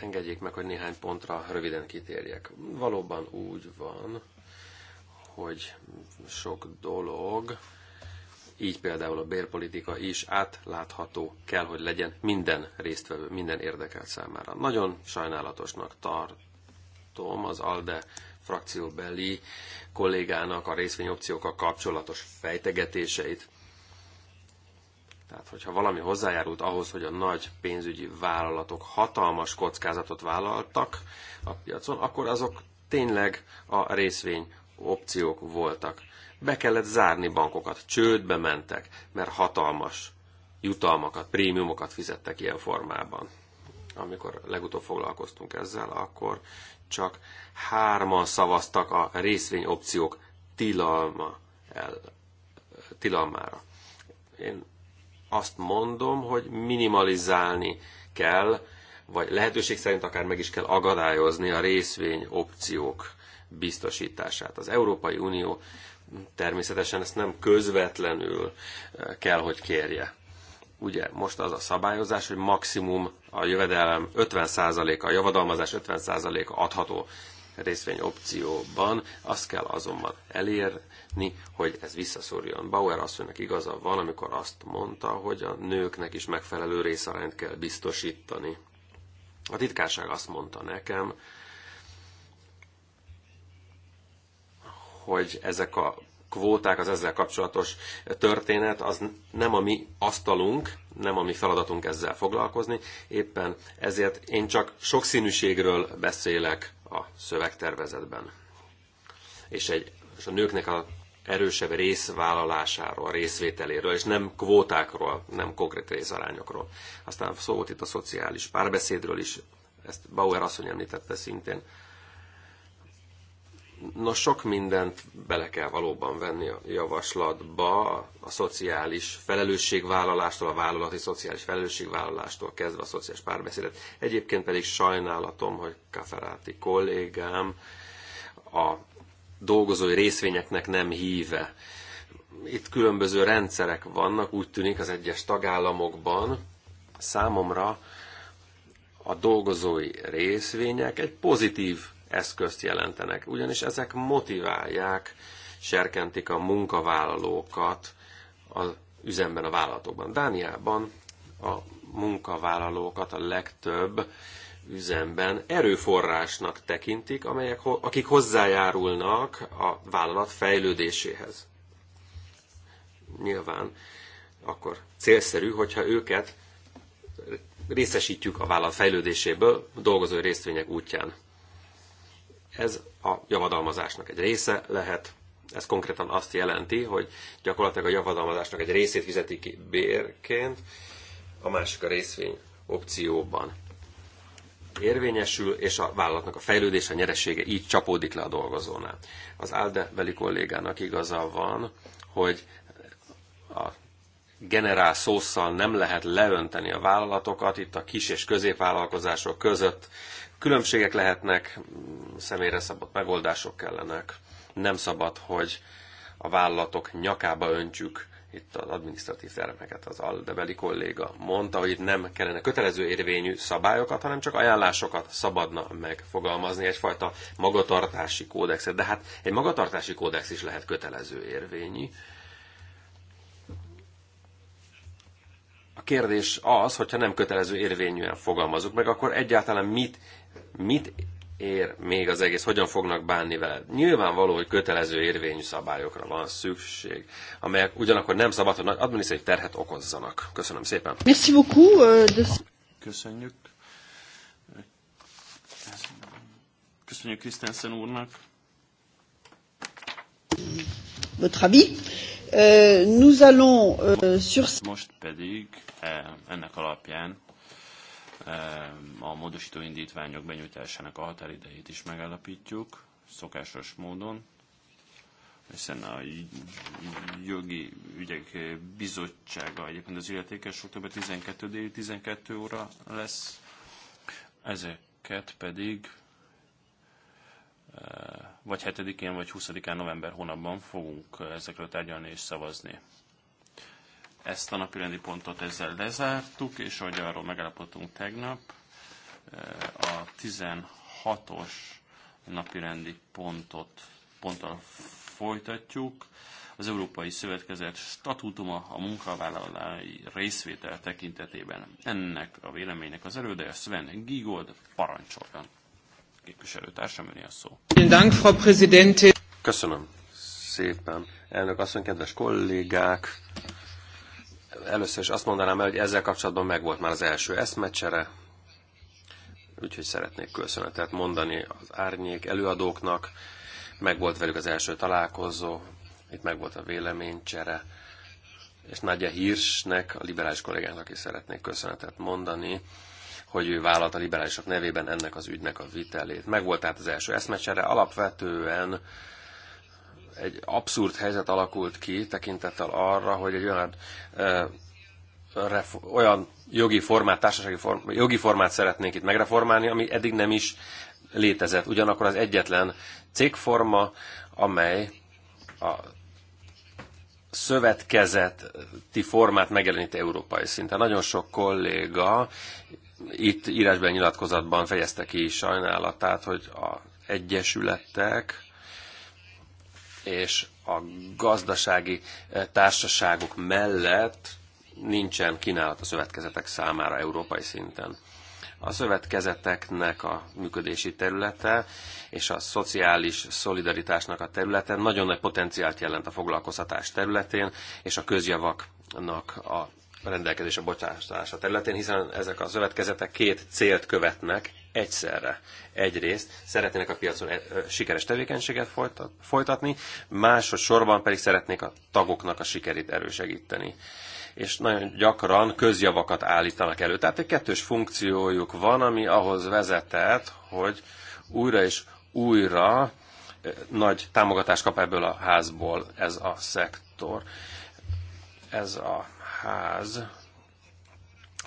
Engedjék meg, hogy néhány pontra röviden kitérjek. Valóban úgy van, hogy sok dolog, így például a bérpolitika is átlátható kell, hogy legyen minden résztvevő, minden érdekelt számára. Nagyon sajnálatosnak tart osztom az ALDE frakcióbeli kollégának a részvényopciókkal kapcsolatos fejtegetéseit. Tehát, hogyha valami hozzájárult ahhoz, hogy a nagy pénzügyi vállalatok hatalmas kockázatot vállaltak a piacon, akkor azok tényleg a részvény opciók voltak. Be kellett zárni bankokat, csődbe mentek, mert hatalmas jutalmakat, prémiumokat fizettek ilyen formában. Amikor legutóbb foglalkoztunk ezzel, akkor csak hárman szavaztak a részvényopciók tilalma el, tilalmára. Én azt mondom, hogy minimalizálni kell, vagy lehetőség szerint akár meg is kell agadályozni a részvényopciók biztosítását. Az Európai Unió természetesen ezt nem közvetlenül kell, hogy kérje ugye most az a szabályozás, hogy maximum a jövedelem 50%-a, a javadalmazás 50%-a adható részvényopcióban. Azt kell azonban elérni, hogy ez visszaszorjon. Bauer asszonynak igaza van, amikor azt mondta, hogy a nőknek is megfelelő részarányt kell biztosítani. A titkárság azt mondta nekem, hogy ezek a kvóták, az ezzel kapcsolatos történet, az nem a mi asztalunk, nem a mi feladatunk ezzel foglalkozni. Éppen ezért én csak sokszínűségről beszélek a szövegtervezetben. És, egy, és a nőknek a erősebb részvállalásáról, részvételéről, és nem kvótákról, nem konkrét részarányokról. Aztán szó volt itt a szociális párbeszédről is, ezt Bauer asszony említette szintén. Nos, sok mindent bele kell valóban venni a javaslatba, a szociális felelősségvállalástól, a vállalati szociális felelősségvállalástól kezdve a szociális párbeszédet. Egyébként pedig sajnálatom, hogy Kaferáti kollégám a dolgozói részvényeknek nem híve. Itt különböző rendszerek vannak, úgy tűnik az egyes tagállamokban. Számomra a dolgozói részvények egy pozitív eszközt jelentenek, ugyanis ezek motiválják, serkentik a munkavállalókat az üzemben, a vállalatokban. Dániában a munkavállalókat a legtöbb üzemben erőforrásnak tekintik, amelyek, akik hozzájárulnak a vállalat fejlődéséhez. Nyilván akkor célszerű, hogyha őket részesítjük a vállalat fejlődéséből dolgozó részvények útján. Ez a javadalmazásnak egy része lehet, ez konkrétan azt jelenti, hogy gyakorlatilag a javadalmazásnak egy részét fizetik ki bérként, a másik a részvény opcióban érvényesül, és a vállalatnak a fejlődése, a nyeresége így csapódik le a dolgozónál. Az Alde beli kollégának igaza van, hogy a generál szószal nem lehet leönteni a vállalatokat, itt a kis és középvállalkozások között Különbségek lehetnek, személyre szabott megoldások kellenek. Nem szabad, hogy a vállalatok nyakába öntjük itt az adminisztratív termeket az Aldebeli kolléga mondta, hogy itt nem kellene kötelező érvényű szabályokat, hanem csak ajánlásokat szabadna megfogalmazni, egyfajta magatartási kódexet. De hát egy magatartási kódex is lehet kötelező érvényű. A kérdés az, hogyha nem kötelező érvényűen fogalmazunk meg, akkor egyáltalán mit mit ér még az egész, hogyan fognak bánni veled. Nyilvánvaló, hogy kötelező érvényű szabályokra van szükség, amelyek ugyanakkor nem szabad, hogy nagy adminisztratív terhet okozzanak. Köszönöm szépen. Merci beaucoup. Euh, de... Köszönjük. Köszönjük Krisztensen úrnak. Votre avis. Uh, nous allons uh, sur... Most pedig eh, ennek alapján Ehm, a módosító indítványok benyújtásának a határidejét is megállapítjuk, szokásos módon, hiszen a jogi ügyek bizottsága egyébként az illetékes október 12 d 12 óra lesz, ezeket pedig eh, vagy 7-én, vagy 20-án november hónapban fogunk ezekről tárgyalni és szavazni. Ezt a napirendi pontot ezzel lezártuk, és ahogy arról megállapodtunk tegnap, eh, a 16-os napirendi pontot, ponttal folytatjuk. Az Európai Szövetkezet statútuma a munkavállalói részvétel tekintetében. Ennek a véleménynek az a Sven Gigold parancsoljon. Képviselőtársam, a szó. Köszönöm szépen, elnök asszony, kedves kollégák! Először is azt mondanám el, hogy ezzel kapcsolatban megvolt már az első eszmecsere, úgyhogy szeretnék köszönetet mondani az árnyék előadóknak, megvolt velük az első találkozó, itt megvolt a véleménycsere, és Nagyja e Hirsnek, a liberális kollégának is szeretnék köszönetet mondani, hogy ő vállalt a liberálisok nevében ennek az ügynek a vitelét. Megvolt tehát az első eszmecsere, alapvetően egy abszurd helyzet alakult ki tekintettel arra, hogy egy olyan, olyan jogi formát, társasági form, jogi formát szeretnénk itt megreformálni, ami eddig nem is létezett. Ugyanakkor az egyetlen cégforma, amely a szövetkezeti formát megjelenít európai szinten. Nagyon sok kolléga itt írásban nyilatkozatban fejezte ki sajnálatát, hogy a egyesületek és a gazdasági eh, társaságok mellett nincsen kínálat a szövetkezetek számára európai szinten. A szövetkezeteknek a működési területe és a szociális szolidaritásnak a területe nagyon nagy potenciált jelent a foglalkoztatás területén és a közjavaknak a rendelkezés a bocsátása területén, hiszen ezek a szövetkezetek két célt követnek egyszerre. Egyrészt szeretnének a piacon eh, sikeres tevékenységet folytatni, másodszorban pedig szeretnék a tagoknak a sikerét erősegíteni és nagyon gyakran közjavakat állítanak elő. Tehát egy kettős funkciójuk van, ami ahhoz vezetett, hogy újra és újra eh, nagy támogatást kap ebből a házból ez a szektor. Ez a ház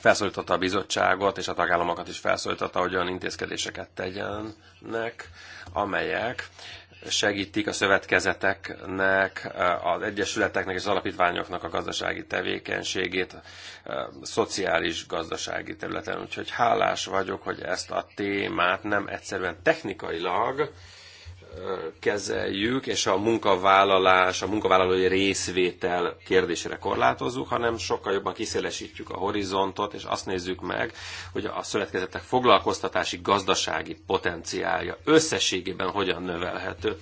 felszólította a bizottságot és a tagállamokat is felszólította, hogy olyan intézkedéseket tegyenek, amelyek segítik a szövetkezeteknek, az egyesületeknek és az alapítványoknak a gazdasági tevékenységét szociális gazdasági területen. Úgyhogy hálás vagyok, hogy ezt a témát nem egyszerűen technikailag, kezeljük, és a munkavállalás, a munkavállalói részvétel kérdésére korlátozzuk, hanem sokkal jobban kiszélesítjük a horizontot, és azt nézzük meg, hogy a szövetkezetek foglalkoztatási gazdasági potenciálja összességében hogyan növelhető.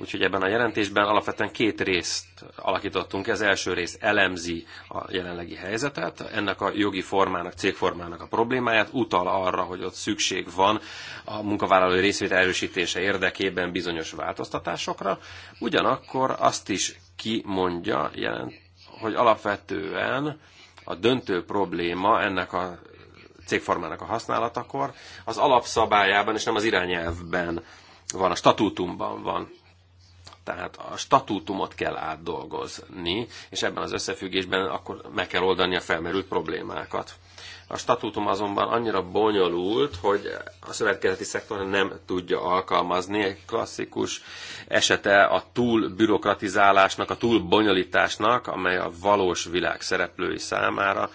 Úgyhogy ebben a jelentésben alapvetően két részt alakítottunk. Ez első rész elemzi a jelenlegi helyzetet, ennek a jogi formának, cégformának a problémáját, utal arra, hogy ott szükség van a munkavállalói részvétel erősítése érdekében bizonyos változtatásokra. Ugyanakkor azt is kimondja, jelent, hogy alapvetően a döntő probléma ennek a cégformának a használatakor az alapszabályában és nem az irányelvben van, a statútumban van. Tehát a statútumot kell átdolgozni, és ebben az összefüggésben akkor meg kell oldani a felmerült problémákat. A statútum azonban annyira bonyolult, hogy a szövetkezeti szektor nem tudja alkalmazni. Egy klasszikus esete a túl bürokratizálásnak, a túl bonyolításnak, amely a valós világ szereplői számára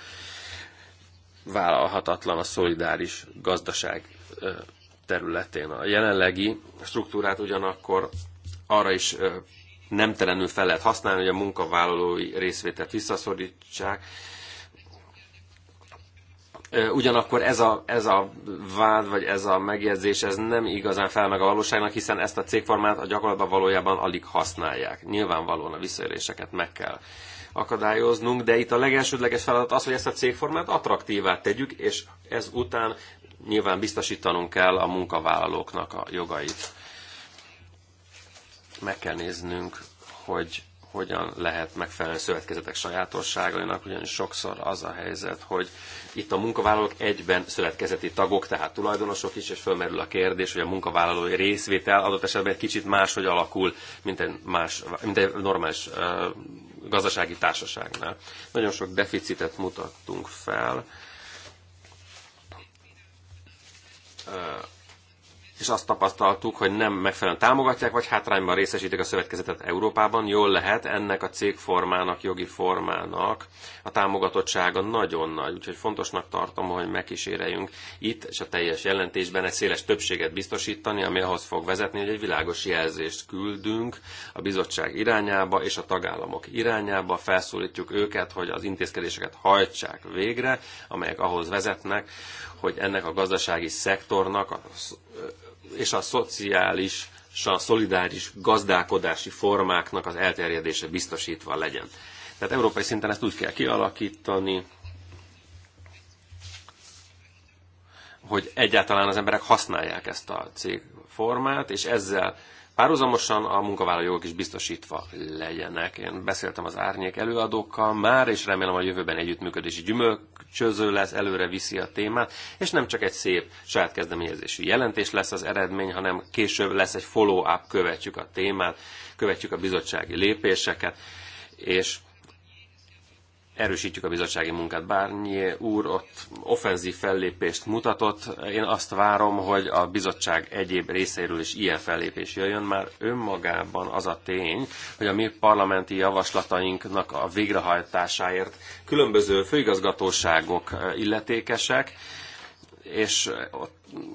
vállalhatatlan a szolidáris gazdaság területén. A jelenlegi struktúrát ugyanakkor arra is nemtelenül fel lehet használni, hogy a munkavállalói részvételt visszaszorítsák. Ugyanakkor ez a, ez a vád, vagy ez a megjegyzés, ez nem igazán fel meg a valóságnak, hiszen ezt a cégformát a gyakorlatban valójában alig használják. Nyilvánvalóan a visszaéléseket meg kell akadályoznunk, de itt a legelsődleges feladat az, hogy ezt a cégformát attraktívá tegyük, és ez után nyilván biztosítanunk kell a munkavállalóknak a jogait meg kell néznünk, hogy hogyan lehet megfelelni szövetkezetek sajátosságainak, ugyanis sokszor az a helyzet, hogy itt a munkavállalók egyben szövetkezeti tagok, tehát tulajdonosok is, és fölmerül a kérdés, hogy a munkavállalói részvétel adott esetben egy kicsit máshogy alakul, mint egy, más, mint egy normális uh, gazdasági társaságnál. Nagyon sok deficitet mutattunk fel. Uh, és azt tapasztaltuk, hogy nem megfelelően támogatják, vagy hátrányban részesítik a szövetkezetet Európában. Jól lehet, ennek a cégformának, jogi formának a támogatottsága nagyon nagy, úgyhogy fontosnak tartom, hogy megkíséreljünk itt és a teljes jelentésben egy széles többséget biztosítani, ami ahhoz fog vezetni, hogy egy világos jelzést küldünk a bizottság irányába és a tagállamok irányába, felszólítjuk őket, hogy az intézkedéseket hajtsák végre, amelyek ahhoz vezetnek, hogy ennek a gazdasági szektornak a, és a szociális és a szolidáris gazdálkodási formáknak az elterjedése biztosítva legyen. Tehát európai szinten ezt úgy kell kialakítani, hogy egyáltalán az emberek használják ezt a cégformát, és ezzel párhuzamosan a munkavállalók is biztosítva legyenek. Én beszéltem az árnyék előadókkal már, és remélem a jövőben együttműködési gyümölk, csöző lesz, előre viszi a témát, és nem csak egy szép saját kezdeményezésű jelentés lesz az eredmény, hanem később lesz egy follow-up, követjük a témát, követjük a bizottsági lépéseket, és erősítjük a bizottsági munkát. Bárnyi úr ott offenzív fellépést mutatott. Én azt várom, hogy a bizottság egyéb részeiről is ilyen fellépés jöjjön. Már önmagában az a tény, hogy a mi parlamenti javaslatainknak a végrehajtásáért különböző főigazgatóságok eh, illetékesek, és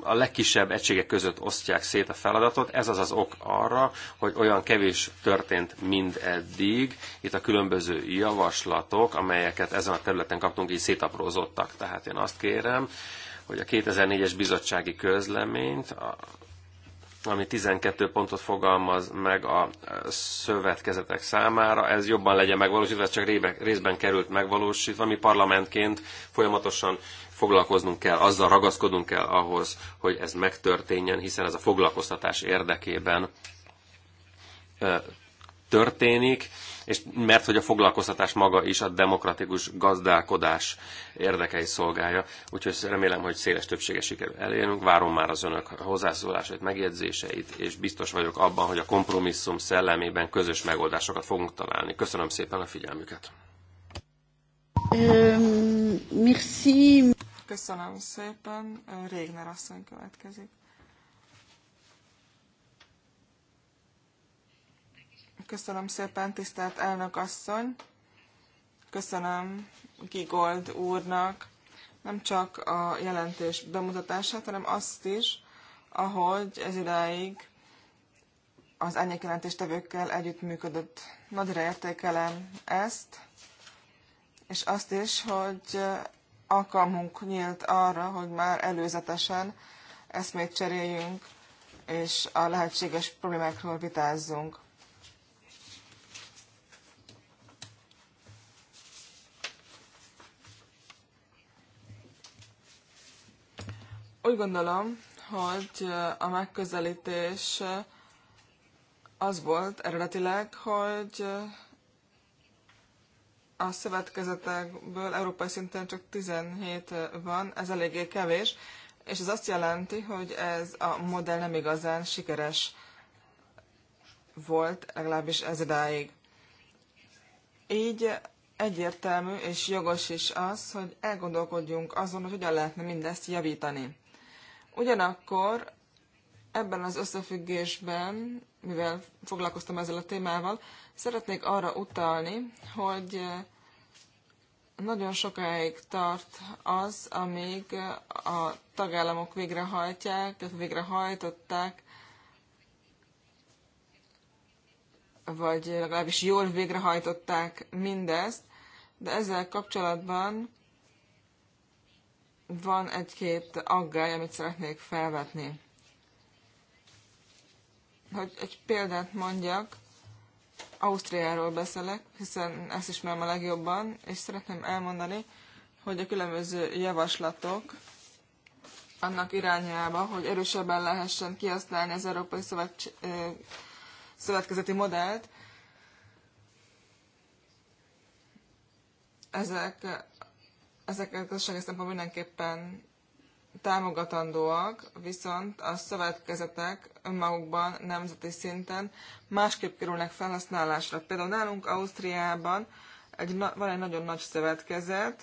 a legkisebb egységek között osztják szét a feladatot. Ez az az ok arra, hogy olyan kevés történt mind eddig, Itt a különböző javaslatok, amelyeket ezen a területen kaptunk, így szétaprózottak. Tehát én azt kérem, hogy a 2004-es bizottsági közleményt, ami 12 pontot fogalmaz meg a szövetkezetek számára, ez jobban legyen megvalósítva, ez csak részben került megvalósítva. Mi parlamentként folyamatosan foglalkoznunk kell, azzal ragaszkodunk kell ahhoz, hogy ez megtörténjen, hiszen ez a foglalkoztatás érdekében történik, és mert hogy a foglalkoztatás maga is a demokratikus gazdálkodás érdekei szolgálja. Úgyhogy remélem, hogy széles többséges sikerül elérünk. Várom már az önök hozzászólásait, megjegyzéseit, és biztos vagyok abban, hogy a kompromisszum szellemében közös megoldásokat fogunk találni. Köszönöm szépen a figyelmüket. Um, merci. Köszönöm szépen. Régner asszony következik. Köszönöm szépen, tisztelt elnök asszony. Köszönöm Gigold úrnak nem csak a jelentés bemutatását, hanem azt is, ahogy ez idáig az árnyék jelentéstevőkkel együttműködött. Nagyra értékelem ezt, és azt is, hogy alkalmunk nyílt arra, hogy már előzetesen eszmét cseréljünk, és a lehetséges problémákról vitázzunk. Úgy gondolom, hogy a megközelítés az volt eredetileg, hogy a szövetkezetekből európai szinten csak 17 van, ez eléggé kevés, és ez azt jelenti, hogy ez a modell nem igazán sikeres volt, legalábbis ez idáig. Így egyértelmű és jogos is az, hogy elgondolkodjunk azon, hogy hogyan lehetne mindezt javítani. Ugyanakkor ebben az összefüggésben mivel foglalkoztam ezzel a témával, szeretnék arra utalni, hogy eh, nagyon sokáig tart az, amíg eh, a tagállamok végrehajtják, tehát végrehajtották, vagy legalábbis jól végrehajtották mindezt, de ezzel kapcsolatban van egy-két aggály, amit szeretnék felvetni hogy egy példát mondjak, Ausztriáról beszélek, hiszen ezt ismerem a legjobban, és szeretném elmondani, hogy a különböző javaslatok annak irányába, hogy erősebben lehessen kihasználni az Európai Szövet, Szövetkezeti modellt, ezek, ezek a gazdasági szempontból mindenképpen támogatandóak, viszont a szövetkezetek önmagukban nemzeti szinten másképp kerülnek felhasználásra. Például nálunk Ausztriában egy, van egy nagyon nagy szövetkezet,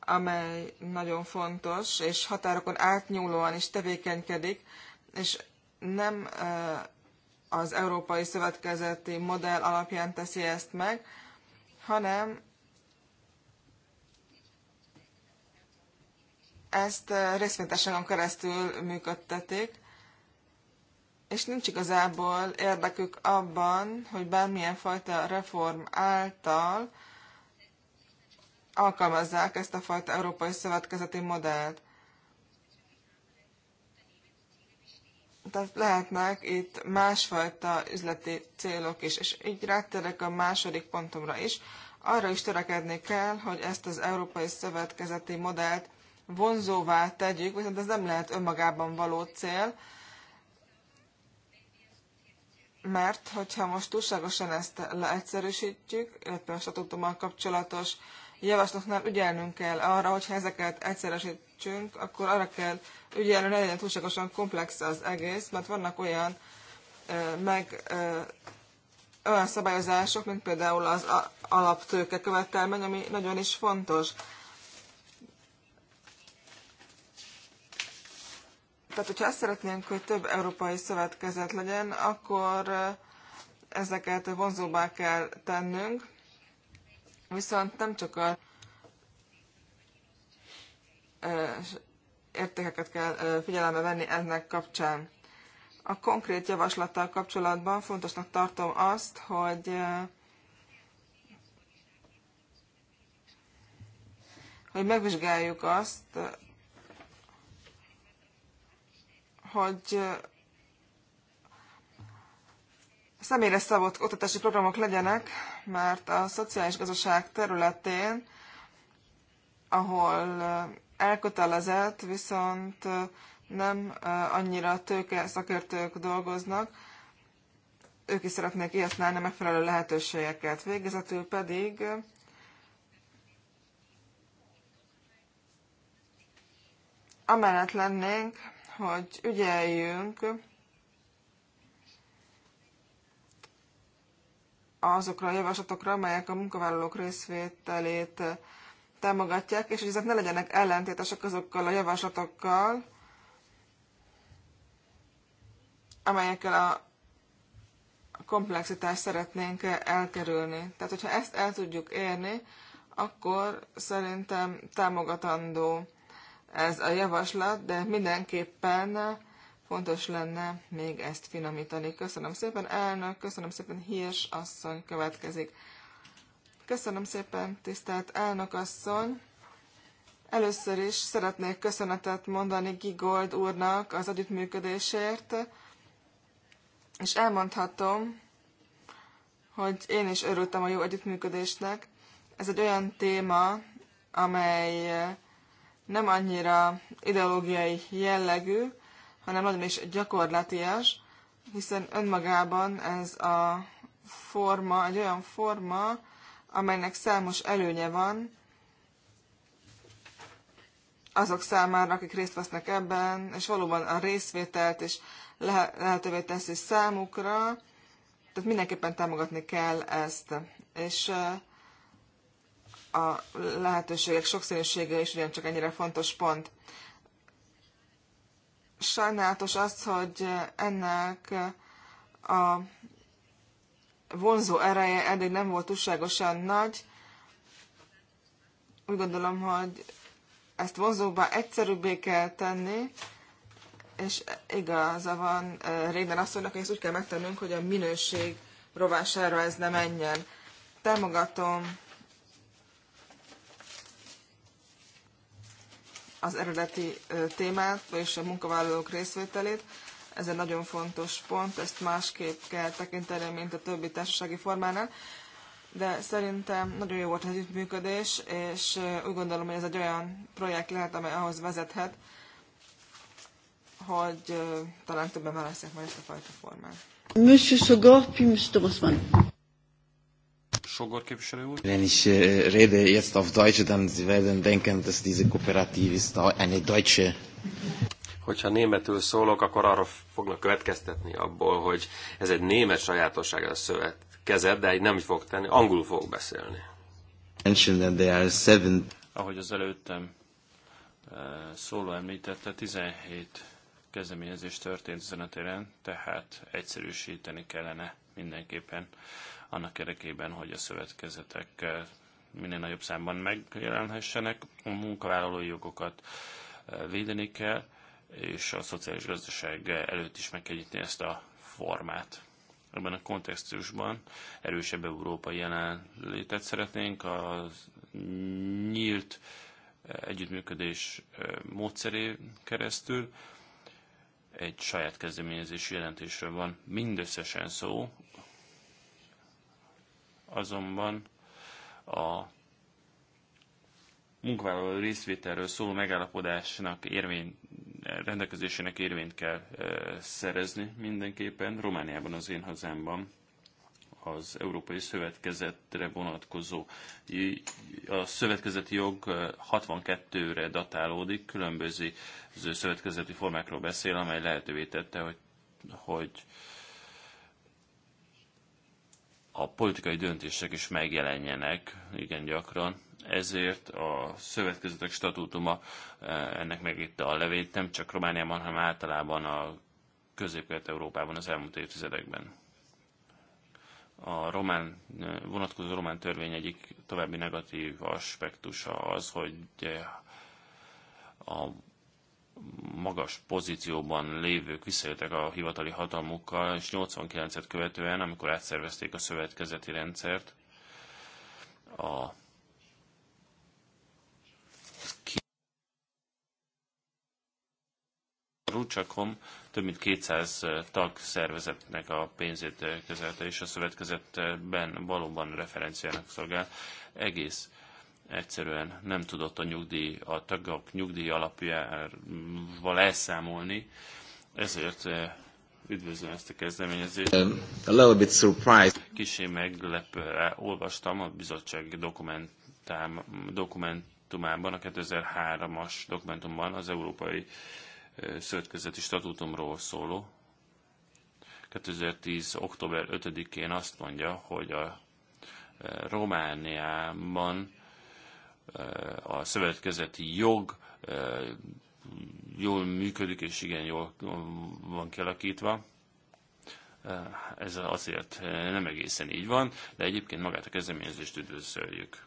amely nagyon fontos, és határokon átnyúlóan is tevékenykedik, és nem az Európai Szövetkezeti Modell alapján teszi ezt meg, hanem ezt részvénytárságon keresztül működtetik, és nincs igazából érdekük abban, hogy bármilyen fajta reform által alkalmazzák ezt a fajta európai szövetkezeti modellt. Tehát lehetnek itt másfajta üzleti célok is, és így rátérek a második pontomra is. Arra is törekedni kell, hogy ezt az európai szövetkezeti modellt vonzóvá tegyük, viszont ez nem lehet önmagában való cél, mert hogyha most túlságosan ezt leegyszerűsítjük, illetve a statutummal kapcsolatos javaslatoknál ügyelnünk kell arra, hogyha ezeket egyszerűsítsünk, akkor arra kell ügyelni, hogy ne legyen túlságosan komplex az egész, mert vannak olyan meg olyan szabályozások, mint például az alaptőke követelmény, ami nagyon is fontos. Tehát, hogyha azt szeretnénk, hogy több európai szövetkezet legyen, akkor ezeket vonzóbbá kell tennünk, viszont nem csak a értékeket kell figyelembe venni ennek kapcsán. A konkrét javaslattal kapcsolatban fontosnak tartom azt, hogy hogy megvizsgáljuk azt, hogy személyre szabott oktatási programok legyenek, mert a szociális gazdaság területén, ahol elkötelezett, viszont nem annyira tőke szakértők dolgoznak, ők is szeretnék ihasználni megfelelő lehetőségeket. Végezetül pedig amellett lennénk, hogy ügyeljünk azokra a javaslatokra, amelyek a munkavállalók részvételét támogatják, és hogy ezek ne legyenek ellentétesek azokkal a javaslatokkal, amelyekkel a komplexitást szeretnénk elkerülni. Tehát, hogyha ezt el tudjuk érni, akkor szerintem támogatandó ez a javaslat, de mindenképpen fontos lenne még ezt finomítani. Köszönöm szépen, elnök, köszönöm szépen, hírs asszony következik. Köszönöm szépen, tisztelt elnök asszony. Először is szeretnék köszönetet mondani Gigold úrnak az együttműködésért, és elmondhatom, hogy én is örültem a jó együttműködésnek. Ez egy olyan téma, amely nem annyira ideológiai jellegű, hanem nagyon is gyakorlatias, hiszen önmagában ez a forma, egy olyan forma, amelynek számos előnye van azok számára, akik részt vesznek ebben, és valóban a részvételt is lehetővé teszi számukra, tehát mindenképpen támogatni kell ezt. És eh, a lehetőségek sokszínűsége is ugyancsak ennyire fontos pont. Sajnálatos az, hogy ennek a vonzó ereje eddig nem volt túlságosan nagy. Úgy gondolom, hogy ezt vonzóbbá egyszerűbbé kell tenni, és igaza van eh, Réden asszonynak, hogy ezt úgy kell megtennünk, hogy a minőség rovására ez ne menjen. Támogatom az eredeti témát, vagyis a munkavállalók részvételét. Ez egy nagyon fontos pont, ezt másképp kell tekinteni, mint a többi társasági formánál. De szerintem nagyon jó volt az együttműködés, és úgy gondolom, hogy ez egy olyan projekt lehet, amely ahhoz vezethet, hogy talán többen választják majd ezt a fajta formát. Monsieur Sogor, puis Monsieur Osman. Sogor képviselő úr. Én is äh, rede jetzt auf Deutsch, dann Sie werden denken, dass diese Kooperative ist eine deutsche. Hogyha németül szólok, akkor arra fognak következtetni abból, hogy ez egy német sajátosság a szövetkezet, de így nem fog tenni, angolul fog beszélni. Ahogy az előttem eh, szóló említette, 17 kezdeményezés történt zenetéren, tehát egyszerűsíteni kellene mindenképpen annak érdekében, hogy a szövetkezetek eh, minél nagyobb számban megjelenhessenek, a munkavállalói jogokat eh, védeni kell, és a szociális gazdaság előtt is meg kell nyitni ezt a formát. Ebben a kontextusban erősebb európai jelenlétet szeretnénk, a nyílt eh, együttműködés módszeré keresztül. Egy saját kezdeményezési jelentésről van mindösszesen szó, azonban a munkavállaló részvételről szóló megállapodásnak érvény, rendelkezésének érvényt kell szerezni mindenképpen. Romániában, az én hazámban az Európai Szövetkezetre vonatkozó a szövetkezeti jog 62-re datálódik, különböző szövetkezeti formákról beszél, amely lehetővé tette, hogy, hogy a politikai döntések is megjelenjenek igen gyakran. Ezért a szövetkezetek statútuma e, ennek megítte a levét nem csak Romániában, hanem általában a közép európában az elmúlt évtizedekben. A román, e, vonatkozó román törvény egyik további negatív aspektusa az, hogy e, a magas pozícióban lévők visszajöttek a hivatali hatalmukkal, és 89-et követően, amikor átszervezték a szövetkezeti rendszert, a Rucsakom több mint 200 eh, tag szervezetnek a pénzét eh, kezelte, és a szövetkezetben valóban referenciának szolgál. Egész egyszerűen nem tudott a nyugdíj, a tagok nyugdíj alapjával elszámolni, ezért eh, üdvözlöm ezt a kezdeményezést. Um, a little bit surprised. Kicsi meglepőre olvastam a bizottság dokumentumában, a 2003-as dokumentumban az Európai eh, Szövetkezeti Statútumról szóló. 2010. október 5-én azt mondja, hogy a eh, Romániában a szövetkezeti jog jól működik, és igen, jól van kialakítva. Ez azért nem egészen így van, de egyébként magát a kezdeményezést üdvözöljük.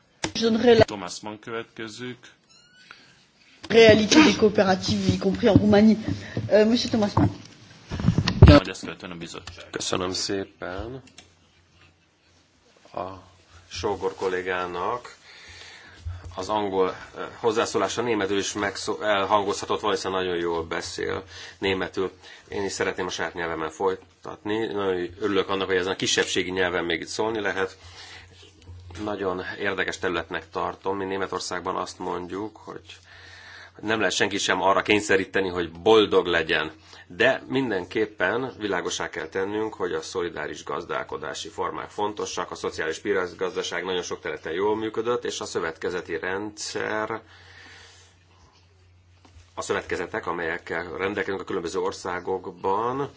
Thomas Mann következők. Réalité des coopératives, y compris en Roumanie. Euh, Monsieur Thomas Mann. a Köszönöm szépen a sógor kollégának az angol eh, hozzászólása németül is megszó, elhangozhatott, valószínűleg nagyon jól beszél németül. Én is szeretném a saját nyelvemen folytatni. Nagyon örülök annak, hogy ezen a kisebbségi nyelven még itt szólni lehet. Nagyon érdekes területnek tartom. Mi Németországban azt mondjuk, hogy nem lehet senki sem arra kényszeríteni, hogy boldog legyen. De mindenképpen világosá kell tennünk, hogy a szolidáris gazdálkodási formák fontosak, a szociális piacgazdaság nagyon sok területen jól működött, és a szövetkezeti rendszer a szövetkezetek, amelyekkel rendelkezünk a különböző országokban,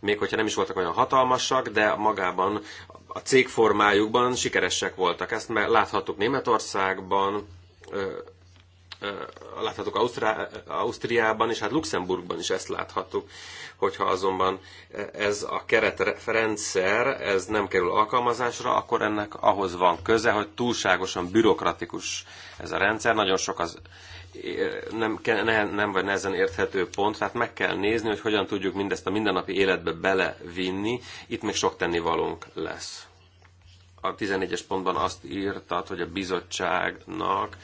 még hogyha nem is voltak olyan hatalmasak, de magában a cégformájukban sikeresek voltak. Ezt már láthattuk Németországban, láthatók Ausztrá, Ausztriában, és hát Luxemburgban is ezt láthattuk, hogyha azonban ez a keretrendszer, ez nem kerül alkalmazásra, akkor ennek ahhoz van köze, hogy túlságosan bürokratikus ez a rendszer, nagyon sok az nem, nem vagy nehezen érthető pont, tehát meg kell nézni, hogy hogyan tudjuk mindezt a mindennapi életbe belevinni, itt még sok tennivalónk lesz a 14-es pontban azt írtad, hogy a bizottságnak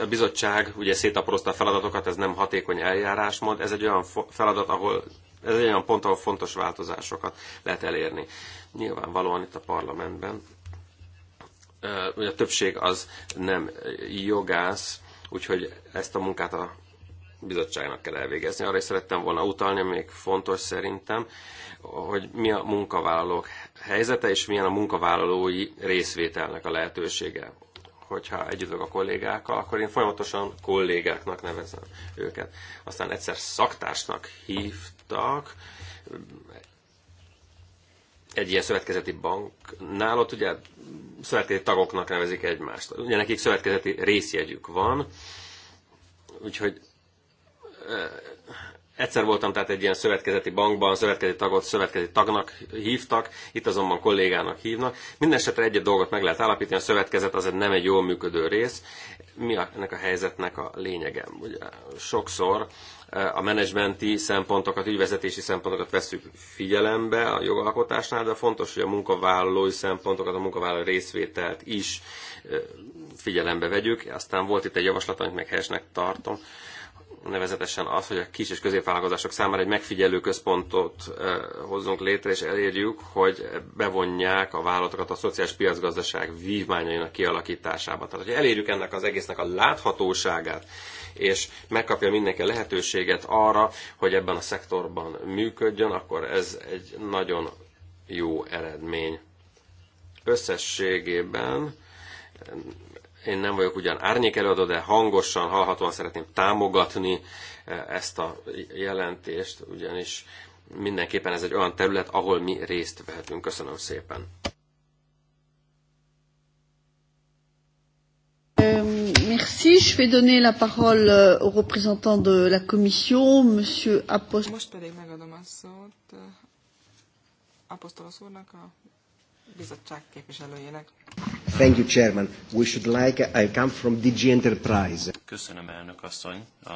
a bizottság ugye szétaprózta a feladatokat, ez nem hatékony eljárásmód, ez egy olyan feladat, ahol ez egy olyan pont, ahol fontos változásokat lehet elérni. Nyilvánvalóan itt a parlamentben ugye a többség az nem jogász, úgyhogy ezt a munkát a bizottságnak kell elvégezni. Arra is szerettem volna utalni, ami még fontos szerintem, hogy mi a munkavállalók helyzete, és milyen a munkavállalói részvételnek a lehetősége hogyha együtt a kollégákkal, akkor én folyamatosan kollégáknak nevezem őket. Aztán egyszer szaktársnak hívtak, egy ilyen szövetkezeti banknál ott ugye szövetkezeti tagoknak nevezik egymást. Ugye nekik szövetkezeti részjegyük van, úgyhogy Egyszer voltam tehát egy ilyen szövetkezeti bankban, szövetkezeti tagot szövetkezeti tagnak hívtak, itt azonban kollégának hívnak. Mindenesetre egy dolgot meg lehet állapítani, a szövetkezet az nem egy jól működő rész. Mi a, ennek a helyzetnek a lényege? Ugye sokszor eh, a menedzsmenti szempontokat, ügyvezetési szempontokat veszük figyelembe a jogalkotásnál, de fontos, hogy a munkavállalói szempontokat, a munkavállalói részvételt is eh, figyelembe vegyük. Aztán volt itt egy javaslat, amit meg helyesnek tartom, nevezetesen az, hogy a kis és középvállalkozások számára egy megfigyelő központot hozzunk létre, és elérjük, hogy bevonják a vállalatokat a szociális piacgazdaság vívmányainak kialakításába. Tehát, hogy elérjük ennek az egésznek a láthatóságát, és megkapja mindenki a lehetőséget arra, hogy ebben a szektorban működjön, akkor ez egy nagyon jó eredmény. Összességében én nem vagyok ugyan árnyék előadó, de hangosan, hallhatóan szeretném támogatni eh, ezt a jelentést, ugyanis mindenképpen ez egy olyan terület, ahol mi részt vehetünk. Köszönöm szépen. Euh, merci. Je vais donner la parole euh, au représentant de la Commission, Monsieur Apostolos. Most pedig megadom a szót eh, Apostolos úrnak, a bizottság képviselőjének. Thank you, Chairman. We should like, I come from DG Enterprise. Köszönöm, elnök asszony. A,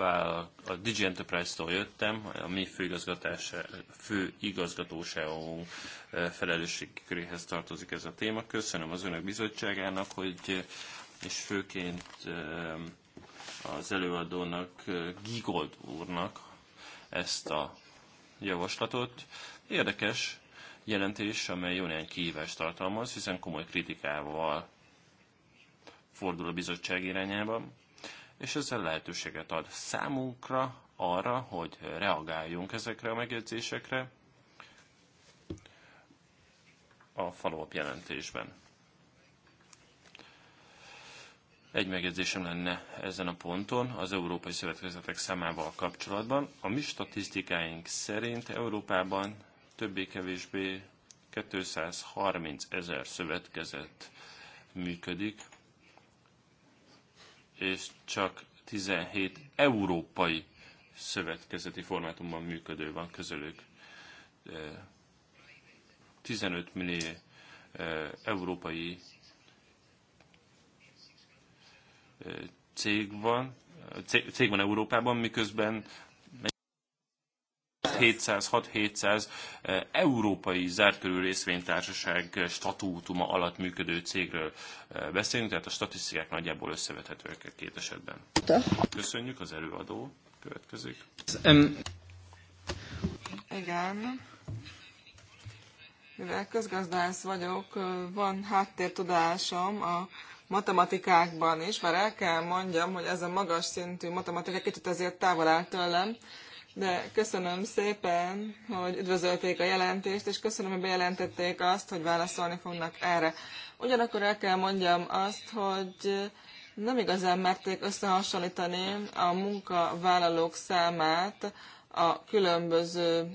a, a DG Enterprise-tól jöttem, a mi főigazgatóságunk e, felelősségi köréhez tartozik ez a téma. Köszönöm az önök bizottságának, hogy és főként e, az előadónak, e, Gigold úrnak ezt a javaslatot. Érdekes, jelentés, amely jó néhány kihívást tartalmaz, hiszen komoly kritikával fordul a bizottság irányába, és ezzel lehetőséget ad számunkra arra, hogy reagáljunk ezekre a megjegyzésekre a follow jelentésben. Egy megjegyzésem lenne ezen a ponton az Európai Szövetkezetek számával kapcsolatban. A mi statisztikáink szerint Európában többé-kevésbé 230 ezer szövetkezet működik, és csak 17 európai szövetkezeti formátumban működő van közülük. 15 millió európai cég van, cég van Európában, miközben 700-6-700 eh, európai körű részvénytársaság statútuma alatt működő cégről eh, beszélünk, tehát a statisztikák nagyjából összevethetőek a két esetben. Köszönjük, az előadó következik. Igen. Mivel közgazdász vagyok, eh, van háttértudásom a matematikákban is, már el kell mondjam, hogy ez a magas szintű matematika kicsit azért távol áll tőlem, de köszönöm szépen, hogy üdvözölték a jelentést, és köszönöm, hogy bejelentették azt, hogy válaszolni fognak erre. Ugyanakkor el kell mondjam azt, hogy nem igazán merték összehasonlítani a munkavállalók számát a különböző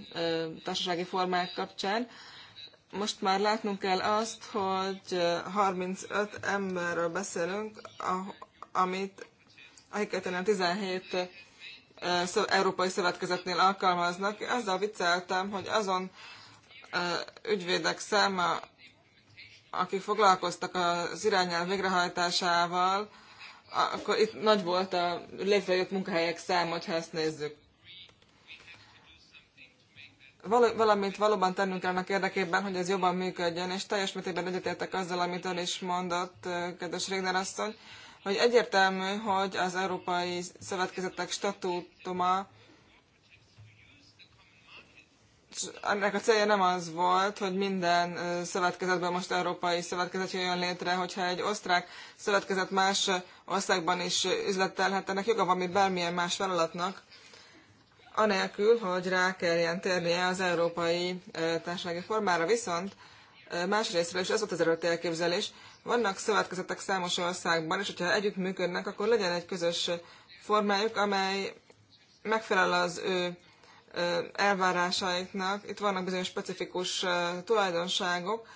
társasági formák kapcsán. Most már látnunk kell azt, hogy 35 emberről beszélünk, amit akiket 17 Európai Szövetkezetnél alkalmaznak. Azzal vicceltem, hogy azon ügyvédek száma, akik foglalkoztak az irányelv végrehajtásával, akkor itt nagy volt a létrejött munkahelyek száma, ha ezt nézzük. Val- valamit valóban tennünk kell annak érdekében, hogy ez jobban működjön, és teljes mértékben egyetértek azzal, amit ön is mondott, kedves Régner asszony hogy egyértelmű, hogy az Európai Szövetkezetek statútuma ennek a célja nem az volt, hogy minden szövetkezetben most európai szövetkezet jön létre, hogyha egy osztrák szövetkezet más országban is üzletelhet, ennek joga van, mint bármilyen más vállalatnak, anélkül, hogy rá kelljen térnie az európai társasági formára. Viszont másrésztről is az volt az erőt elképzelés, vannak szövetkezetek számos országban, és hogyha együttműködnek, akkor legyen egy közös formájuk, amely megfelel az ő elvárásaiknak. Itt vannak bizonyos specifikus tulajdonságok,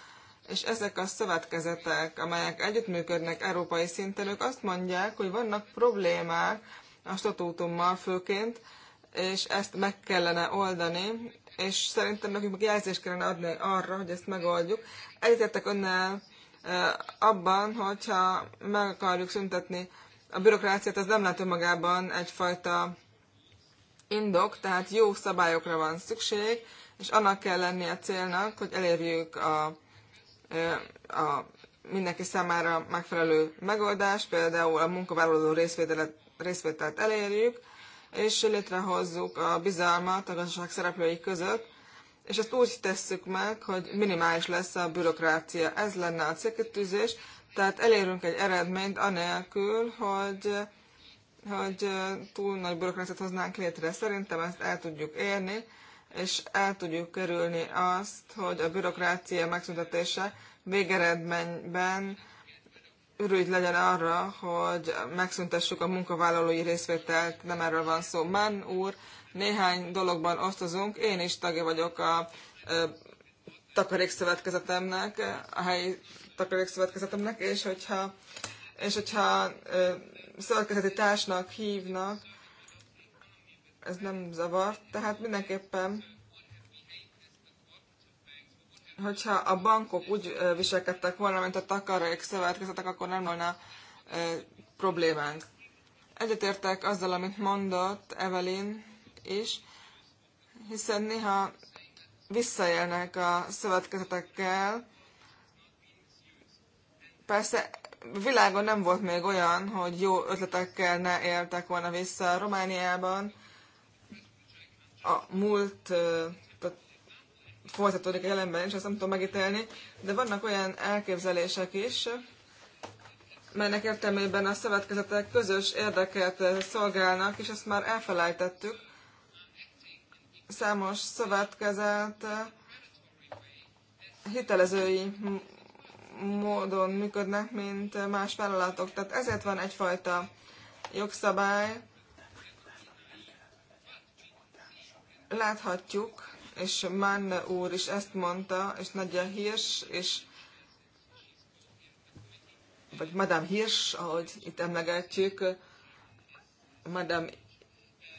és ezek a szövetkezetek, amelyek együttműködnek európai szinten, ők azt mondják, hogy vannak problémák a statútummal főként, és ezt meg kellene oldani, és szerintem nekünk jelzést kellene adni arra, hogy ezt megoldjuk. Egyetettek önnel abban, hogyha meg akarjuk szüntetni a bürokráciát, az nem lehet önmagában egyfajta indok, tehát jó szabályokra van szükség, és annak kell lennie a célnak, hogy elérjük a, a mindenki számára megfelelő megoldást, például a munkavállaló részvételet, részvételt elérjük, és létrehozzuk a bizalmat a gazdaság szereplői között, és ezt úgy tesszük meg, hogy minimális lesz a bürokrácia. Ez lenne a célkitűzés, tehát elérünk egy eredményt anélkül, hogy, hogy túl nagy bürokráciát hoznánk létre. Szerintem ezt el tudjuk érni, és el tudjuk kerülni azt, hogy a bürokrácia megszüntetése végeredményben ürügy legyen arra, hogy megszüntessük a munkavállalói részvételt, nem erről van szó. Mann úr néhány dologban osztozunk. Én is tagja vagyok a takarékszövetkezetemnek, a helyi takarékszövetkezetemnek, és hogyha, és hogyha ö, szövetkezeti társnak hívnak, ez nem zavar, tehát mindenképpen hogyha a bankok úgy viselkedtek volna, mint a takarék szövetkezetek, akkor nem volna e, problémánk. Egyetértek azzal, amit mondott Evelyn, is, hiszen néha visszaélnek a szövetkezetekkel. Persze világon nem volt még olyan, hogy jó ötletekkel ne éltek volna vissza Romániában. A múlt folytatódik a jelenben is, ezt nem tudom megítélni, de vannak olyan elképzelések is, melynek értelmében a szövetkezetek közös érdeket szolgálnak, és ezt már elfelejtettük számos szövetkezet eh, hitelezői módon működnek, mint más vállalatok. Tehát ezért van egyfajta jogszabály. Láthatjuk, és Mann úr is ezt mondta, és Nagyja Hirsch, és vagy Madame Hirsch, ahogy itt emlegetjük, Madame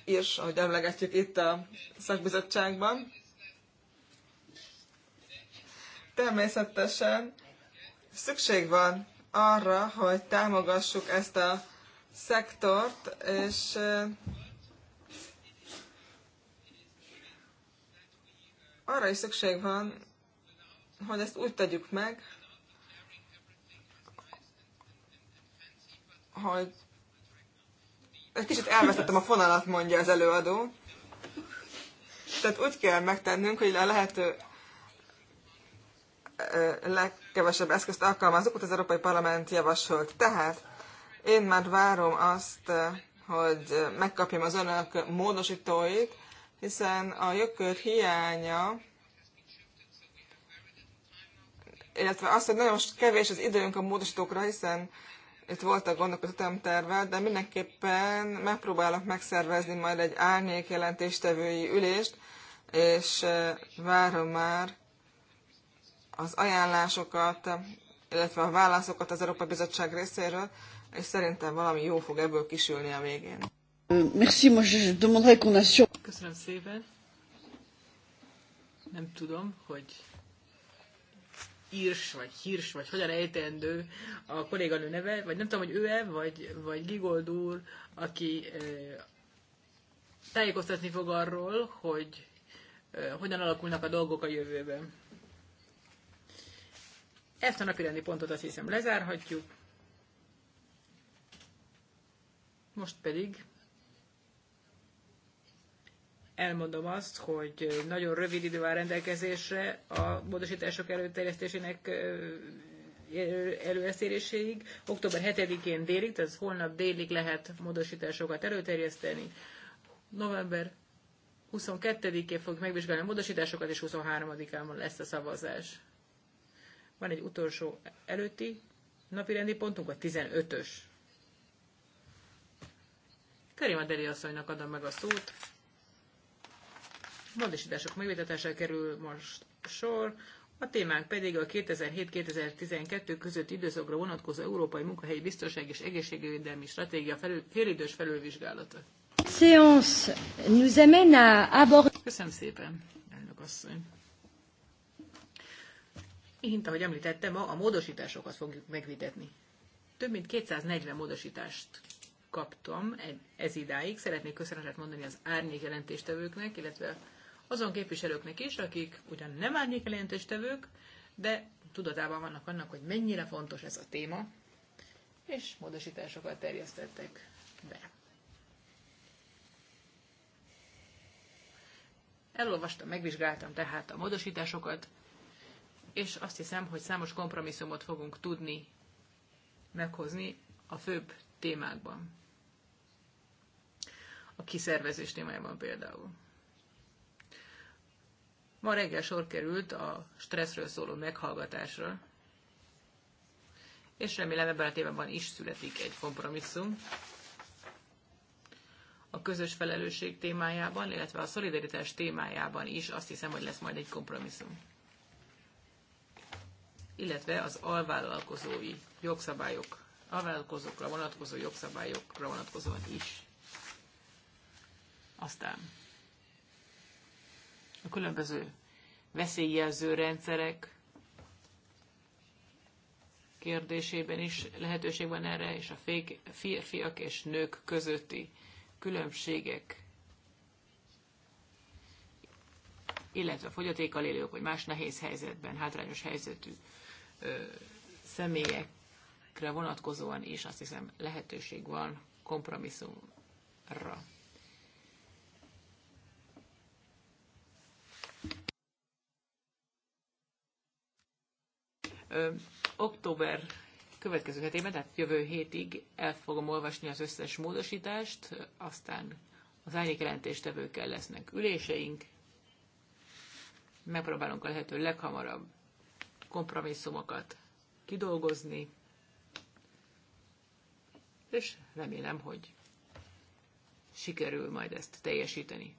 is, ahogy emlegetjük itt a szakbizottságban. Természetesen szükség van arra, hogy támogassuk ezt a szektort, és arra is szükség van, hogy ezt úgy tegyük meg, hogy egy kicsit elvesztettem a fonalat, mondja az előadó. Tehát úgy kell megtennünk, hogy a lehető legkevesebb eszközt alkalmazunk, amit az Európai Parlament javasolt. Tehát én már várom azt, hogy megkapjam az önök módosítóit, hiszen a jogkör hiánya, illetve az, hogy nagyon kevés az időnk a módosítókra, hiszen itt voltak gondok az ütemtervel, de mindenképpen megpróbálok megszervezni majd egy árnyék jelentéstevői ülést, és várom már az ajánlásokat, illetve a válaszokat az Európa Bizottság részéről, és szerintem valami jó fog ebből kisülni a végén. Merci, moi je demanderai qu'on assure. Köszönöm szépen. Nem tudom, hogy írs, vagy hírs, vagy hogyan ejtendő a kolléganő neve, vagy nem tudom, hogy ő-e, vagy, vagy Gigold úr, aki ö, tájékoztatni fog arról, hogy ö, hogyan alakulnak a dolgok a jövőben. Ezt a rendi pontot azt hiszem lezárhatjuk. Most pedig elmondom azt, hogy nagyon rövid idő áll rendelkezésre a módosítások előterjesztésének előeszéréséig. Október 7-én délig, tehát holnap délig lehet módosításokat előterjeszteni. November 22-én fog megvizsgálni a módosításokat, és 23-án lesz a szavazás. Van egy utolsó előtti napi rendi pontunk, a 15-ös. Karima Deli asszonynak adom meg a szót módosítások megvitatására kerül most sor, a témánk pedig a 2007-2012 közötti időszakra vonatkozó Európai Munkahelyi Biztonság és Egészségvédelmi Stratégia felül, félidős felülvizsgálata. Séance nous amène à aborder... Köszönöm szépen, elnök asszony. Mint ahogy említettem, ma a módosításokat fogjuk megvitetni. Több mint 240 módosítást kaptam e- ez idáig. Szeretnék köszönetet mondani az árnyék jelentéstevőknek, illetve azon képviselőknek is, akik ugyan nem árnyék jelentéstevők, de tudatában vannak annak, hogy mennyire fontos ez a téma, és módosításokat terjesztettek be. Elolvastam, megvizsgáltam tehát a módosításokat, és azt hiszem, hogy számos kompromisszumot fogunk tudni meghozni a főbb témákban. A kiszervezés témájában például. Ma reggel sor került a stresszről szóló meghallgatásra, és remélem ebben a témában is születik egy kompromisszum a közös felelősség témájában, illetve a szolidaritás témájában is azt hiszem, hogy lesz majd egy kompromisszum. Illetve az alvállalkozói jogszabályok, alvállalkozókra vonatkozó jogszabályokra vonatkozóan is. Aztán a különböző veszélyjelző rendszerek kérdésében is lehetőség van erre, és a férfiak és nők közötti különbségek, illetve a fogyatékkal élők, vagy más nehéz helyzetben, hátrányos helyzetű ö, személyekre vonatkozóan is azt hiszem lehetőség van kompromisszumra. ö, október következő hetében, tehát jövő hétig el fogom olvasni az összes módosítást, aztán az árnyékjelentéstevőkkel lesznek üléseink, megpróbálunk a lehető leghamarabb kompromisszumokat kidolgozni, és remélem, hogy sikerül majd ezt teljesíteni.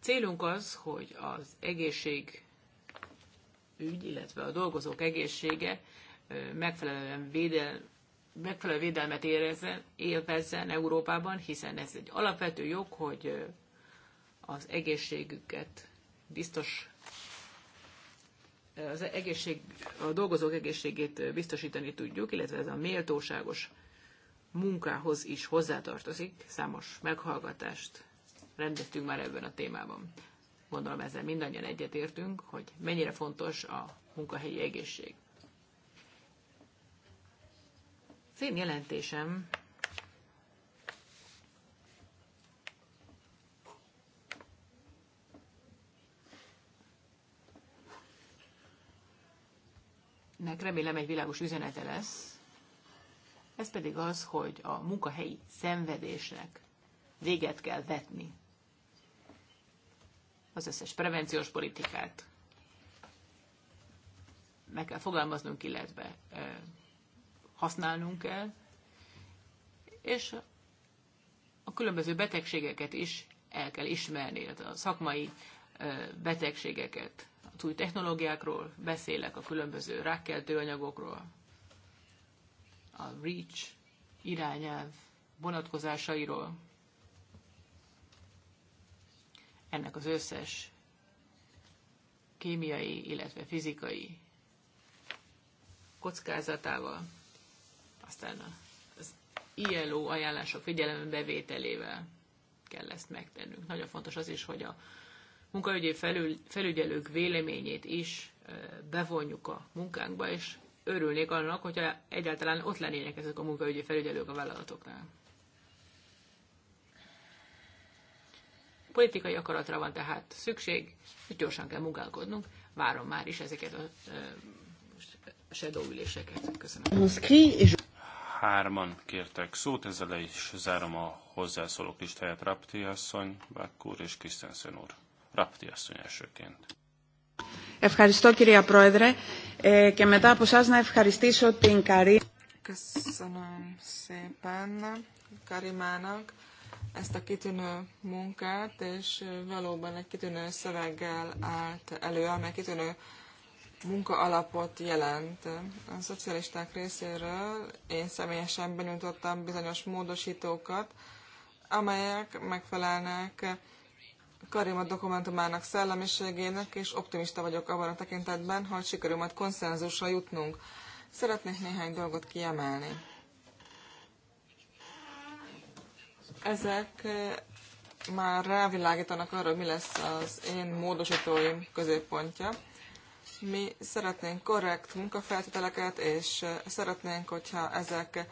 Célunk az, hogy az egészség ügy, illetve a dolgozók egészsége megfelelően védel, megfelelő védelmet érezzen, élvezzen Európában, hiszen ez egy alapvető jog, hogy az egészségüket biztos az egészség, a dolgozók egészségét biztosítani tudjuk, illetve ez a méltóságos munkához is hozzátartozik. Számos meghallgatást rendeztünk már ebben a témában. Gondolom ezzel mindannyian egyetértünk, hogy mennyire fontos a munkahelyi egészség. Az én jelentésem nek remélem egy világos üzenete lesz. Ez pedig az, hogy a munkahelyi szenvedésnek véget kell vetni az összes prevenciós politikát. Meg kell fogalmaznunk, illetve használnunk kell, és a különböző betegségeket is el kell ismerni, illetve a szakmai betegségeket. Az új technológiákról beszélek, a különböző rákkeltő anyagokról, a REACH irányelv vonatkozásairól ennek az összes kémiai, illetve fizikai kockázatával, aztán az ILO ajánlások figyelembevételével kell ezt megtennünk. Nagyon fontos az is, hogy a munkaügyi felül, felügyelők véleményét is bevonjuk a munkánkba, és örülnék annak, hogyha egyáltalán ott lennének ezek a munkaügyi felügyelők a vállalatoknál. Politikai akaratra van tehát szükség, gyorsan kell munkálkodnunk. Várom már is ezeket a shadow üléseket. Köszönöm. Hárman kértek szót, ezzel le is zárom a hozzászólók listáját. Rapti asszony, Bakkur és Krisztenszen úr. Rapti asszony elsőként. Ευχαριστώ κυρία Πρόεδρε ε, και μετά από σας να ευχαριστήσω την Καρή. Köszönöm ezt a kitűnő munkát, és valóban egy kitűnő szöveggel állt elő, amely kitűnő munka alapot jelent. A szocialisták részéről én személyesen benyújtottam bizonyos módosítókat, amelyek megfelelnek Karima dokumentumának szellemiségének, és optimista vagyok abban a tekintetben, hogy sikerül majd konszenzusra jutnunk. Szeretnék néhány dolgot kiemelni. Ezek eh, már rávilágítanak arra, mi lesz az én módosítóim középpontja. Mi szeretnénk korrekt munkafeltételeket, és eh, szeretnénk, hogyha ezek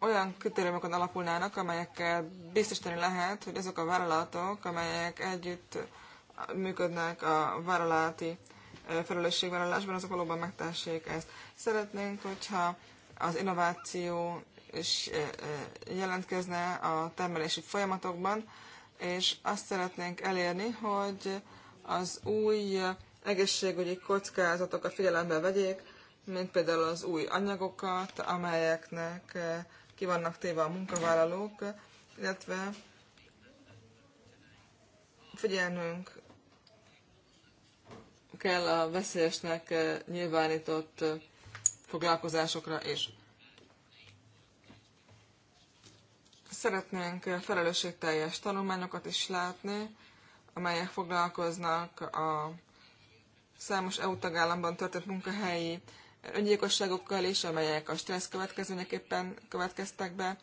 olyan kritériumokon alapulnának, amelyekkel biztosítani lehet, hogy azok a vállalatok, amelyek együtt működnek a vállalati eh, felelősségvállalásban, azok valóban megtessék ezt. Szeretnénk, hogyha az innováció is jelentkezne a termelési folyamatokban, és azt szeretnénk elérni, hogy az új egészségügyi kockázatokat figyelembe vegyék, mint például az új anyagokat, amelyeknek ki vannak téve a munkavállalók, illetve figyelnünk kell a veszélyesnek nyilvánított foglalkozásokra is. Szeretnénk felelősségteljes tanulmányokat is látni, amelyek foglalkoznak a számos EU tagállamban történt munkahelyi öngyilkosságokkal is, amelyek a stressz következményeképpen következtek be,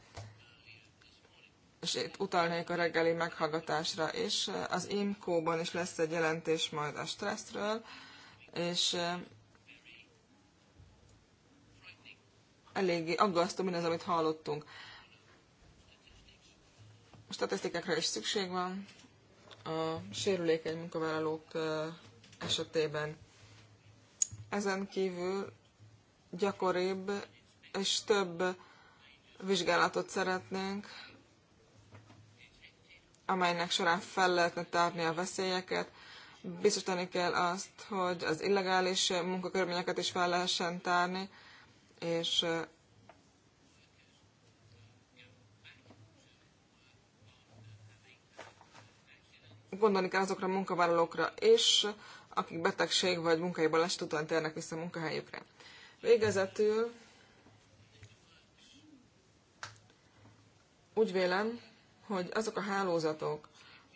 és itt utalnék a reggeli meghallgatásra is. Az IMCO-ban is lesz egy jelentés majd a stresszről, és eh, eléggé aggasztó mindez, amit hallottunk statisztikákra is szükség van a sérülékeny munkavállalók esetében. Ezen kívül gyakoribb és több vizsgálatot szeretnénk, amelynek során fel lehetne tárni a veszélyeket. Biztosítani kell azt, hogy az illegális munkakörülményeket is fel lehessen tárni, és gondolni kell azokra a munkavállalókra és akik betegség vagy munkai baleset után térnek vissza a munkahelyükre. Végezetül úgy vélem, hogy azok a hálózatok,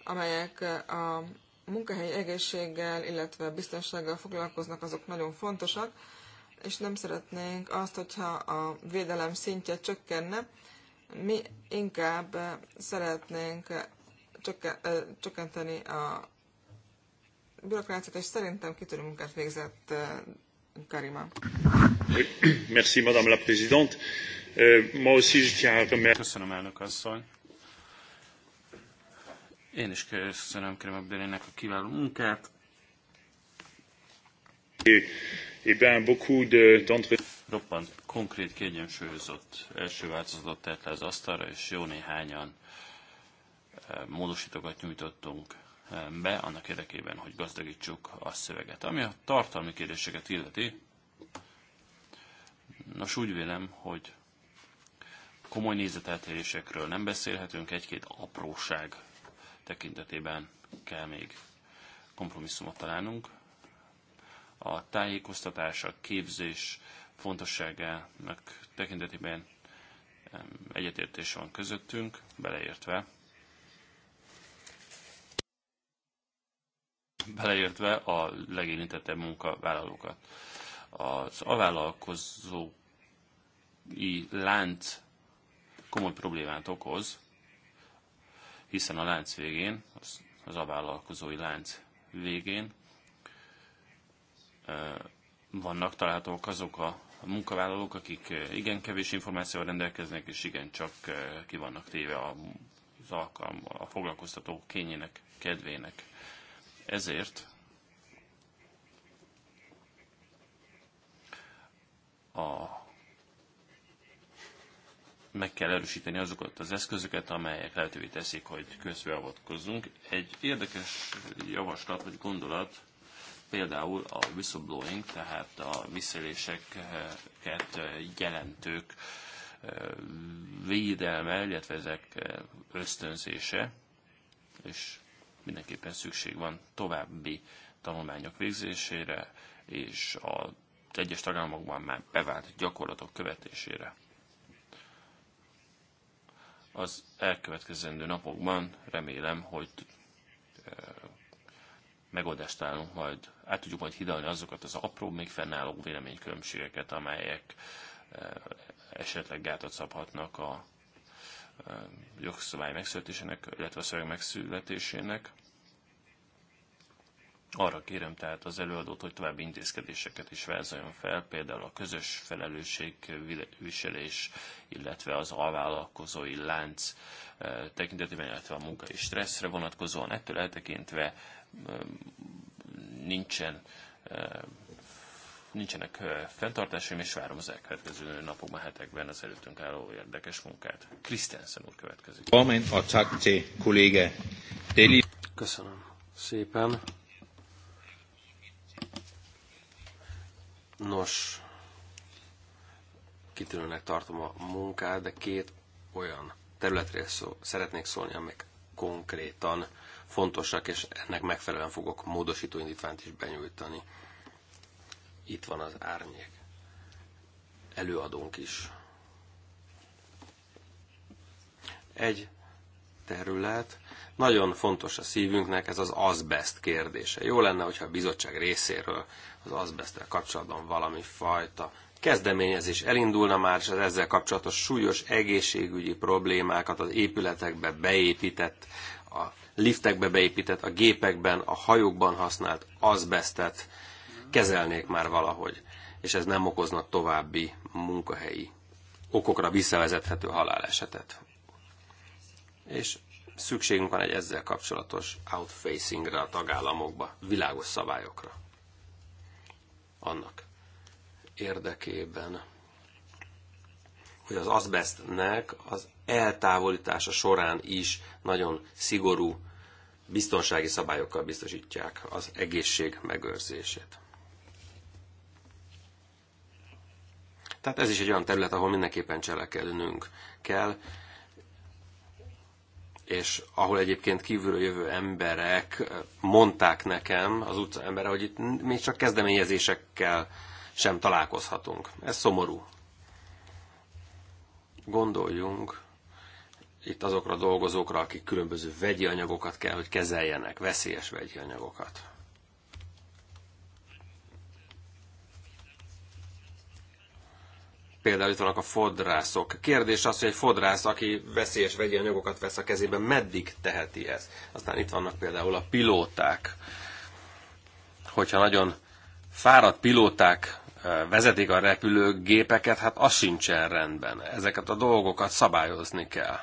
amelyek a munkahelyi egészséggel, illetve biztonsággal foglalkoznak, azok nagyon fontosak, és nem szeretnénk azt, hogyha a védelem szintje csökkenne, mi inkább szeretnénk csökkenteni a bürokráciát, és szerintem kitűnő munkát végzett Karima. Merci, Madame la Présidente. Euh, Ma aussi, je tiens à remercier... Köszönöm, elnök asszony. Én is köszönöm Krema Bélének a kiváló munkát. Et bien, beaucoup d'entre... De, Roppant konkrét, kiegyensúlyozott első változatot tett le az asztalra, és jó néhányan módosítókat nyújtottunk be annak érdekében, hogy gazdagítsuk a szöveget. Ami a tartalmi kérdéseket illeti, nos úgy vélem, hogy komoly nézeteltérésekről nem beszélhetünk, egy-két apróság tekintetében kell még kompromisszumot találnunk. A tájékoztatás, a képzés fontosságának tekintetében egyetértés van közöttünk, beleértve beleértve a legérintettebb munkavállalókat. Az avállalkozói lánc komoly problémát okoz, hiszen a lánc végén, az, az alvállalkozói lánc végén vannak találhatók azok a munkavállalók, akik igen kevés információval rendelkeznek, és igen csak ki vannak téve a az alkalm, a foglalkoztató kényének, kedvének. Ezért a meg kell erősíteni azokat az eszközöket, amelyek lehetővé teszik, hogy közbeavatkozzunk. Egy érdekes javaslat vagy gondolat például a whistleblowing, tehát a visszaléseket jelentők eh, védelme, illetve ezek eh, ösztönzése, és mindenképpen szükség van további tanulmányok végzésére, és a egyes tagállamokban már bevált gyakorlatok követésére. Az elkövetkezendő napokban remélem, hogy eh, megoldást állunk, majd át tudjuk majd hidalni azokat az apró, még fennálló véleménykülönbségeket, amelyek eh, esetleg gátat szabhatnak a jogszabály megszületésének, illetve a szöveg megszületésének. Arra kérem tehát az előadót, hogy további intézkedéseket is vázoljon fel, például a közös felelősségviselés, illetve az alvállalkozói lánc eh, tekintetében, illetve a munkai stresszre vonatkozóan. Ettől eltekintve eh, nincsen eh, nincsenek fenntartásaim, és várom az elkövetkező napokban, hetekben az előttünk álló érdekes munkát. Krisztensen úr következik. a takti kollége. Köszönöm szépen. Nos, kitűnőnek tartom a munkát, de két olyan területről szó, szeretnék szólni, amik konkrétan fontosak, és ennek megfelelően fogok módosító indítványt is benyújtani itt van az árnyék előadónk is. Egy terület, nagyon fontos a szívünknek ez az azbest kérdése. Jó lenne, hogyha a bizottság részéről az azbesttel kapcsolatban valami fajta kezdeményezés elindulna már, és az ezzel kapcsolatos súlyos egészségügyi problémákat az épületekbe beépített, a liftekbe beépített, a gépekben, a hajókban használt azbestet kezelnék már valahogy, és ez nem okozna további munkahelyi okokra visszavezethető halálesetet. És szükségünk van egy ezzel kapcsolatos outfacingre a tagállamokba, világos szabályokra. Annak érdekében, hogy az asbestnek az eltávolítása során is nagyon szigorú biztonsági szabályokkal biztosítják az egészség megőrzését. Tehát ez is egy olyan terület, ahol mindenképpen cselekednünk kell, és ahol egyébként kívülről jövő emberek mondták nekem, az utca embere, hogy itt még csak kezdeményezésekkel sem találkozhatunk. Ez szomorú. Gondoljunk itt azokra a dolgozókra, akik különböző vegyi anyagokat kell, hogy kezeljenek, veszélyes vegyi anyagokat. Például itt vannak a fodrászok. Kérdés az, hogy egy fodrász, aki veszélyes vegyi anyagokat vesz a kezébe, meddig teheti ezt? Aztán itt vannak például a pilóták. Hogyha nagyon fáradt pilóták vezetik a repülőgépeket, hát az sincsen rendben. Ezeket a dolgokat szabályozni kell.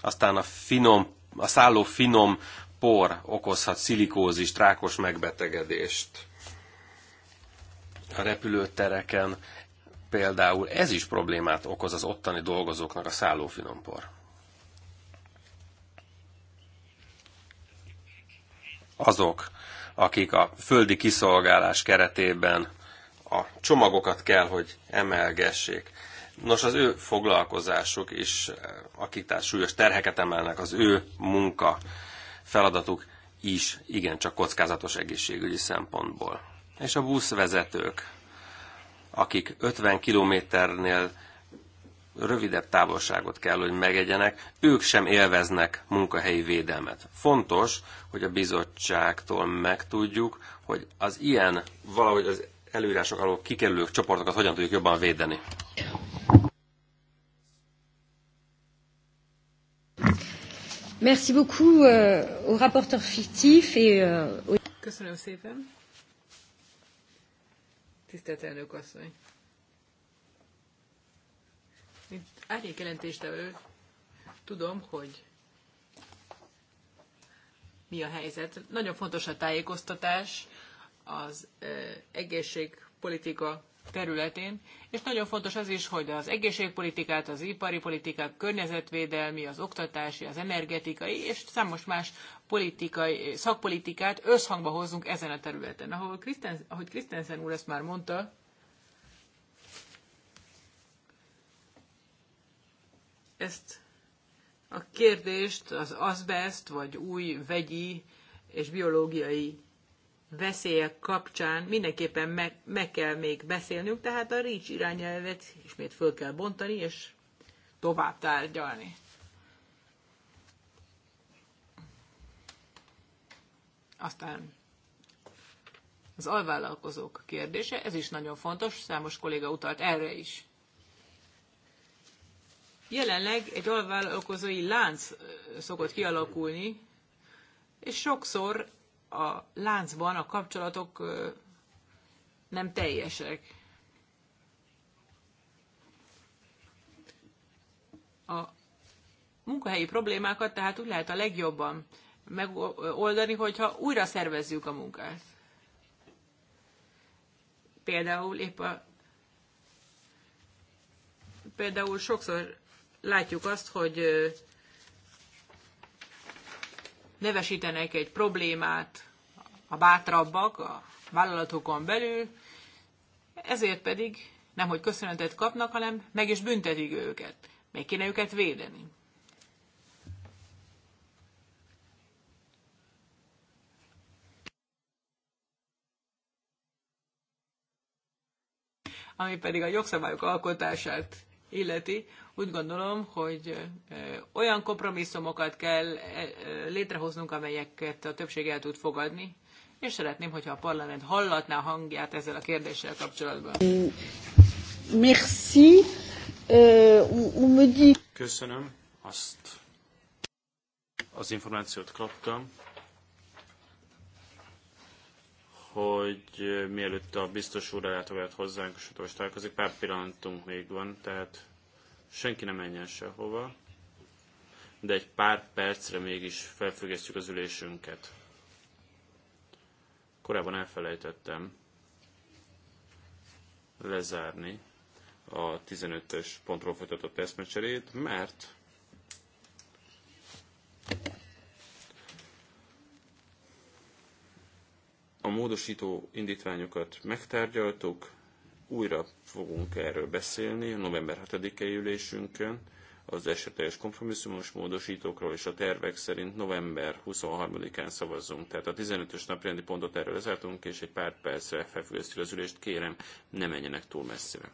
Aztán a finom, a szálló finom por okozhat szilikózist, rákos megbetegedést. A repülőtereken például ez is problémát okoz az ottani dolgozóknak a szállófinompor. Azok, akik a földi kiszolgálás keretében a csomagokat kell, hogy emelgessék. Nos, az ő foglalkozásuk is, akik tehát súlyos terheket emelnek, az ő munka feladatuk is igencsak kockázatos egészségügyi szempontból. És a buszvezetők akik 50 kilométernél rövidebb távolságot kell, hogy megegyenek, ők sem élveznek munkahelyi védelmet. Fontos, hogy a bizottságtól megtudjuk, hogy az ilyen valahogy az előírások alól kikerülő csoportokat hogyan tudjuk jobban védeni. Merci beaucoup euh, au rapporteur fictif et euh, Köszönöm szépen Tisztelt elnök asszony! Mint árnyék jelentéstevő, tudom, hogy mi a helyzet. Nagyon fontos a tájékoztatás, az eh, egészségpolitika területén, és nagyon fontos az is, hogy az egészségpolitikát, az ipari politikát, környezetvédelmi, az oktatási, az energetikai és számos más politikai, szakpolitikát összhangba hozzunk ezen a területen. Ahol Christen, ahogy Christensen úr ezt már mondta, ezt a kérdést, az azbest, vagy új vegyi és biológiai veszélyek kapcsán mindenképpen meg, meg kell még beszélnünk, tehát a REACH irányelvet ismét föl kell bontani, és tovább tárgyalni. Aztán az alvállalkozók kérdése, ez is nagyon fontos, számos kolléga utalt erre is. Jelenleg egy alvállalkozói lánc szokott kialakulni, és sokszor a láncban a kapcsolatok nem teljesek. A munkahelyi problémákat tehát úgy lehet a legjobban megoldani, hogyha újra szervezzük a munkát. Például épp a például sokszor látjuk azt, hogy nevesítenek egy problémát a bátrabbak a vállalatokon belül, ezért pedig nem hogy köszönetet kapnak, hanem meg is büntetik őket. Meg kéne őket védeni. ami pedig a jogszabályok alkotását illeti, úgy gondolom, hogy olyan kompromisszumokat kell létrehoznunk, amelyeket a többség el tud fogadni, és szeretném, hogyha a parlament hallatná a hangját ezzel a kérdéssel kapcsolatban. Merci. Euh, Köszönöm, azt az információt kaptam, hogy mielőtt a biztos úr elátogat hozzánk, és utolsó találkozik, pár pillanatunk még van, tehát senki nem menjen sehova, de egy pár percre mégis felfüggesztjük az ülésünket. Korábban elfelejtettem lezárni a 15-ös pontról folytatott eszmecserét, mert A módosító indítványokat megtárgyaltuk, újra fogunk erről beszélni a november 7 i ülésünkön, az esetleges kompromisszumos módosítókról és a tervek szerint november 23-án szavazzunk. Tehát a 15-ös naprendi pontot erről lezártunk, és egy pár percre felfüggesztjük az ülést. Kérem, ne menjenek túl messzire.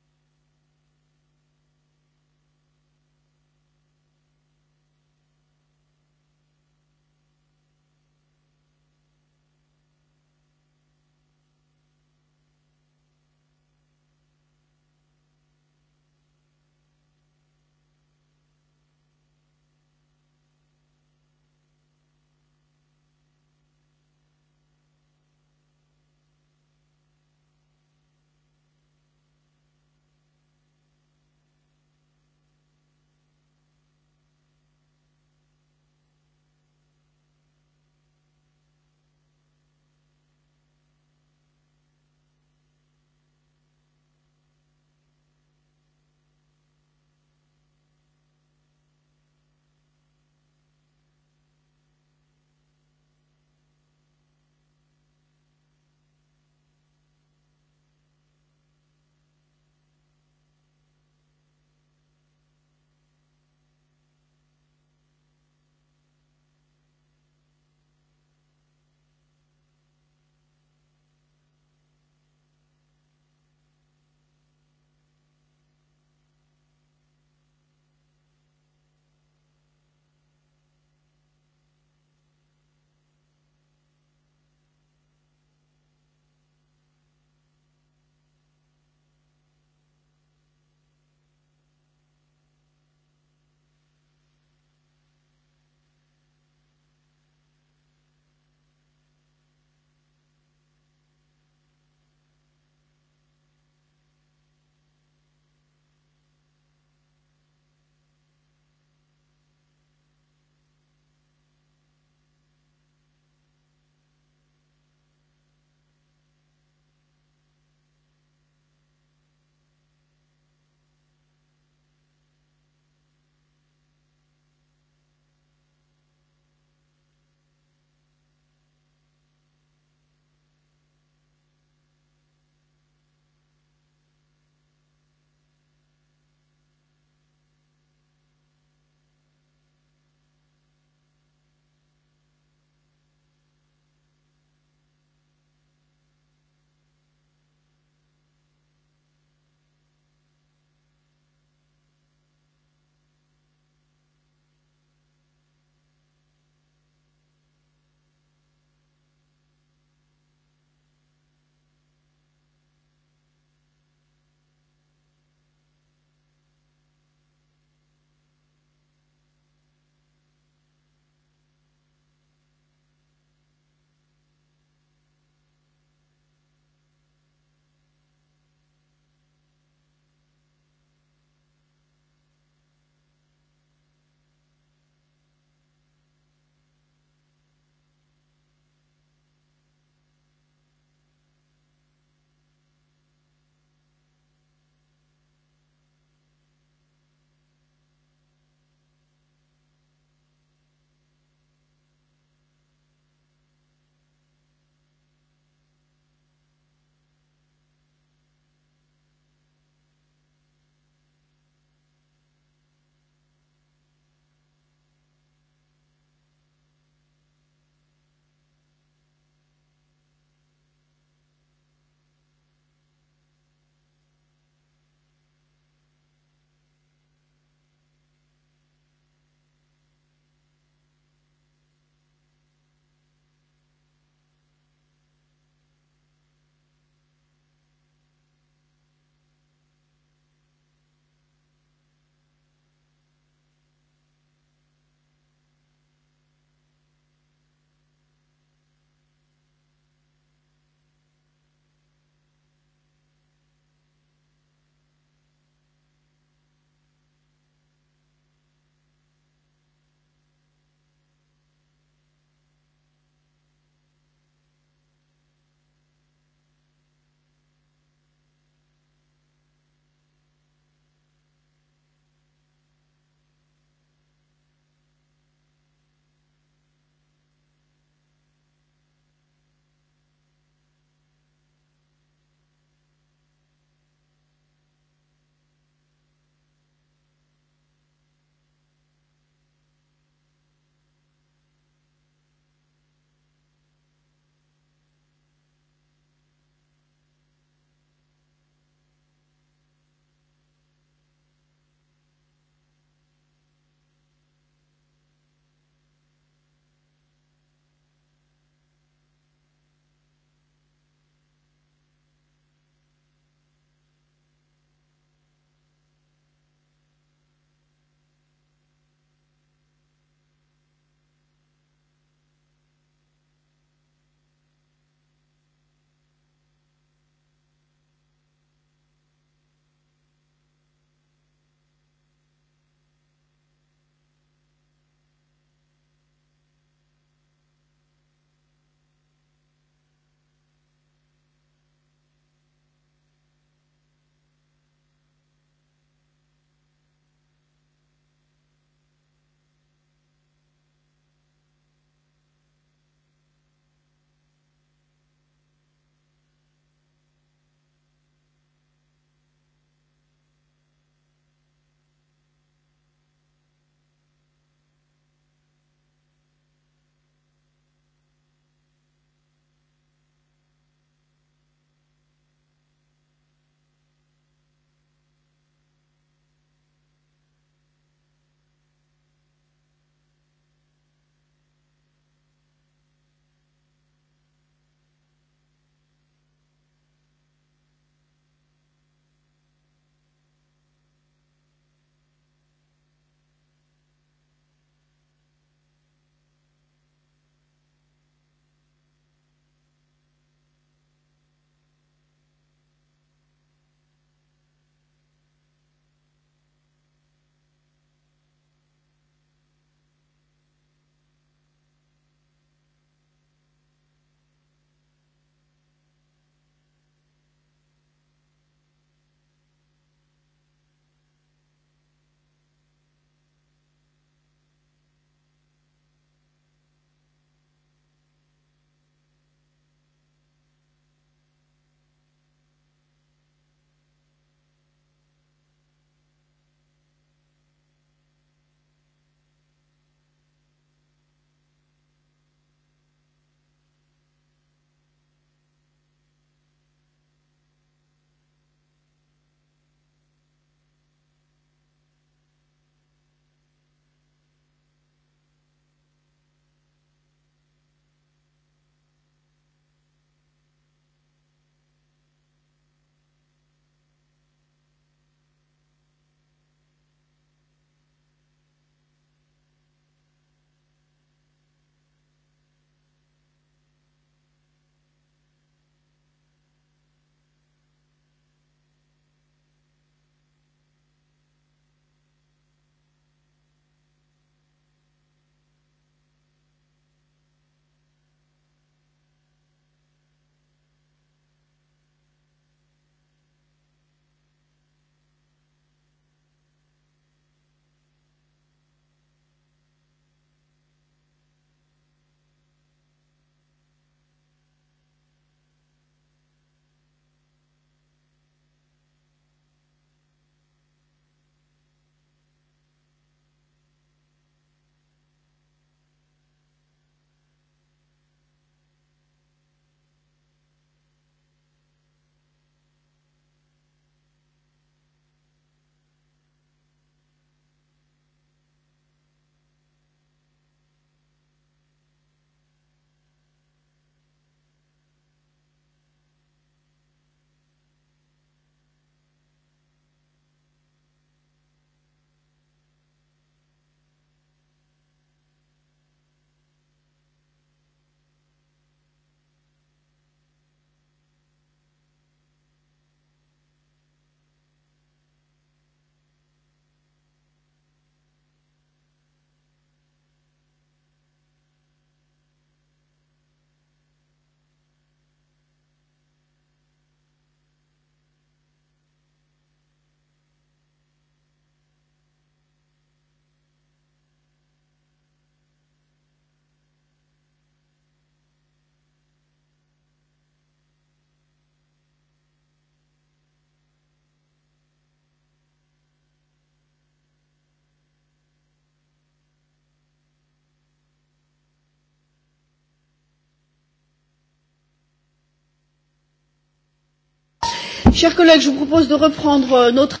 Chers collègues, je vous propose de reprendre euh, notre...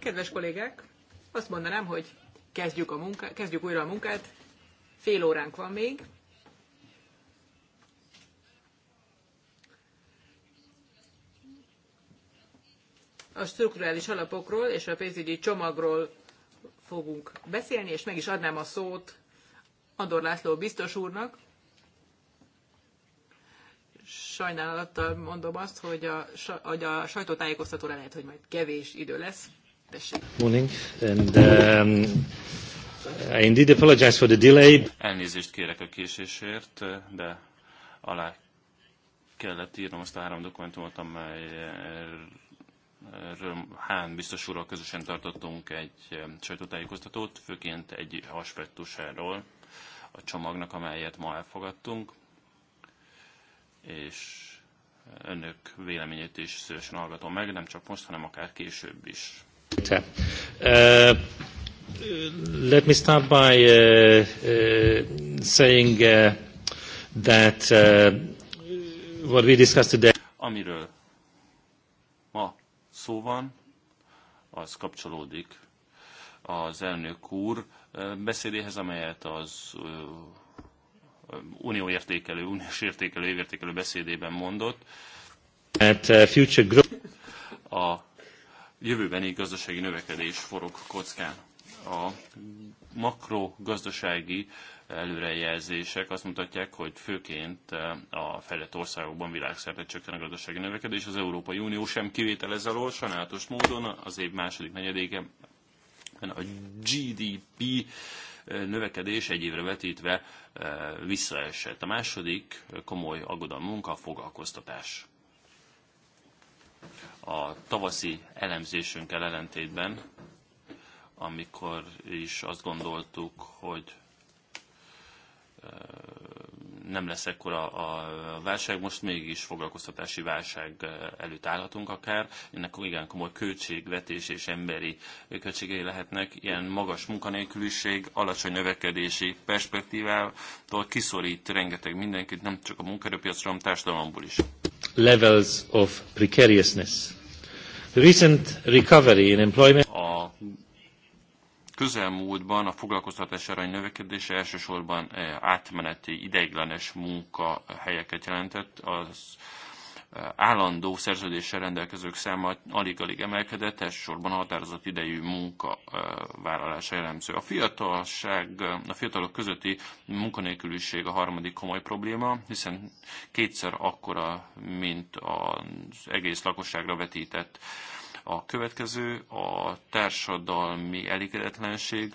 Kedves kollégák, azt mondanám, hogy kezdjük, a munka, kezdjük újra a munkát. Fél óránk van még. A strukturális alapokról és a pénzügyi csomagról fogunk beszélni, és meg is adnám a szót Andor László biztos úrnak, sajnálattal mondom azt, hogy a, hogy a sajtótájékoztatóra lehet, hogy majd kevés idő lesz. Tessék. Morning, and um, I indeed apologize for the delay. Elnézést kérek a késésért, de alá kellett írnom azt a három dokumentumot, amelyről Hán biztos úrral közösen tartottunk egy um, sajtótájékoztatót, főként egy aspektusáról a csomagnak, amelyet ma elfogadtunk és önök véleményét is szívesen hallgatom meg, nem csak most, hanem akár később is. Uh, let me start by uh, uh, saying uh, that uh, what we discussed today. Amiről ma szó van, az kapcsolódik az elnök úr beszédéhez, amelyet az unió értékelő, uniós értékelő, évértékelő beszédében mondott. At, uh, future growth. A jövőbeni gazdasági növekedés forog kockán. A makrogazdasági előrejelzések azt mutatják, hogy főként uh, a fejlett országokban világszerte csökken a gazdasági növekedés, az Európai Unió sem kivétel ez alól, sajnálatos módon az év második negyedéke a GDP növekedés egy évre vetítve e, visszaesett. A második komoly aggodalmunk a foglalkoztatás. A tavaszi elemzésünkkel ellentétben, amikor is azt gondoltuk, hogy nem lesz ekkora a válság, most mégis foglalkoztatási válság előtt állhatunk akár. Ennek igen komoly költségvetés és emberi költségei lehetnek. Ilyen magas munkanélküliség, alacsony növekedési perspektívától kiszorít rengeteg mindenkit, nem csak a munkaerőpiacra, hanem társadalomból is. Levels of precariousness. The recent recovery in employment közelmúltban a foglalkoztatás arány növekedése elsősorban eh, átmeneti ideiglenes munkahelyeket jelentett, az eh, állandó szerződéssel rendelkezők száma alig-alig emelkedett, elsősorban határozott idejű munkavállalás eh, jellemző. A fiatalság, a fiatalok közötti munkanélküliség a harmadik komoly probléma, hiszen kétszer akkora, mint az egész lakosságra vetített a következő a társadalmi elégedetlenség,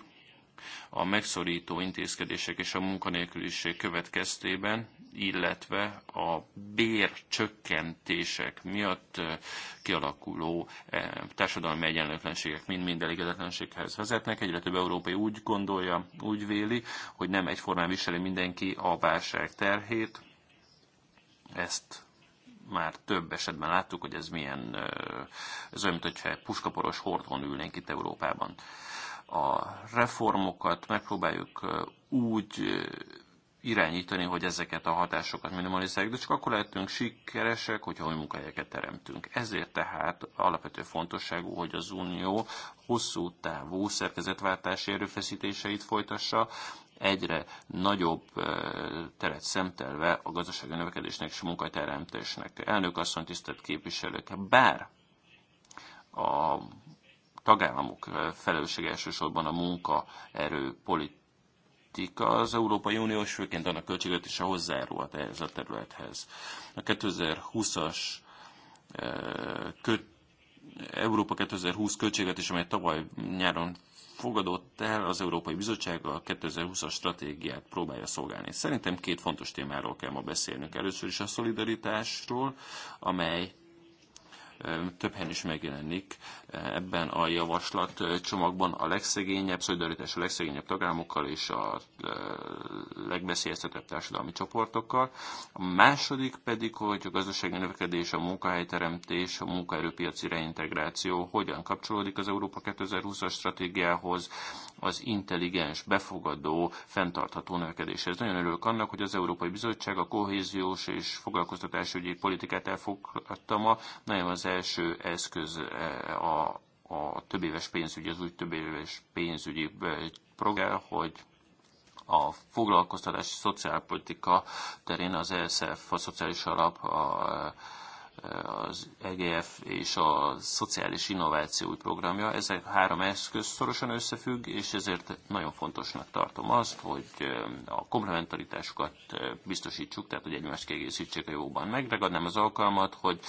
a megszorító intézkedések és a munkanélküliség következtében, illetve a bércsökkentések miatt eh, kialakuló eh, társadalmi egyenlőtlenségek mind-mind elégedetlenséghez vezetnek. Egyre több európai úgy gondolja, úgy véli, hogy nem egyformán viseli mindenki a válság terhét. Ezt már több esetben láttuk, hogy ez milyen, ez olyan, mintha puskaporos hordon ülnénk itt Európában. A reformokat megpróbáljuk úgy irányítani, hogy ezeket a hatásokat minimalizáljuk, de csak akkor lehetünk sikeresek, hogyha új munkahelyeket teremtünk. Ezért tehát alapvető fontosságú, hogy az Unió hosszú távú szerkezetváltási erőfeszítéseit folytassa, egyre nagyobb teret szemtelve a gazdasági növekedésnek és a munkateremtésnek. Elnök asszony, tisztelt képviselők, bár a tagállamok felelőssége elsősorban a munkaerő politika, az Európai Uniós főként annak a hozzájárulhat ehhez a területhez. A 2020-as Európa 2020 is, amely tavaly nyáron fogadott el az Európai Bizottság a 2020-as stratégiát próbálja szolgálni. Szerintem két fontos témáról kell ma beszélnünk. Először is a szolidaritásról, amely több helyen is megjelenik ebben a javaslat csomagban. A legszegényebb szolidaritás a legszegényebb tagállamokkal és a legbeszélyeztetett társadalmi csoportokkal. A második pedig, hogy a gazdasági növekedés, a munkahelyteremtés, a munkaerőpiaci reintegráció hogyan kapcsolódik az Európa 2020-as stratégiához, az intelligens, befogadó, fenntartható növekedéshez. Nagyon örülök annak, hogy az Európai Bizottság a kohéziós és foglalkoztatásügyi politikát elfogadta ma, nagyon az első eszköz eh, a, a többéves pénzügyi, az új többéves pénzügyi eh, program, hogy a foglalkoztatási szociálpolitika terén az ESF, a szociális alap, a, az EGF és a Szociális Innováció programja. Ezek három eszköz szorosan összefügg, és ezért nagyon fontosnak tartom azt, hogy a komplementaritásukat biztosítsuk, tehát hogy egymást kiegészítsék a jóban. Megragadnám az alkalmat, hogy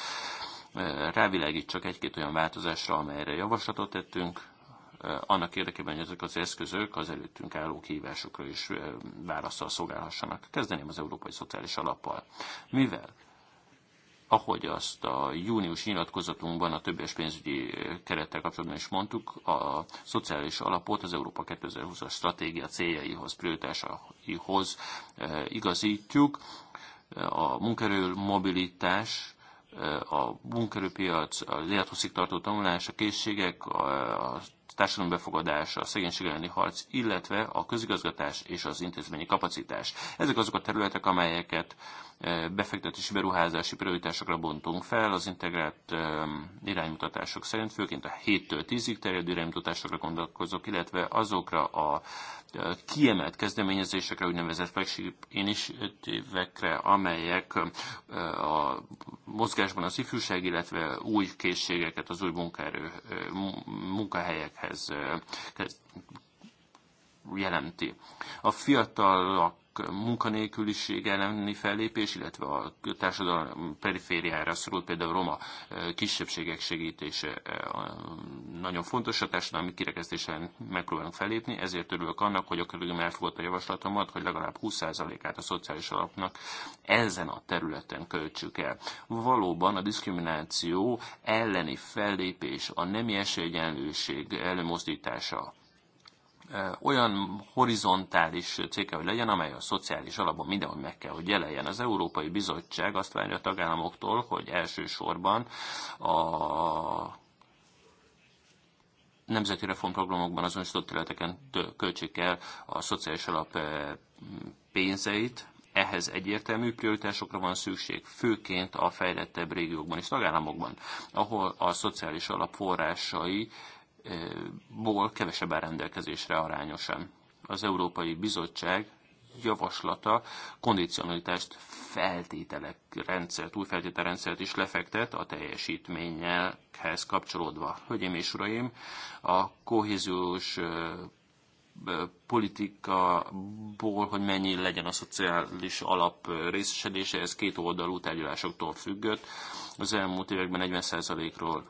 rávilágítsak egy-két olyan változásra, amelyre javaslatot tettünk, annak érdekében, hogy ezek az eszközök az előttünk álló kihívásokra is válaszsal szolgálhassanak. Kezdeném az Európai Szociális Alappal. Mivel ahogy azt a június nyilatkozatunkban a többes pénzügyi eh, kerettel kapcsolatban is mondtuk, a szociális alapot az Európa 2020-as stratégia céljaihoz, prioritásaihoz eh, igazítjuk. A munkerő mobilitás, eh, a munkerőpiac, az élethosszig tartó tanulás, a készségek, a társadalom befogadása, a szegénység elleni harc, illetve a közigazgatás és az intézményi kapacitás. Ezek azok a területek, amelyeket befektetési beruházási prioritásokra bontunk fel, az integrált iránymutatások szerint, főként a 7-től 10-ig terjedő iránymutatásokra gondolkozok, illetve azokra a kiemelt kezdeményezésekre, úgynevezett flagship initiatívekre, amelyek a mozgásban az ifjúság, illetve új készségeket az új munkaerő, munkahelyekhez jelenti. a fiatalok munkanélküliség elleni fellépés, illetve a társadalom perifériára szorult például roma kisebbségek segítése nagyon fontos, a társadalmi kirekesztésen megpróbálunk fellépni, ezért örülök annak, hogy a körülbelül elfogadta a javaslatomat, hogy legalább 20%-át a szociális alapnak ezen a területen költsük el. Valóban a diszkrimináció elleni fellépés, a nemi esélyegyenlőség előmozdítása, olyan horizontális cég kell, hogy legyen, amely a szociális alapon mindenhol meg kell, hogy jelenjen. Az Európai Bizottság azt várja a tagállamoktól, hogy elsősorban a nemzeti reformprogramokban azonosított területeken költsék el a szociális alap pénzeit, ehhez egyértelmű prioritásokra van szükség, főként a fejlettebb régiókban és tagállamokban, ahol a szociális alap forrásai ból kevesebb rendelkezésre arányosan. Az Európai Bizottság javaslata kondicionalitást feltételek rendszert, új feltételrendszert is lefektet a teljesítményekhez kapcsolódva. Hölgyeim és uraim, a kohéziós politikaból, hogy mennyi legyen a szociális alap részesedése, ez két oldalú tárgyalásoktól függött. Az elmúlt években 40%-ról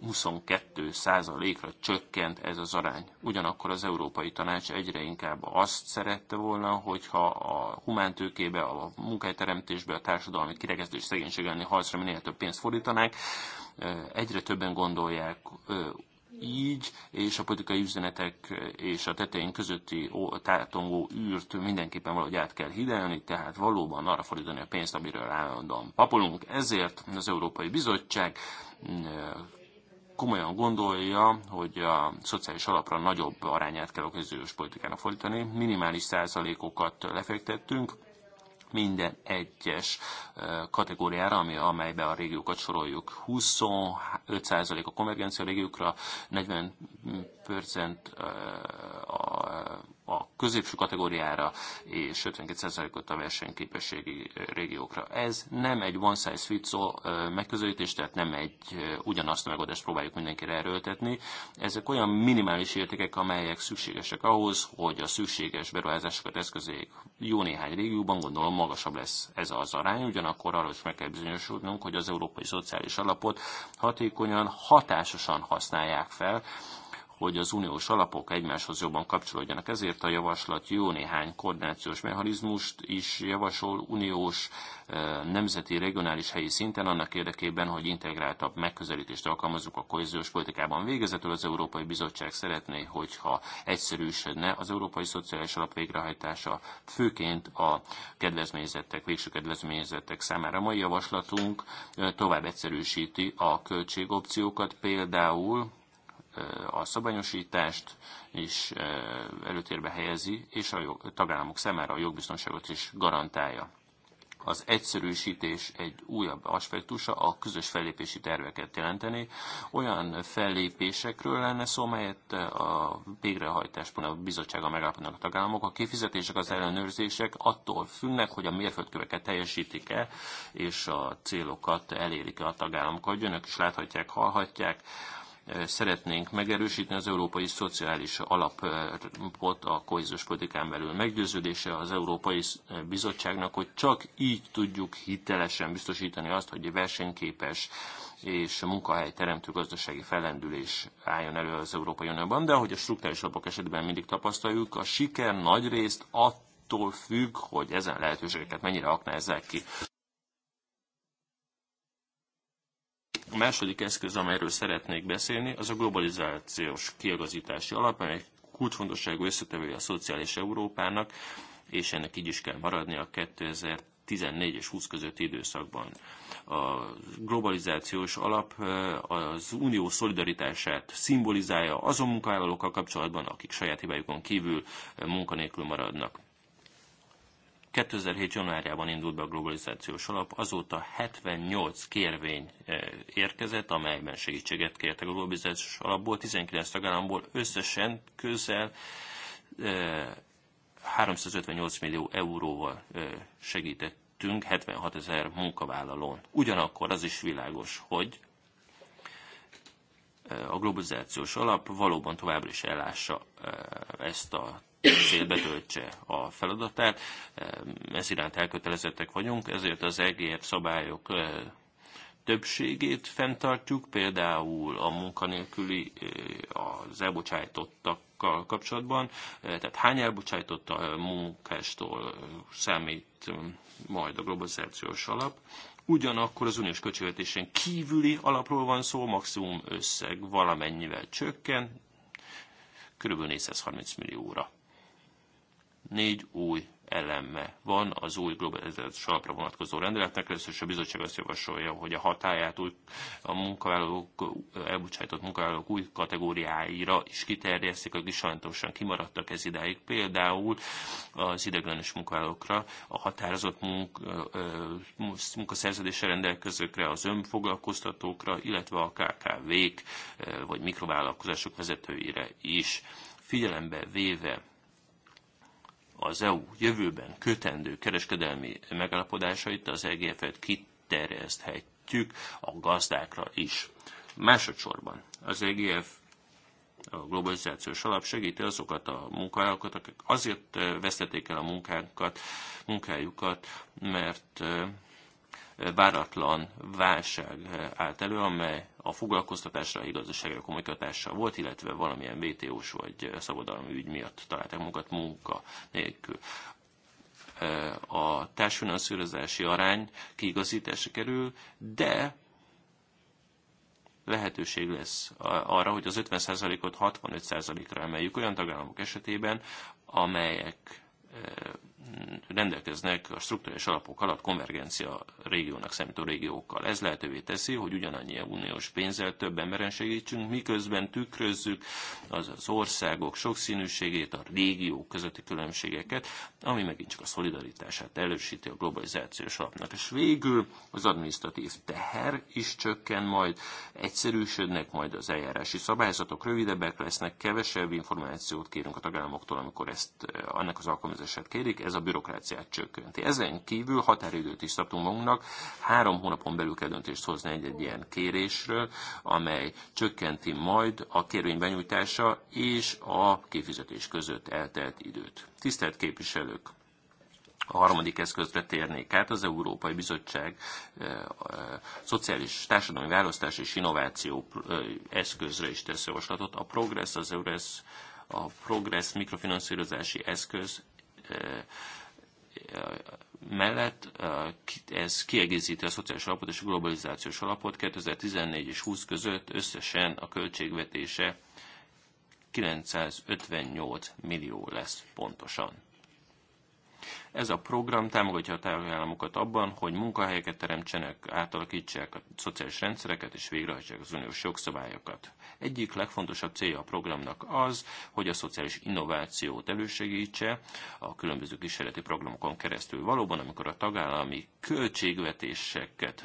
22 százalékra csökkent ez az arány. Ugyanakkor az Európai Tanács egyre inkább azt szerette volna, hogyha a humántőkébe, a munkájteremtésbe, a társadalmi kirekesztés szegénység elleni harcra minél több pénzt fordítanák. Egyre többen gondolják így, és a politikai üzenetek és a tetején közötti tátongó űrt mindenképpen valahogy át kell hidelni, tehát valóban arra fordítani a pénzt, amiről állandóan papolunk. Ezért az Európai Bizottság komolyan gondolja, hogy a szociális alapra nagyobb arányát kell a közös politikának fordítani. Minimális százalékokat lefektettünk, minden egyes kategóriára, ami, amelybe a régiókat soroljuk. 25% a konvergencia régiókra, 40% a a középső kategóriára, és 52%-ot a versenyképességi régiókra. Ez nem egy one size fits all megközelítés, tehát nem egy ugyanazt a megoldást próbáljuk mindenkire erőltetni. Ezek olyan minimális értékek, amelyek szükségesek ahhoz, hogy a szükséges beruházásokat eszközék jó néhány régióban, gondolom magasabb lesz ez az arány, ugyanakkor arról is meg kell bizonyosodnunk, hogy az európai szociális alapot hatékonyan, hatásosan használják fel, hogy az uniós alapok egymáshoz jobban kapcsolódjanak. Ezért a javaslat jó néhány koordinációs mechanizmust is javasol uniós, eh, nemzeti, regionális, helyi szinten annak érdekében, hogy integráltabb megközelítést alkalmazzuk a kohéziós politikában. Végezetül az Európai Bizottság szeretné, hogyha egyszerűsödne az Európai Szociális Alap végrehajtása, főként a kedvezményezettek, végső kedvezményezettek számára. Mai javaslatunk eh, tovább egyszerűsíti a költségopciókat, például a szabályosítást is előtérbe helyezi, és a tagállamok számára a jogbiztonságot is garantálja. Az egyszerűsítés egy újabb aspektusa a közös fellépési terveket jelenteni. Olyan fellépésekről lenne szó, melyet a végrehajtásban a bizottsága megállapodnak a tagállamok. A kifizetések, az ellenőrzések attól függnek, hogy a mérföldköveket teljesítik-e, és a célokat elérik-e a tagállamok. önök is láthatják, hallhatják, szeretnénk megerősíteni az európai szociális alapot eh, a kohéziós politikán belül. Meggyőződése az Európai eh, Bizottságnak, hogy csak így tudjuk hitelesen biztosítani azt, hogy versenyképes és munkahelyteremtő gazdasági fellendülés álljon elő az Európai Unióban, de ahogy a struktúrális alapok esetben mindig tapasztaljuk, a siker nagy részt attól függ, hogy ezen lehetőségeket mennyire aknázzák ki. A második eszköz, amelyről szeretnék beszélni, az a globalizációs kiagazítási alap, amely kulcsfontosságú összetevője a szociális Európának, és ennek így is kell maradni a 2000 14 és 20 közötti időszakban. A globalizációs alap az unió szolidaritását szimbolizálja azon munkavállalókkal kapcsolatban, akik saját hibájukon kívül munkanélkül maradnak. 2007. januárjában indult be a globalizációs alap, azóta 78 kérvény eh, érkezett, amelyben segítséget kértek a globalizációs alapból, 19 tagállamból összesen közel 358 eh, millió euróval eh, segítettünk 76 ezer munkavállalón. Ugyanakkor az is világos, hogy a globalizációs alap valóban továbbra is ellássa ezt a célbe betöltse a feladatát. Ez iránt elkötelezettek vagyunk, ezért az EGF szabályok e, többségét fenntartjuk, például a munkanélküli, e, az elbocsájtottakkal kapcsolatban, e, tehát hány elbocsájtott a munkástól számít majd a globalizációs alap. Ugyanakkor az uniós költségvetésen kívüli alapról van szó, maximum összeg valamennyivel csökken, kb. 430 millióra négy új eleme van az új globalizációs alapra vonatkozó rendeletnek. Először is a bizottság azt javasolja, hogy a hatáját új, a munkavállalók, elbocsájtott munkavállalók új kategóriáira is kiterjesztik, akik sajnálatosan kimaradtak ez idáig. Például az ideglenes munkavállalókra, a határozott munk, munkaszerződése rendelkezőkre, az önfoglalkoztatókra, illetve a KKV-k vagy mikrovállalkozások vezetőire is. Figyelembe véve az EU jövőben kötendő kereskedelmi megállapodásait az EGF-et kiterjeszthetjük a gazdákra is. Másodszorban az EGF a globalizációs alap segíti azokat a munkahelyeket, akik azért eh, vesztették el a munkákat, munkájukat, mert eh, váratlan válság eh, állt elő, amely a foglalkoztatásra, a gazdaságra komoly hatással volt, illetve valamilyen VTO-s vagy eh, szabadalmi ügy miatt találták magukat munka nélkül. Eh, a társfinanszírozási arány kiigazításra kerül, de lehetőség lesz arra, hogy az 50%-ot 65%-ra emeljük olyan tagállamok esetében, amelyek rendelkeznek a struktúrás alapok alatt konvergencia régiónak számító régiókkal. Ez lehetővé teszi, hogy ugyanannyi uniós pénzzel több emberen segítsünk, miközben tükrözzük az, az országok sokszínűségét, a régiók közötti különbségeket, ami megint csak a szolidaritását elősíti a globalizációs alapnak. És végül az administratív teher is csökken majd, egyszerűsödnek majd az eljárási szabályzatok, rövidebbek lesznek, kevesebb információt kérünk a tagállamoktól, amikor ezt annak az alkalmazását kérik, ez ez a bürokráciát csökkenti. Ezen kívül határidőt is szabtunk magunknak, három hónapon belül kell döntést hozni egy-egy ilyen kérésről, amely csökkenti majd a kérvény benyújtása és a kifizetés között eltelt időt. Tisztelt képviselők! A harmadik eszközre térnék át, az Európai Bizottság e, e, szociális társadalmi választás és innováció e, eszközre is tesz javaslatot. A Progress, az EURES, a Progress mikrofinanszírozási eszköz mellett ez kiegészíti a szociális alapot és a globalizációs alapot 2014 és 20 között összesen a költségvetése 958 millió lesz pontosan. Ez a program támogatja a tagállamokat abban, hogy munkahelyeket teremtsenek, átalakítsák a szociális rendszereket és végrehajtsák az uniós jogszabályokat. Egyik legfontosabb célja a programnak az, hogy a szociális innovációt elősegítse a különböző kísérleti programokon keresztül. Valóban, amikor a tagállami költségvetéseket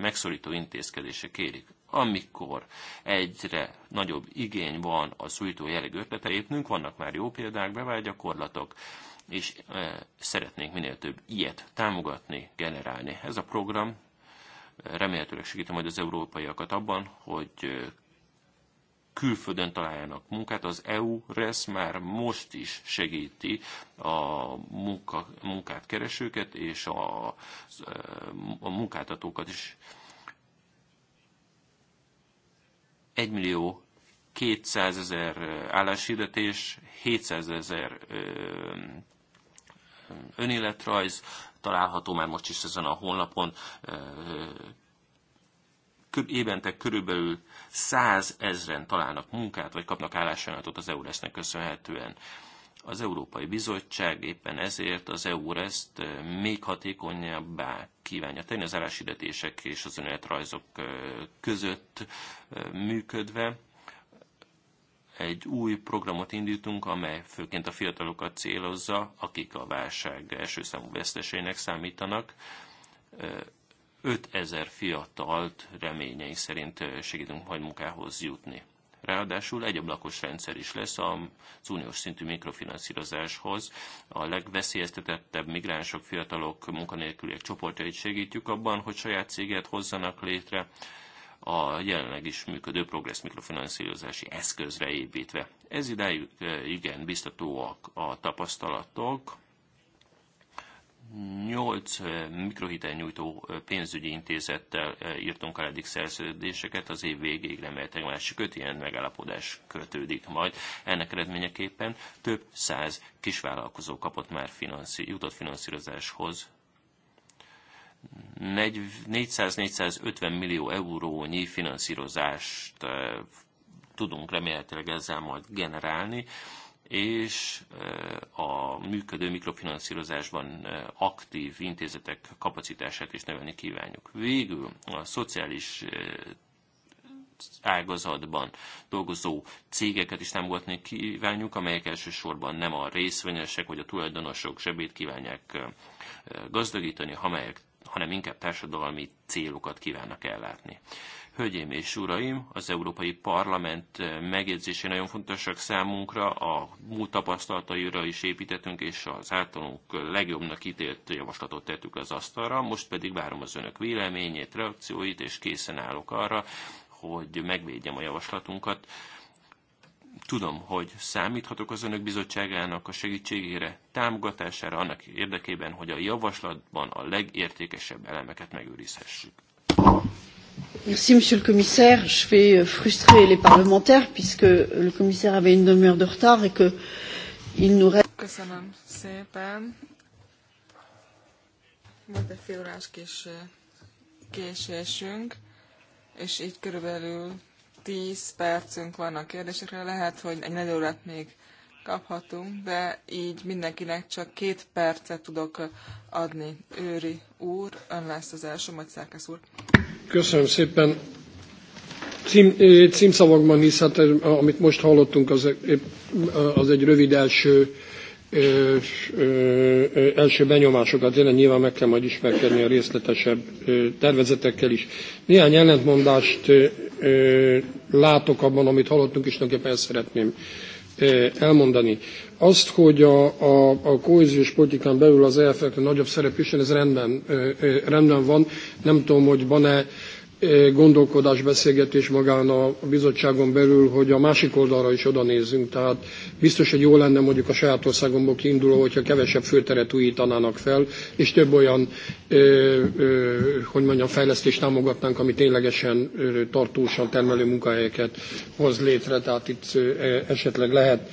megszorító intézkedése kérik, amikor egyre nagyobb igény van a szújtó jellegű ötleteipnünk, vannak már jó példák, bevált gyakorlatok, és szeretnénk minél több ilyet támogatni, generálni. Ez a program remélhetőleg segíti majd az európaiakat abban, hogy külföldön találjanak munkát. Az EU-RESZ már most is segíti a munka, munkát keresőket és a, a munkáltatókat is. 1 millió 200 ezer álláshirdetés, 700 ezer önéletrajz, található már most is ezen a honlapon, évente körülbelül 100 ezren találnak munkát, vagy kapnak állásajánlatot az EURES-nek köszönhetően. Az Európai Bizottság éppen ezért az EURES-t még hatékonyabbá kívánja tenni az állásidetések és az önéletrajzok között működve egy új programot indítunk, amely főként a fiatalokat célozza, akik a válság első számú vesztesének számítanak. 5000 fiatalt reményei szerint segítünk majd munkához jutni. Ráadásul egy ablakos rendszer is lesz az uniós szintű mikrofinanszírozáshoz. A legveszélyeztetettebb migránsok, fiatalok, munkanélküliek csoportjait segítjük abban, hogy saját céget hozzanak létre, a jelenleg is működő progress mikrofinanszírozási eszközre építve. Ez idáig igen biztatóak a tapasztalatok. 8 nyújtó pénzügyi intézettel írtunk el eddig szerződéseket, az év végéig remélhetőleg másik öt ilyen megállapodás kötődik majd. Ennek eredményeképpen több száz kisvállalkozó kapott már finanszí- jutott finanszírozáshoz 400-450 millió eurónyi finanszírozást eh, tudunk remélhetőleg ezzel majd generálni, és eh, a működő mikrofinanszírozásban eh, aktív intézetek kapacitását is növelni kívánjuk. Végül a szociális ágazatban dolgozó cégeket is támogatni kívánjuk, amelyek elsősorban nem a részvényesek vagy a tulajdonosok zsebét kívánják gazdagítani, amelyek hanem inkább társadalmi célokat kívánnak ellátni. Hölgyeim és uraim, az Európai Parlament eh, megjegyzésé nagyon fontosak számunkra, a múlt tapasztalataira is építettünk, és az általunk legjobbnak ítélt javaslatot tettük az asztalra, most pedig várom az önök véleményét, reakcióit, és készen állok arra, hogy megvédjem a javaslatunkat Tudom, hogy számíthatok az Önök bizottságának a segítségére, támogatására annak érdekében, hogy a javaslatban a legértékesebb elemeket megőrizhessük. Merci, Monsieur le Commissaire. Je vais euh, frustrer les parlementaires puisque le commissaire avait une demi-heure de retard et que il nous reste. Köszönöm szépen. Volt egy fél órás kés, késésünk, és így körülbelül 10 percünk van a kérdésekre, lehet, hogy egy nagy órát még kaphatunk, de így mindenkinek csak két percet tudok adni. Őri úr, ön lesz az első, majd Szerkesz úr. Köszönöm szépen. Cím, címszavakban hisz, hát, amit most hallottunk, az, az egy rövid első első benyomásokat, hát én nyilván meg kell majd ismerkedni a részletesebb tervezetekkel is. Néhány ellentmondást látok abban, amit hallottunk, és nagyjából ezt szeretném elmondani. Azt, hogy a, a, a kohéziós politikán belül az eff nagyobb szerep ez rendben, rendben van. Nem tudom, hogy van-e gondolkodás, beszélgetés magán a bizottságon belül, hogy a másik oldalra is oda nézzünk. Tehát biztos, hogy jó lenne mondjuk a saját országomból kiinduló, hogyha kevesebb főteret újítanának fel, és több olyan, hogy mondjam, fejlesztést támogatnánk, ami ténylegesen tartósan termelő munkahelyeket hoz létre. Tehát itt esetleg lehet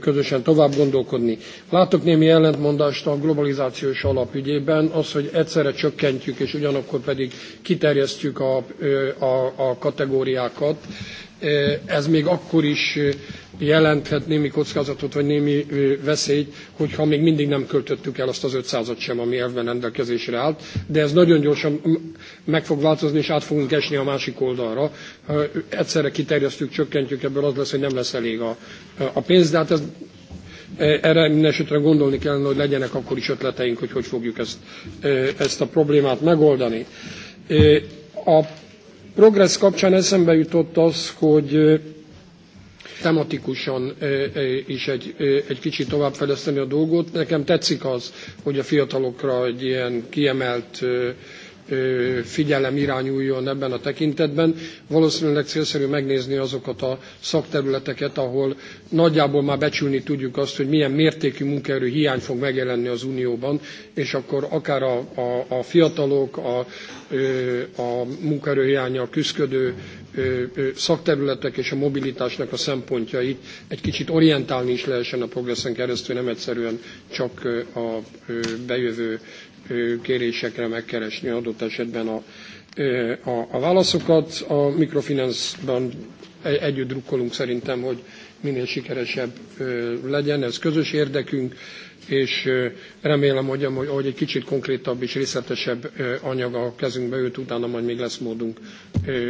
közösen tovább gondolkodni. Látok némi ellentmondást a globalizációs alap ügyében, az, hogy egyszerre csökkentjük, és ugyanakkor pedig kiterjesztjük a, a, a kategóriákat. Ez még akkor is jelenthet némi kockázatot, vagy némi veszélyt, hogyha még mindig nem költöttük el azt az 500 sem, ami elvben rendelkezésre állt. De ez nagyon gyorsan meg fog változni, és át fogunk esni a másik oldalra. Ha egyszerre kiterjesztjük, csökkentjük, ebből az lesz, hogy nem lesz elég a, a pénz, de hát ez e, erre mindesetre gondolni kellene, hogy legyenek akkor is ötleteink, hogy hogy fogjuk ezt, e, ezt a problémát megoldani. E, a progress kapcsán eszembe jutott az, hogy tematikusan is egy, egy kicsit továbbfejleszteni a dolgot. Nekem tetszik az, hogy a fiatalokra egy ilyen kiemelt figyelem irányuljon ebben a tekintetben. Valószínűleg célszerű megnézni azokat a szakterületeket, ahol nagyjából már becsülni tudjuk azt, hogy milyen mértékű munkaerő hiány fog megjelenni az Unióban, és akkor akár a, a, a fiatalok, a, a munkaerőhiányjal küzdködő szakterületek és a mobilitásnak a szempontjait egy kicsit orientálni is lehessen a progresszen keresztül, nem egyszerűen csak a bejövő kérésekre megkeresni adott esetben a, a, a válaszokat. A mikrofinanszban e-, együtt drukkolunk szerintem, hogy minél sikeresebb legyen, ez közös érdekünk, és remélem, hogy ahogy egy kicsit konkrétabb és részletesebb anyag a kezünkbe jut, utána majd még lesz módunk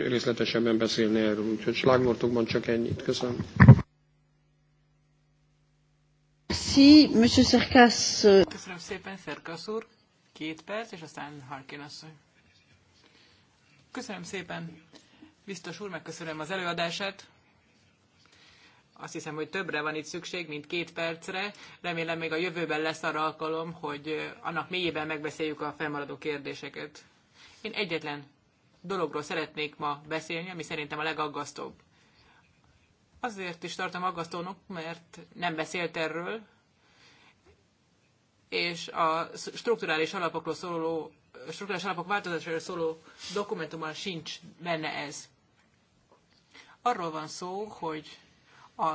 részletesebben beszélni erről. Úgyhogy slágnortokban csak ennyit. Köszönöm. Köszönöm szépen, Szerkasz úr két perc, és aztán Harkin asszony. Köszönöm szépen, biztos úr, megköszönöm az előadását. Azt hiszem, hogy többre van itt szükség, mint két percre. Remélem még a jövőben lesz arra alkalom, hogy annak mélyében megbeszéljük a felmaradó kérdéseket. Én egyetlen dologról szeretnék ma beszélni, ami szerintem a legaggasztóbb. Azért is tartom aggasztónak, mert nem beszélt erről, és a strukturális alapokról szóló, strukturális alapok változásáról szóló dokumentumban sincs benne ez. Arról van szó, hogy a,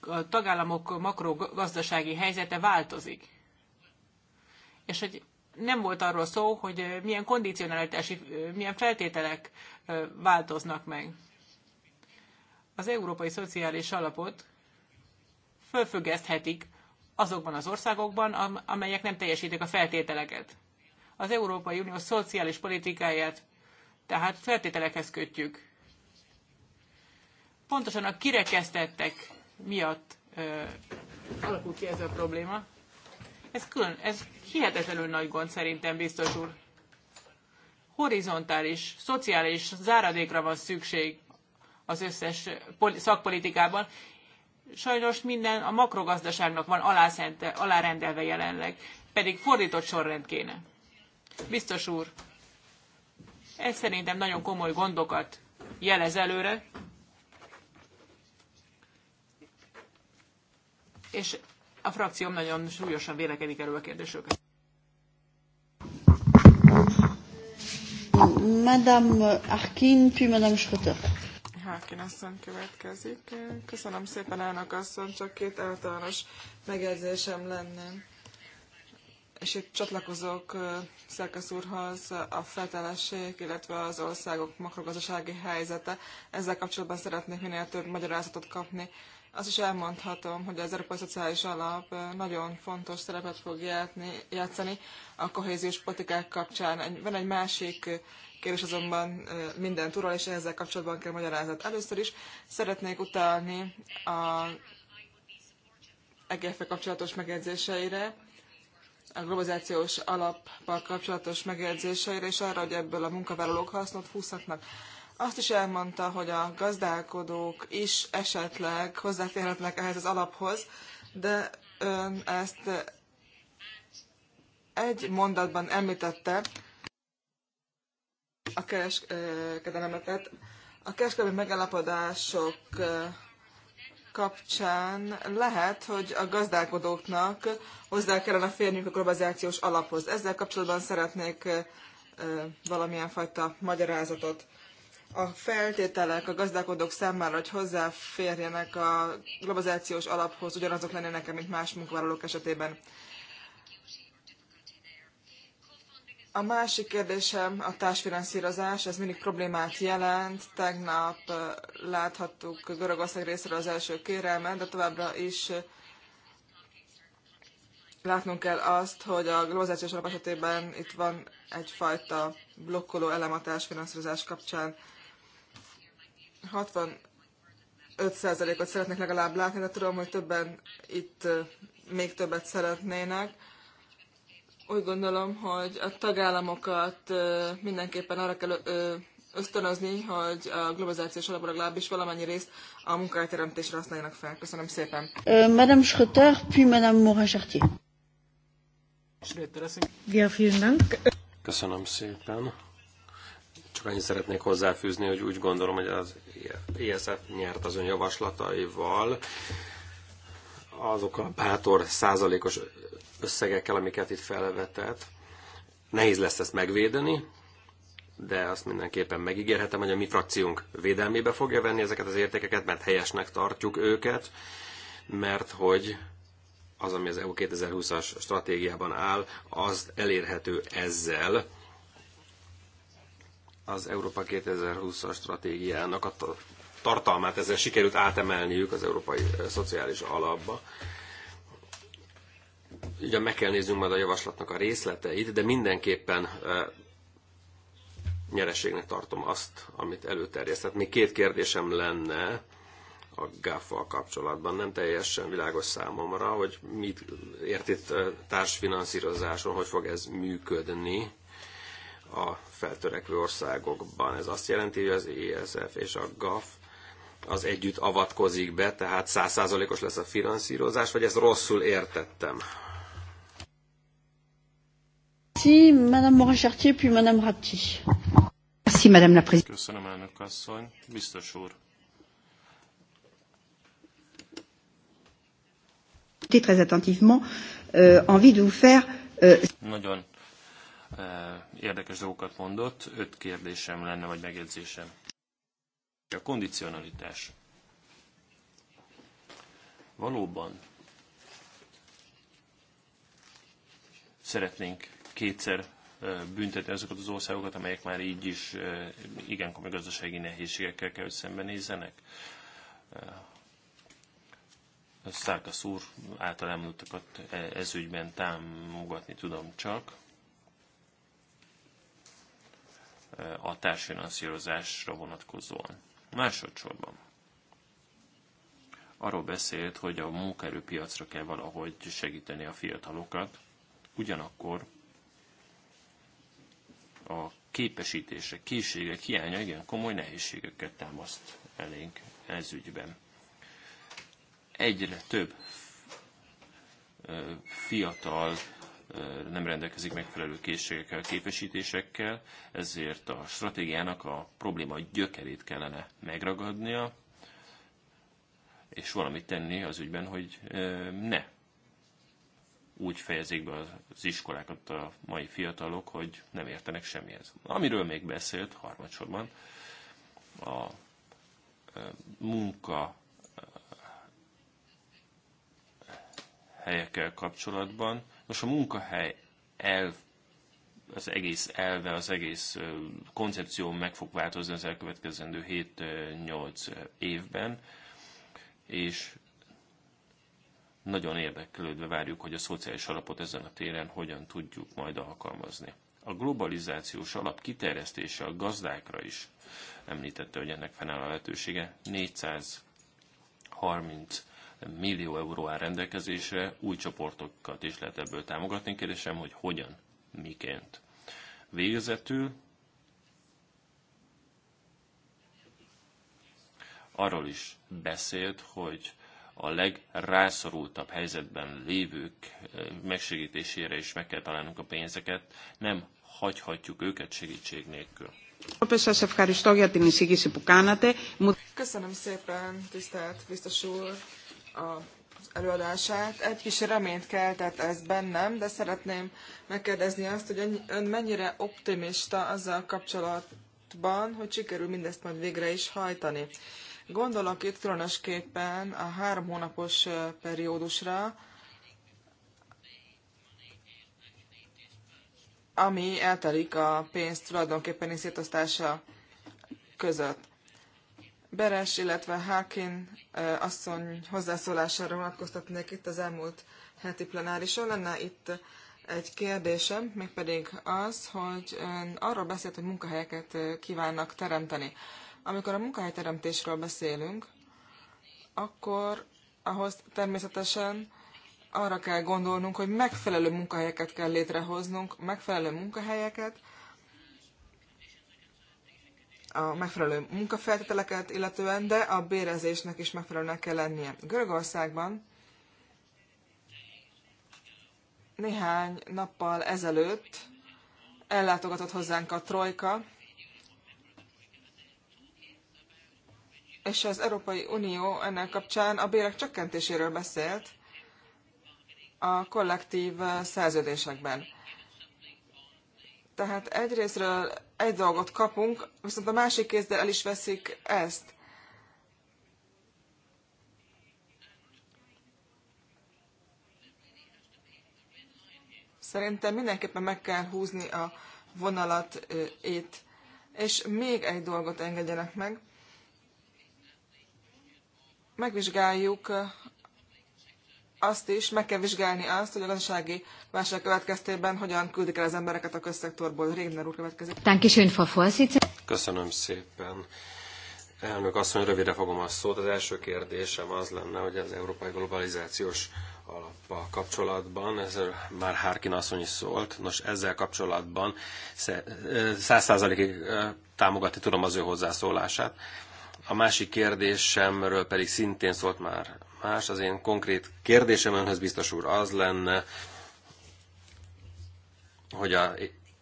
a tagállamok makrogazdasági helyzete változik. És hogy nem volt arról szó, hogy milyen kondicionalitási, milyen feltételek változnak meg. Az Európai Szociális Alapot fölfüggeszthetik azokban az országokban, amelyek nem teljesítik a feltételeket. Az Európai Unió szociális politikáját tehát feltételekhez kötjük. Pontosan a kirekesztettek miatt ö, alakul ki ez a probléma. Ez, külön, ez hihetetlenül nagy gond szerintem, biztos úr. Horizontális, szociális záradékra van szükség az összes szakpolitikában, sajnos minden a makrogazdaságnak van alárendelve jelenleg, pedig fordított sorrend kéne. Biztos úr, ez szerintem nagyon komoly gondokat jelez előre, és a frakcióm nagyon súlyosan vélekedik erről a kérdésről. Madame Arkin, puis Madame Schröter. Hákin asszony következik. Köszönöm szépen, elnök asszony, csak két általános megjegyzésem lenne. És itt csatlakozók Szerkesz úrhoz a feltelesség, illetve az országok makrogazdasági helyzete. Ezzel kapcsolatban szeretnék minél több magyarázatot kapni azt is elmondhatom, hogy az Európai Szociális Alap nagyon fontos szerepet fog játszani a kohéziós politikák kapcsán. Van egy másik kérdés azonban minden túról, és ezzel kapcsolatban kell magyarázat. Először is szeretnék utalni a egf kapcsolatos megjegyzéseire, a globalizációs alappal kapcsolatos megjegyzéseire, és arra, hogy ebből a munkavállalók hasznot húzhatnak. Azt is elmondta, hogy a gazdálkodók is esetleg hozzáférhetnek ehhez az alaphoz, de ön ezt egy mondatban említette a kereskedelemeket. A kereskedelmi megállapodások kapcsán lehet, hogy a gazdálkodóknak hozzá kellene férniük a globalizációs alaphoz. Ezzel kapcsolatban szeretnék valamilyen fajta magyarázatot a feltételek a gazdálkodók számára, hogy hozzáférjenek a globalizációs alaphoz, ugyanazok lennének, mint más munkavállalók esetében. A másik kérdésem a társfinanszírozás, ez mindig problémát jelent. Tegnap láthattuk Görögország részéről az első kérelmet, de továbbra is látnunk kell azt, hogy a globalizációs alap esetében itt van egyfajta blokkoló elem a társfinanszírozás kapcsán. 65%-ot szeretnék legalább látni, de tudom, hogy többen itt még többet szeretnének. Úgy gondolom, hogy a tagállamokat mindenképpen arra kell ösztönözni, hogy a globalizációs alapra legalábbis valamennyi részt a munkahelyteremtésre használjanak fel. Köszönöm szépen. Madame Schröter, puis Madame Morin-Chartier. Köszönöm szépen. Csak annyit szeretnék hozzáfűzni, hogy úgy gondolom, hogy az ESF nyert az ön javaslataival, azok a bátor százalékos összegekkel, amiket itt felvetett. Nehéz lesz ezt megvédeni, de azt mindenképpen megígérhetem, hogy a mi frakciónk védelmébe fogja venni ezeket az értékeket, mert helyesnek tartjuk őket, mert hogy az, ami az EU 2020-as stratégiában áll, az elérhető ezzel, az Európa 2020-as stratégiának a tartalmát ezzel sikerült átemelniük az Európai Szociális Alapba. Ugyan meg kell néznünk majd a javaslatnak a részleteit, de mindenképpen nyereségnek tartom azt, amit előterjesztett. Még két kérdésem lenne a GAF-val kapcsolatban. Nem teljesen világos számomra, hogy mit ért itt társfinanszírozáson, hogy fog ez működni a feltörekvő országokban. Ez azt jelenti, hogy az ESF és a GAF az együtt avatkozik be, tehát százszázalékos lesz a finanszírozás, vagy ezt rosszul értettem? Merci, Madame Morin-Chartier, puis Madame Rapti. Merci, Madame la Présidente. Köszönöm, elnök asszony. Biztos úr. Très attentivement, euh, envie de vous faire. Euh... Nagyon érdekes dolgokat mondott. Öt kérdésem lenne, vagy megjegyzésem. A kondicionalitás. Valóban szeretnénk kétszer büntetni azokat az országokat, amelyek már így is igen komoly gazdasági nehézségekkel kell, hogy szembenézzenek. Szárkasz úr által elmondottakat e- ezügyben támogatni tudom csak. a társfinanszírozásra vonatkozóan. Másodszorban arról beszélt, hogy a munkaerőpiacra kell valahogy segíteni a fiatalokat, ugyanakkor a képesítése, készségek hiánya igen komoly nehézségeket támaszt elénk ez ügyben. Egyre több fiatal nem rendelkezik megfelelő készségekkel, képesítésekkel, ezért a stratégiának a probléma gyökerét kellene megragadnia, és valamit tenni az ügyben, hogy ne úgy fejezik be az iskolákat a mai fiatalok, hogy nem értenek semmihez. Amiről még beszélt harmadsorban, a munka helyekkel kapcsolatban Nos, a munkahely elv, az egész elve, az egész koncepció meg fog változni az elkövetkezendő 7-8 évben, és nagyon érdeklődve várjuk, hogy a szociális alapot ezen a téren hogyan tudjuk majd alkalmazni. A globalizációs alap kiterjesztése a gazdákra is említette, hogy ennek fennáll a lehetősége. 430 millió euró áll rendelkezésre, új csoportokat is lehet ebből támogatni. Kérdésem, hogy hogyan, miként. Végezetül arról is beszélt, hogy a legrászorultabb helyzetben lévők eh, megsegítésére is meg kell találnunk a pénzeket, nem hagyhatjuk őket segítség nélkül. Köszönöm szépen, tisztelt biztos úr, a előadását. Egy kis reményt keltett ez bennem, de szeretném megkérdezni azt, hogy ön mennyire optimista azzal kapcsolatban, hogy sikerül mindezt majd végre is hajtani. Gondolok itt különösképpen a három hónapos periódusra, ami eltelik a pénz tulajdonképpen szétosztása között. Beres, illetve Harkin asszony hozzászólására vonatkoztatnék itt az elmúlt heti plenárison. Lenne itt egy kérdésem, mégpedig az, hogy ön arról beszélt, hogy munkahelyeket kívánnak teremteni. Amikor a munkahelyteremtésről beszélünk, akkor ahhoz természetesen arra kell gondolnunk, hogy megfelelő munkahelyeket kell létrehoznunk, megfelelő munkahelyeket, a megfelelő munkafeltételeket illetően, de a bérezésnek is megfelelőnek kell lennie. Görögországban néhány nappal ezelőtt ellátogatott hozzánk a Trojka, és az Európai Unió ennek kapcsán a bérek csökkentéséről beszélt a kollektív szerződésekben. Tehát egyrésztről egy dolgot kapunk, viszont a másik kézzel el is veszik ezt. Szerintem mindenképpen meg kell húzni a vonalat itt. És még egy dolgot engedjenek meg. Megvizsgáljuk azt is meg kell vizsgálni azt, hogy a gazdasági válság következtében hogyan küldik el az embereket a közszektorból. Régner úr következik. Köszönöm szépen. Elnök asszony, rövide fogom a szót. Az első kérdésem az lenne, hogy az európai globalizációs alappal kapcsolatban, ez már Harkin asszony is szólt, nos ezzel kapcsolatban száz százalékig támogatni tudom az ő hozzászólását. A másik kérdésemről pedig szintén szólt már más. Az én konkrét kérdésem önhöz, biztos úr, az lenne, hogy a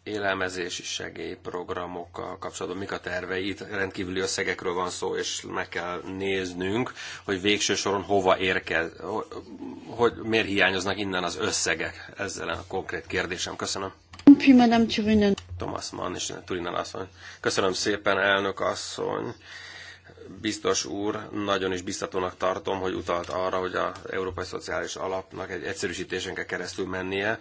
élelmezési segélyprogramokkal kapcsolatban mik a tervei. Itt rendkívüli összegekről van szó, és meg kell néznünk, hogy végső soron hova érkez, hogy miért hiányoznak innen az összegek. Ezzel a konkrét kérdésem. Köszönöm. Thomas Mann és Turinen asszony. Köszönöm szépen, elnök asszony biztos úr, nagyon is biztatónak tartom, hogy utalt arra, hogy az Európai Szociális Alapnak egy egyszerűsítésen kell keresztül mennie.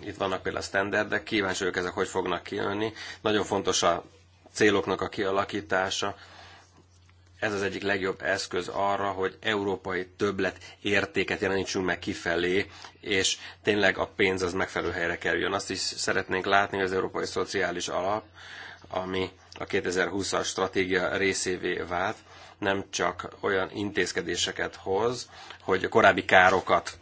Itt vannak például a standardek, kíváncsi vagyok ezek, hogy fognak kijönni. Nagyon fontos a céloknak a kialakítása. Ez az egyik legjobb eszköz arra, hogy európai többlet értéket jelenítsünk meg kifelé, és tényleg a pénz az megfelelő helyre kerüljön. Azt is szeretnénk látni, hogy az Európai Szociális Alap, ami a 2020-as stratégia részévé vált, nem csak olyan intézkedéseket hoz, hogy a korábbi károkat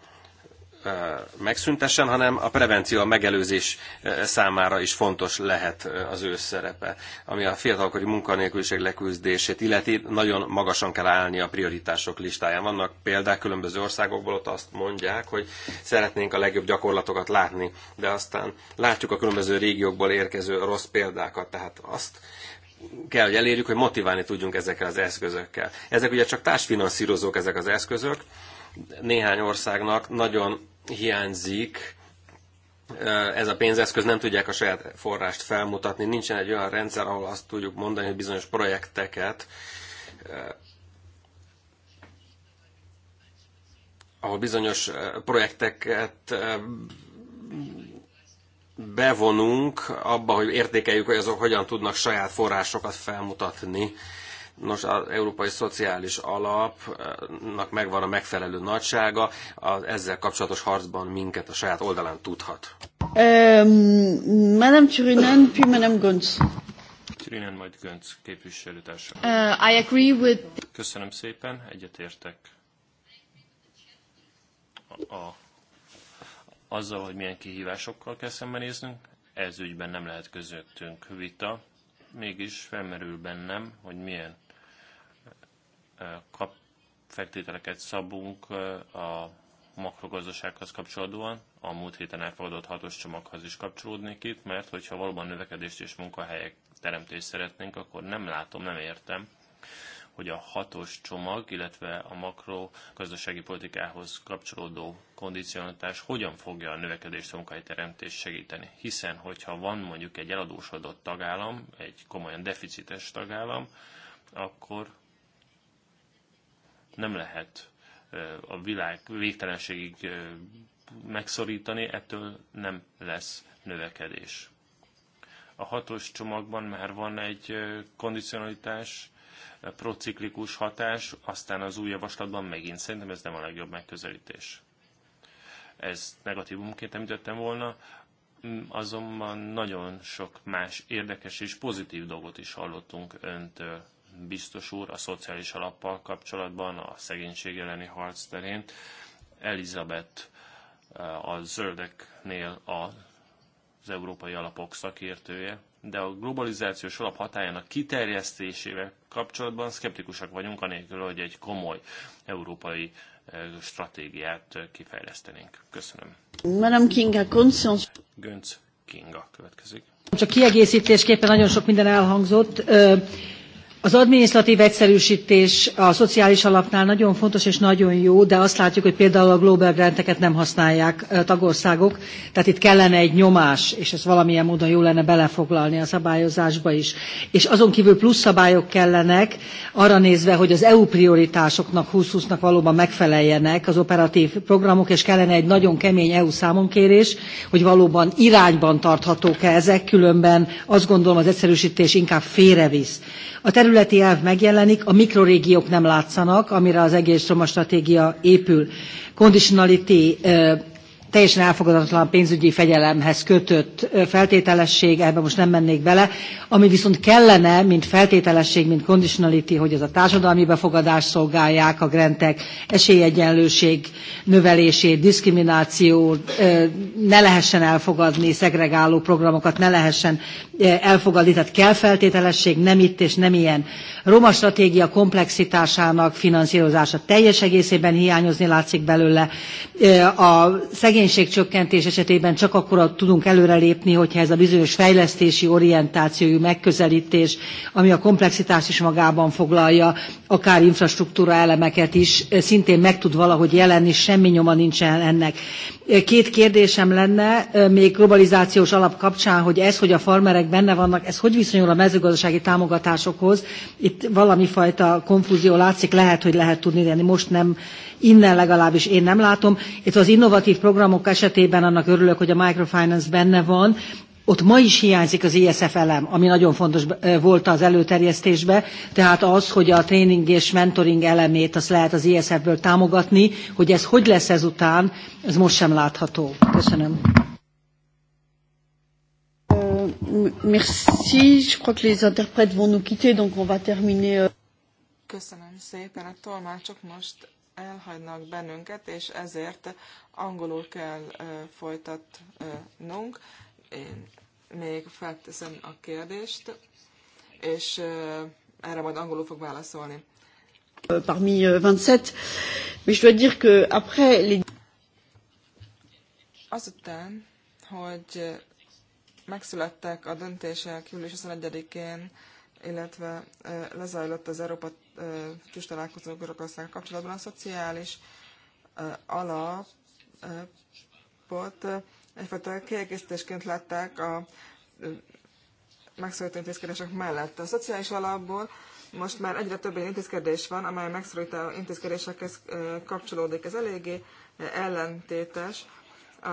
megszüntessen, hanem a prevenció, a megelőzés számára is fontos lehet az ő szerepe. Ami a fiatalkori munkanélküliség leküzdését illeti, nagyon magasan kell állni a prioritások listáján. Vannak példák különböző országokból, ott azt mondják, hogy szeretnénk a legjobb gyakorlatokat látni, de aztán látjuk a különböző régiókból érkező rossz példákat, tehát azt kell, hogy elérjük, hogy motiválni tudjunk ezekkel az eszközökkel. Ezek ugye csak társfinanszírozók ezek az eszközök. Néhány országnak nagyon hiányzik ez a pénzeszköz, nem tudják a saját forrást felmutatni, nincsen egy olyan rendszer, ahol azt tudjuk mondani, hogy bizonyos projekteket ahol bizonyos projekteket bevonunk abba, hogy értékeljük, hogy azok hogyan tudnak saját forrásokat felmutatni. Nos, az Európai Szociális Alapnak megvan a megfelelő nagysága, az ezzel kapcsolatos harcban minket a saját oldalán tudhat. Madame Turinen, puis Madame Gönc. Turinen, majd Gönc képviselőtársa. Uh, I agree with... Köszönöm szépen, egyetértek a azzal, hogy milyen kihívásokkal kell szembenéznünk, ez ügyben nem lehet közöttünk vita, mégis felmerül bennem, hogy milyen kap feltételeket szabunk a makrogazdasághoz kapcsolódóan, a múlt héten elfogadott hatos csomaghoz is kapcsolódnék itt, mert hogyha valóban növekedést és munkahelyek teremtést szeretnénk, akkor nem látom, nem értem, hogy a hatos csomag, illetve a makro gazdasági politikához kapcsolódó kondicionatás hogyan fogja a növekedést, a munkahelyteremtést segíteni. Hiszen, hogyha van mondjuk egy eladósodott tagállam, egy komolyan deficites tagállam, akkor nem lehet a világ végtelenségig megszorítani, ettől nem lesz növekedés. A hatos csomagban már van egy kondicionalitás, prociklikus hatás, aztán az új javaslatban megint szerintem ez nem a legjobb megközelítés. Ez negatívumként említettem volna, azonban nagyon sok más érdekes és pozitív dolgot is hallottunk öntől, biztos úr, a szociális alappal kapcsolatban, a szegénység elleni harc terén. Elizabeth a zöldeknél az európai alapok szakértője, de a globalizációs alap hatájának kiterjesztésével kapcsolatban szkeptikusak vagyunk, anélkül, hogy egy komoly európai eh, stratégiát eh, kifejlesztenénk. Köszönöm. Madame Kinga, conscience. Gönc Kinga következik. Csak kiegészítésképpen nagyon sok minden elhangzott. Az adminisztratív egyszerűsítés a szociális alapnál nagyon fontos és nagyon jó, de azt látjuk, hogy például a global granteket nem használják tagországok, tehát itt kellene egy nyomás, és ez valamilyen módon jó lenne belefoglalni a szabályozásba is. És azon kívül plusz szabályok kellenek, arra nézve, hogy az EU prioritásoknak, 20 nak valóban megfeleljenek az operatív programok, és kellene egy nagyon kemény EU számonkérés, hogy valóban irányban tarthatók-e ezek, különben azt gondolom az egyszerűsítés inkább félrevisz. A terület területi elv megjelenik, a mikrorégiók nem látszanak, amire az egész roma stratégia épül. Conditionality teljesen elfogadatlan pénzügyi fegyelemhez kötött feltételesség, ebbe most nem mennék bele, ami viszont kellene, mint feltételesség, mint conditionality, hogy ez a társadalmi befogadást szolgálják, a grantek, esélyegyenlőség növelését, diszkrimináció, ne lehessen elfogadni szegregáló programokat, ne lehessen elfogadni, tehát kell feltételesség, nem itt és nem ilyen. A roma stratégia komplexitásának finanszírozása teljes egészében hiányozni látszik belőle. A szegény szegénységcsökkentés esetében csak akkor tudunk előrelépni, hogyha ez a bizonyos fejlesztési orientációjú megközelítés, ami a komplexitást is magában foglalja, akár infrastruktúra elemeket is, szintén meg tud valahogy jelenni, semmi nyoma nincsen ennek. Két kérdésem lenne, még globalizációs alap kapcsán, hogy ez, hogy a farmerek benne vannak, ez hogy viszonyul a mezőgazdasági támogatásokhoz? Itt valami fajta konfúzió látszik, lehet, hogy lehet tudni, de most nem, innen legalábbis én nem látom. Itt az innovatív program programok esetében annak örülök, hogy a microfinance benne van, ott ma is hiányzik az ISF elem, ami nagyon fontos eh, volt az előterjesztésbe, tehát az, hogy a tréning és mentoring elemét azt lehet az ISF-ből támogatni, hogy ez hogy lesz ezután, ez most sem látható. Köszönöm. Euh, merci, je crois que les interprètes vont nous quitter, donc on va terminer. Euh. Köszönöm szépen, a tolmácsok most elhagynak bennünket, és ezért angolul kell folytatnunk. Én még felteszem a kérdést, és erre majd angolul fog válaszolni. Euh, parmi 27, euh, mais je dire que après les... Azután, hogy megszülettek a döntések július 21-én, illetve lezajlott az Európa csúcs találkozó kapcsolatban a szociális alap pot, egyfajta kiegészítésként látták a megszorító intézkedések mellett. A szociális alapból most már egyre több intézkedés van, amely megszorító intézkedésekhez kapcsolódik. Ez eléggé ellentétes. A,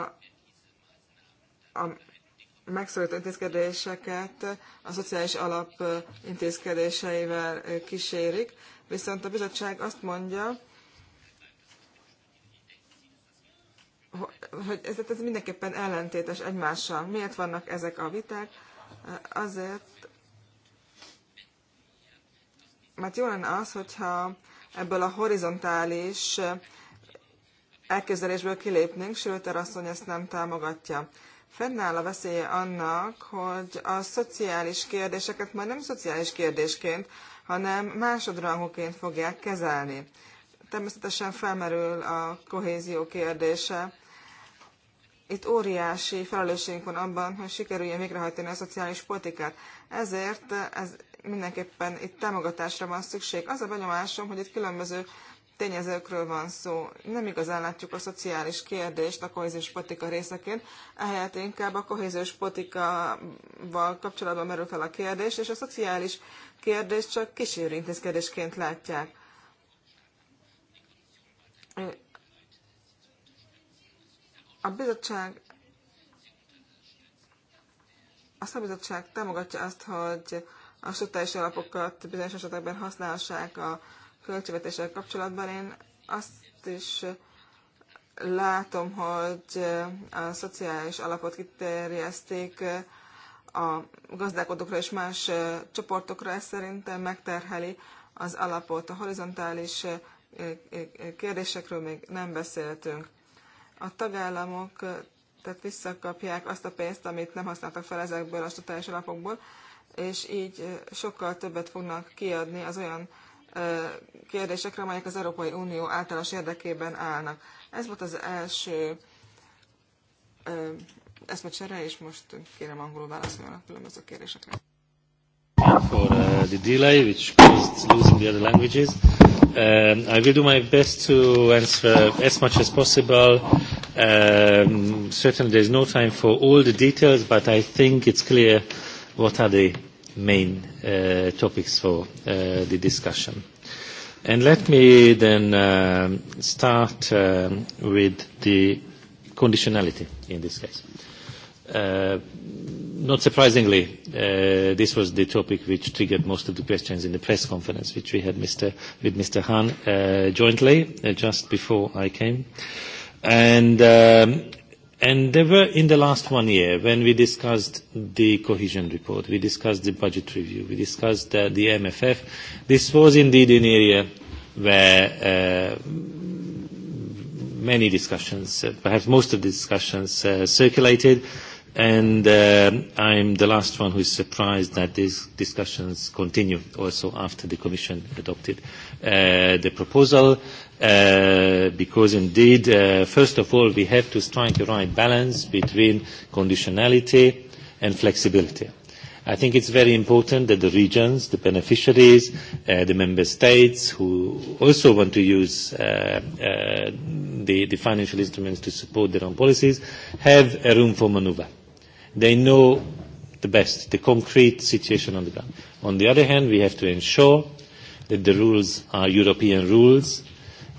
a megszorító intézkedéseket a szociális alap intézkedéseivel kísérik, viszont a bizottság azt mondja, hogy ez, ez mindenképpen ellentétes egymással. Miért vannak ezek a viták? Azért, mert jó lenne az, hogyha ebből a horizontális elképzelésből kilépnénk, sőt, asszony ezt nem támogatja. Fennáll a veszélye annak, hogy a szociális kérdéseket majd nem szociális kérdésként, hanem másodrangúként fogják kezelni. Természetesen felmerül a kohézió kérdése, itt óriási felelősségünk van abban, hogy sikerüljön végrehajtani a szociális politikát. Ezért ez mindenképpen itt támogatásra van szükség. Az a benyomásom, hogy itt különböző tényezőkről van szó. Nem igazán látjuk a szociális kérdést a kohéziós politika részeként, ehelyett inkább a kohéziós politikával kapcsolatban merül fel a kérdés, és a szociális kérdést csak kísérő intézkedésként látják a bizottság a szabizottság támogatja azt, hogy a struktúrális alapokat bizonyos esetekben használhassák a költségvetéssel kapcsolatban. Én azt is látom, hogy a szociális alapot kiterjeszték a gazdálkodókra és más csoportokra, ez szerintem megterheli az alapot. A horizontális kérdésekről még nem beszéltünk a tagállamok tehát visszakapják azt a pénzt, amit nem használtak fel ezekből a statális alapokból, és így sokkal többet fognak kiadni az olyan kérdésekre, amelyek az Európai Unió általános érdekében állnak. Ez volt az első csere, és most kérem angolul válaszoljon a különböző kérdésekre. For uh, the delay, which caused losing the other languages. Um, I will do my best to answer as much as possible. Um, certainly there is no time for all the details, but I think it's clear what are the main uh, topics for uh, the discussion. And let me then um, start um, with the conditionality in this case. Uh, Uh, not surprisingly, uh, this was the topic which triggered most of the questions in the press conference which we had Mr. with Mr. Hahn uh, jointly uh, just before I came. And, um, and there were, in the last one year, when we discussed the cohesion report, we discussed the budget review, we discussed uh, the MFF, this was indeed an area where uh, many discussions, uh, perhaps most of the discussions uh, circulated And uh, I'm the last one who is surprised that these discussions continue also after the Commission adopted uh, the proposal, uh, because indeed, uh, first of all, we have to strike the right balance between conditionality and flexibility. I think it's very important that the regions, the beneficiaries, uh, the member states who also want to use uh, uh, the, the financial instruments to support their own policies have a room for maneuver They know the best, the concrete situation on the ground. On the other hand, we have to ensure that the rules are European rules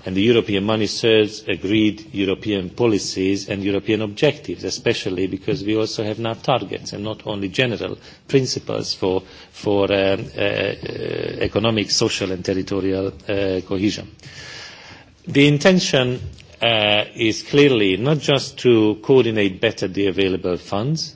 and the European money serves agreed European policies and European objectives, especially because we also have now targets and not only general principles for, for um, uh, economic, social and territorial uh, cohesion. The intention uh, is clearly not just to coordinate better the available funds,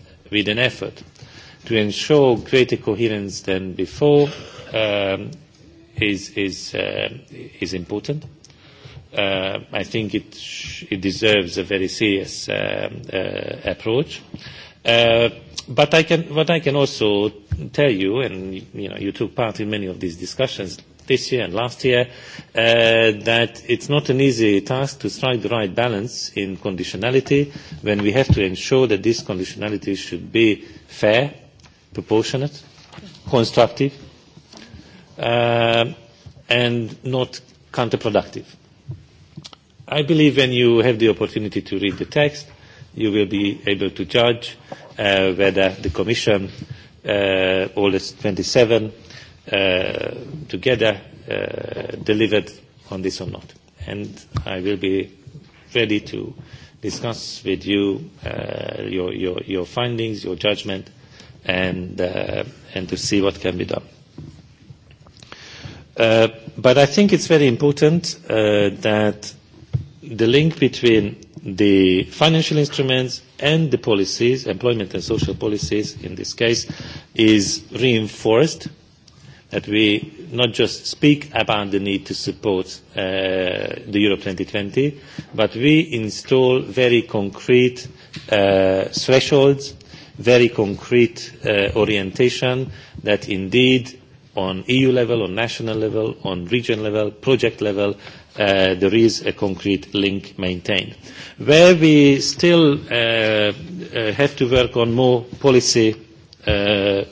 with an effort to ensure greater coherence than before um, is, is, uh, is important. Uh, I think it, sh it deserves a very serious uh, uh, approach. Uh, but I can, what I can also tell you, and you know, you took part in many of these discussions this year and last year, uh, that it's not an easy task to strike the right balance in conditionality when we have to ensure that this conditionality should be fair, proportionate, constructive, uh, and not counterproductive. I believe when you have the opportunity to read the text, you will be able to judge uh, whether the Commission, uh, all the 27, uh, together uh, delivered on this or not. And I will be ready to discuss with you uh, your, your, your findings, your judgment, and, uh, and to see what can be done. Uh, but I think it's very important uh, that the link between the financial instruments and the policies, employment and social policies in this case, is reinforced that we not just speak about the need to support uh, the Europe 2020, but we install very concrete uh, thresholds, very concrete uh, orientation that indeed on EU level, on national level, on region level, project level, uh, there is a concrete link maintained. Where we still uh, uh, have to work on more policy uh,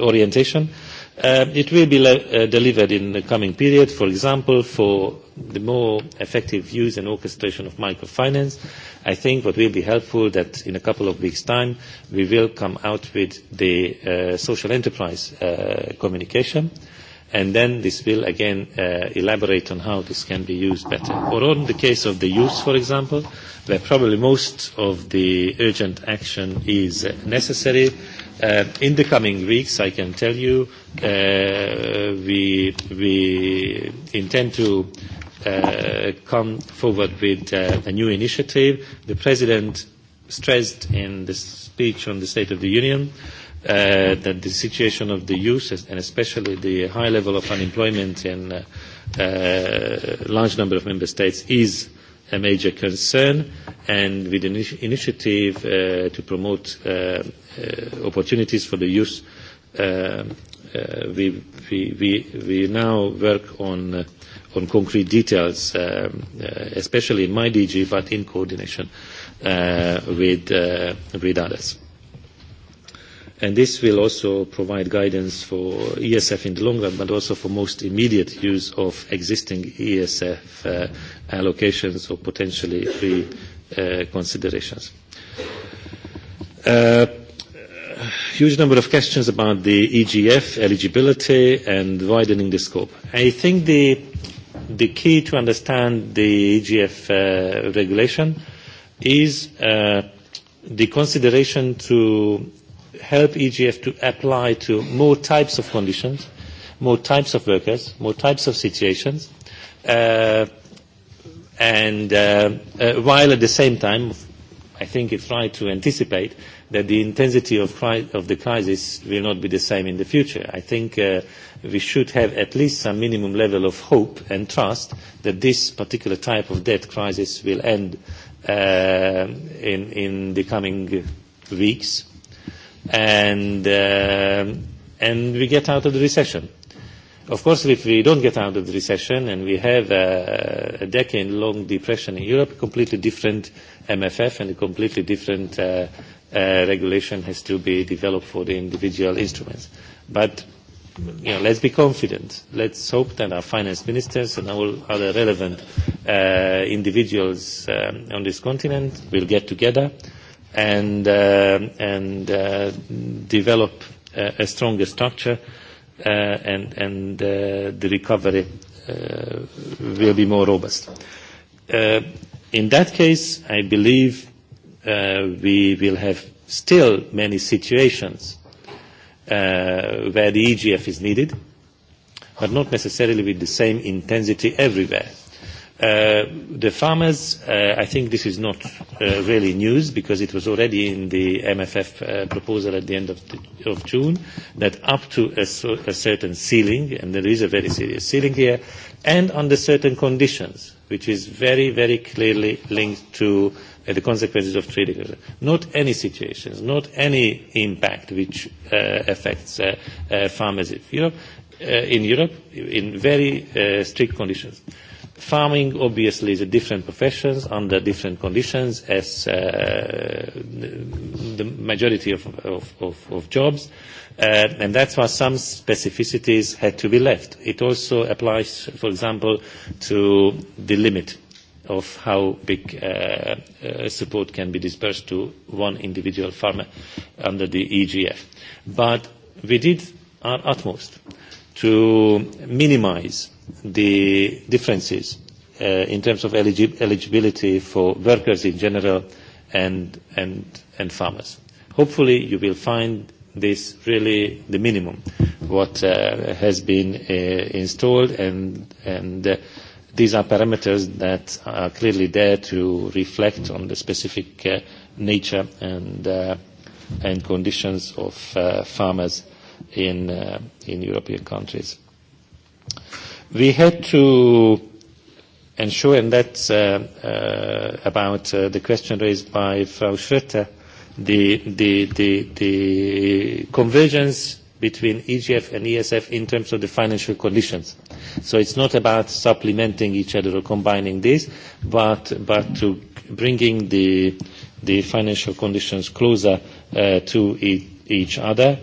orientation, uh, Uh, it will be uh, delivered in the coming period, for example, for the more effective use and orchestration of microfinance. I think what will be helpful that in a couple of weeks' time we will come out with the uh, social enterprise uh, communication and then this will again uh, elaborate on how this can be used better. Or on the case of the youth, for example, where probably most of the urgent action is necessary, uh, Uh, in the coming weeks, I can tell you, uh, we, we intend to uh, come forward with uh, a new initiative. The President stressed in the speech on the State of the Union uh, that the situation of the youth, and especially the high level of unemployment in a uh, uh, large number of member states, is a major concern, and with an initiative uh, to promote uh, uh, opportunities for the youth, uh, uh, we, we, we, we now work on, uh, on concrete details, um, uh, especially in my DG, but in coordination uh, with, uh, with others and this will also provide guidance for ESF in the long run, but also for most immediate use of existing ESF uh, allocations or potentially free uh, considerations. Uh, huge number of questions about the EGF eligibility and widening the scope. I think the, the key to understand the EGF uh, regulation is uh, the consideration to help EGF to apply to more types of conditions, more types of workers, more types of situations, uh, and uh, uh, while at the same time, I think it's right to anticipate that the intensity of, cri- of the crisis will not be the same in the future. I think uh, we should have at least some minimum level of hope and trust that this particular type of debt crisis will end uh, in, in the coming weeks and uh, and we get out of the recession. Of course, if we don't get out of the recession and we have a, a decade-long depression in Europe, a completely different MFF and a completely different uh, uh, regulation has to be developed for the individual instruments. But you know, let's be confident. Let's hope that our finance ministers and all other relevant uh, individuals um, on this continent will get together and, uh, and uh, develop uh, a stronger structure uh, and, and uh, the recovery uh, will be more robust. Uh, in that case, I believe uh, we will have still many situations uh, where the EGF is needed, but not necessarily with the same intensity everywhere. Uh, the farmers, uh, I think this is not uh, really news because it was already in the MFF uh, proposal at the end of, the, of June that up to a, a certain ceiling, and there is a very serious ceiling here, and under certain conditions, which is very, very clearly linked to uh, the consequences of trade agreement. Not any situations, not any impact which uh, affects uh, uh, farmers in Europe, uh, in Europe in very uh, strict conditions. Uh, farming obviously is a different profession under different conditions as uh, the majority of, of, of, of jobs uh, and that's why some specificities had to be left. It also applies, for example, to the limit of how big uh, uh, support can be dispersed to one individual farmer under the EGF. But we did our utmost to minimize the differences uh, in terms of eligi eligibility for workers in general and, and, and farmers. Hopefully you will find this really the minimum what uh, has been uh, installed and, and uh, these are parameters that are clearly there to reflect on the specific uh, nature and, uh, and conditions of uh, farmers in, uh, in European countries. We had to ensure, and that's uh, uh, about uh, the question raised by Frau Schroeter, the, the, the, the convergence between EGF and ESF in terms of the financial conditions. So it's not about supplementing each other or combining this, but, but to bringing the, the financial conditions closer uh, to e each other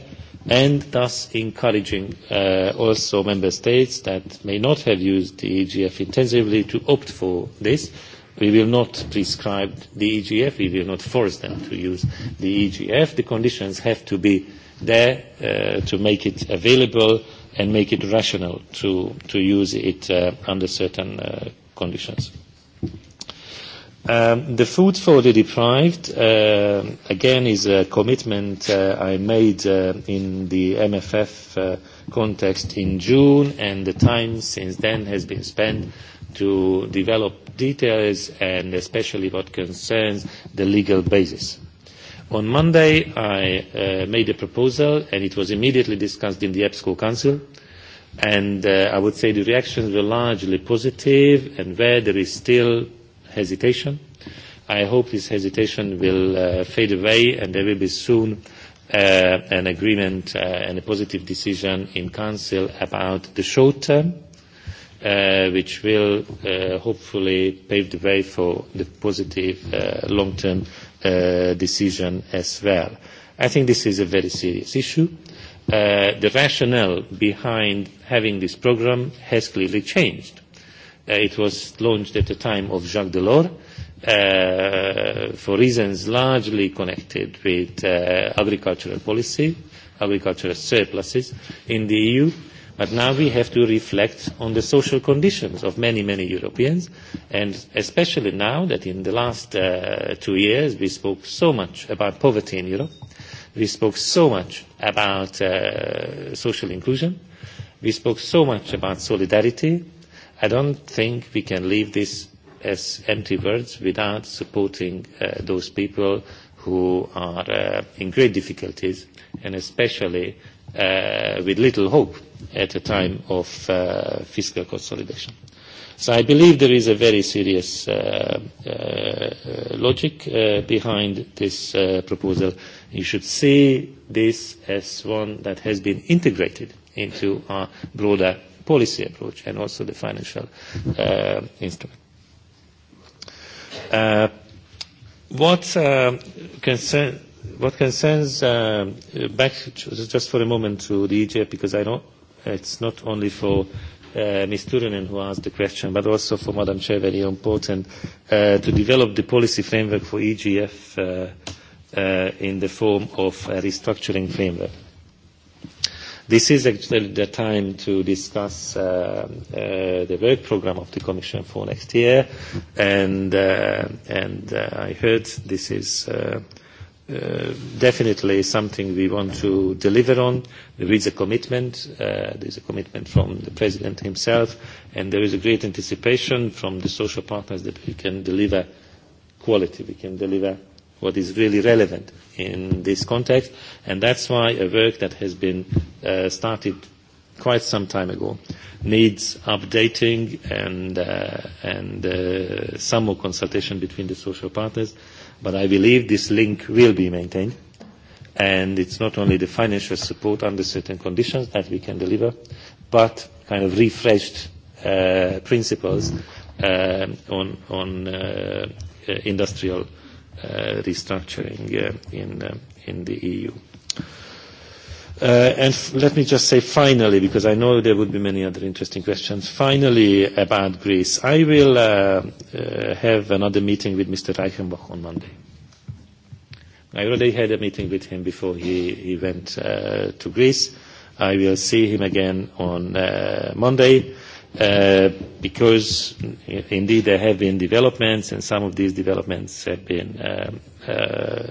and thus encouraging uh, also member states that may not have used the EGF intensively to opt for this. We will not prescribe the EGF. We will not force them to use the EGF. The conditions have to be there uh, to make it available and make it rational to, to use it uh, under certain uh, conditions. Um, the food for the deprived, uh, again, is a commitment uh, I made uh, in the MFF uh, context in June, and the time since then has been spent to develop details and especially what concerns the legal basis. On Monday, I uh, made a proposal, and it was immediately discussed in the EBSCO Council and uh, I would say the reactions were largely positive and where there is still hesitation. I hope this hesitation will uh, fade away and there will be soon uh, an agreement uh, and a positive decision in Council about the short term, uh, which will uh, hopefully pave the way for the positive uh, long-term uh, decision as well. I think this is a very serious issue. Uh, the rationale behind having this program has clearly changed Uh, it was launched at the time of Jacques Delors uh, for reasons largely connected with uh, agricultural policy, agricultural surpluses in the EU. But now we have to reflect on the social conditions of many, many Europeans, and especially now that in the last uh, two years we spoke so much about poverty in Europe, we spoke so much about uh, social inclusion, we spoke so much about solidarity, I don't think we can leave this as empty words without supporting uh, those people who are uh, in great difficulties and especially uh, with little hope at a time of fiscal consolidation. So I believe there is a very serious uh, uh, logic uh, behind this uh, proposal. You should see this as one that has been integrated into our broader policy approach and also the financial uh, instrument. Uh, what, uh, concern, what concerns uh, back just for a moment to the EGF, because I know it's not only for uh, Ms. Turunen who asked the question, but also for Madam Chair, very important, uh, to develop the policy framework for EGF uh, uh, in the form of a restructuring framework. This is actually the time to discuss uh, uh, the work program of the Commission for next year, and uh, and uh, I heard this is. Uh, Uh, definitely something we want to deliver on. There is a commitment. Uh, there is a commitment from the President himself, and there is a great anticipation from the social partners that we can deliver quality, we can deliver what is really relevant in this context. And that's why a work that has been uh, started quite some time ago needs updating and, uh, and uh, some more consultation between the social partners. But I believe this link will be maintained. And it's not only the financial support under certain conditions that we can deliver, but kind of refreshed uh, principles uh, on, on uh, uh industrial uh, Uh, restructuring uh, in, uh, in the EU. Uh, and let me just say finally, because I know there would be many other interesting questions, finally about Greece. I will uh, uh, have another meeting with Mr. Reichenbach on Monday. I already had a meeting with him before he, he went uh, to Greece. I will see him again on uh, Monday Uh, because uh, indeed there have been developments and some of these developments have been um, uh,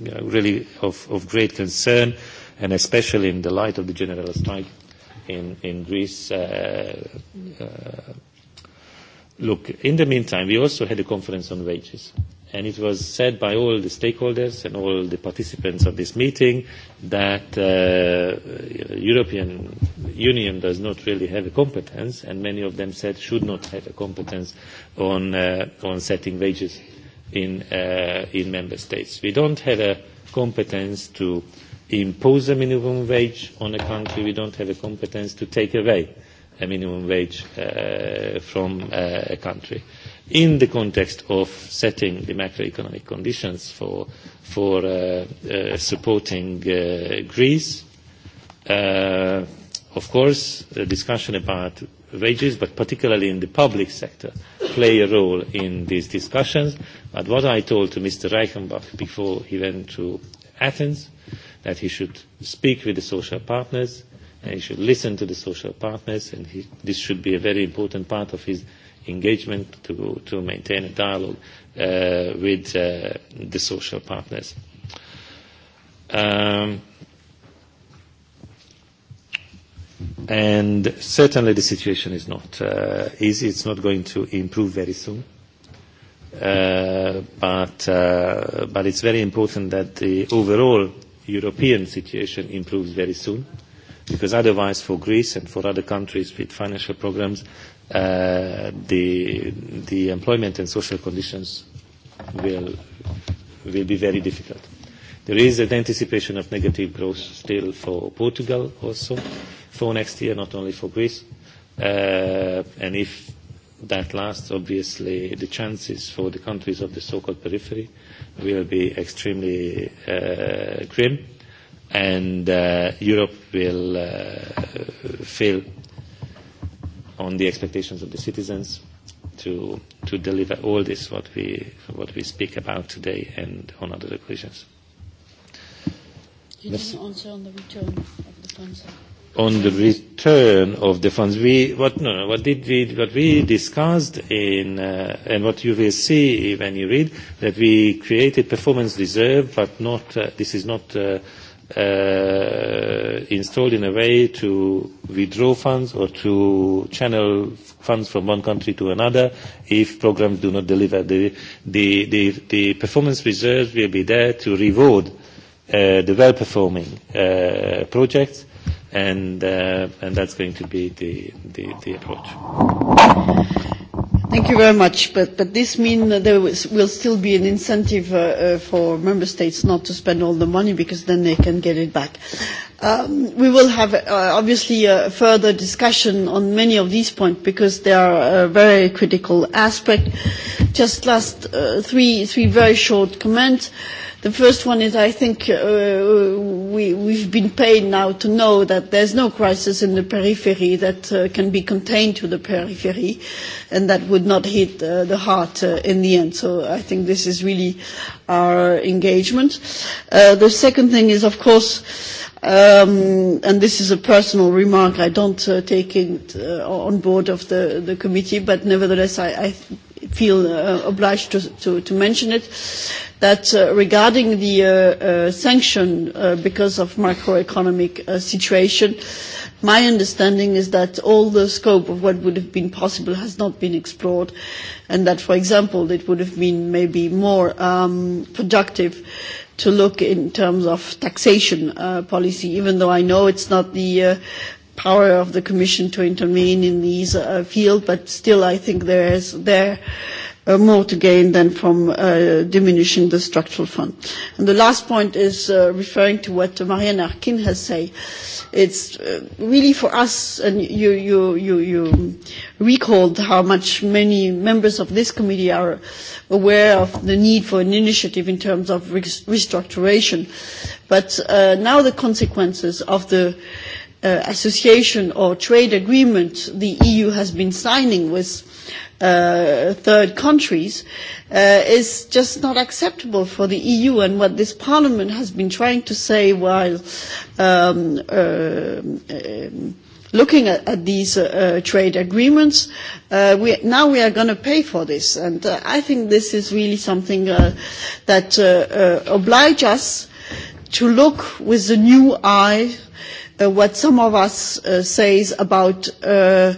you know, really of, of great concern and especially in the light of the general strike in, in Greece. Uh, uh, look, in the meantime, we also had a conference on wages and it was said by all the stakeholders and all the participants of this meeting that the uh, European Union does not really have a competence, and many of them said should not have a competence on uh, on setting wages in uh, in member states. We don't have a competence to impose a minimum wage on a country. We don't have a competence to take away a minimum wage uh, from uh, a country. Uh, in the context of setting the macroeconomic conditions for, for uh, uh, supporting uh, Greece. Uh, of course, the discussion about wages, but particularly in the public sector, play a role in these discussions. But what I told to Mr. Reichenbach before he went to Athens, that he should speak with the social partners, and he should listen to the social partners, and he, this should be a very important part of his engagement, to, to maintain a dialogue uh, with uh, the social partners. Um, and certainly the situation is not uh, easy. It's not going to improve very soon. Uh, but, uh, but it's very important that the overall European situation improves very soon, because otherwise for Greece and for other countries with financial programs, Uh, the, the employment and social conditions will, will be very difficult. There is an anticipation of negative growth still for Portugal also for next year, not only for Greece. Uh, and if that lasts, obviously, the chances for the countries of the so-called periphery will be extremely uh, grim, and uh, Europe will uh, fail on the expectations of the citizens to to deliver all this what we what we speak about today and on other occasions. You didn't answer on the return of the funds. On the return of the funds, we what no, no what did we what we discussed in uh, and what you will see when you read that we created performance reserve, but not uh, this is not. Uh, uh, installed in a way to withdraw funds or to channel funds from one country to another if programs do not deliver. The, the, the, the performance reserves will be there to reward uh, the well-performing uh, projects and, uh, and that's going to be the, the, the approach. Thank you very much. But, but this means that there was, will still be an incentive uh, uh, for member states not to spend all the money because then they can get it back. Um, we will have uh, obviously a uh, further discussion on many of these points because they are a very critical aspect. Just last uh, three, three very short comments. Uh, The first one is I think uh, uh, we, we've been paid now to know that there's no crisis in the periphery that uh, can be contained to the periphery and that would not hit uh, the heart uh, in the end. So I think this is really our engagement. Uh, the second thing is, of course, um, and this is a personal remark, I don't uh, take it uh, on board of the, the committee, but nevertheless I, I feel uh, obliged to, to, to mention it that uh, regarding the uh, uh, sanction uh, because of macroeconomic uh, situation, my understanding is that all the scope of what would have been possible has not been explored, and that, for example, it would have been maybe more um, productive to look in terms of taxation uh, policy, even though I know it's not the uh, power of the Commission to intervene in these uh, field, but still I think there is there uh, more to gain than from uh, diminishing the structural fund. And the last point is uh, referring to what Marianne Arkin has said. It's uh, really for us, and you, you, you, you recalled how much many members of this committee are aware of the need for an initiative in terms of restructuration. But uh, now the consequences of the uh, association or trade agreement the EU has been signing with uh, third countries uh, is just not acceptable for the EU. And what this Parliament has been trying to say while um, uh, um, looking at, at these uh, uh, trade agreements, uh, we, now we are going to pay for this. And uh, I think this is really something uh, that uh, uh, obliges us to look with a new eye uh, what some of us uh, says about uh,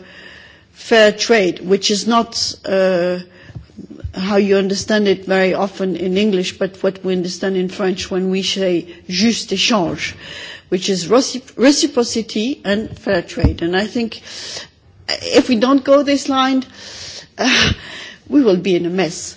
fair trade, which is not uh, how you understand it very often in English, but what we understand in French when we say juste échange, which is reciprocity and fair trade. And I think uh, if we don't go this line, uh, we will be in a mess.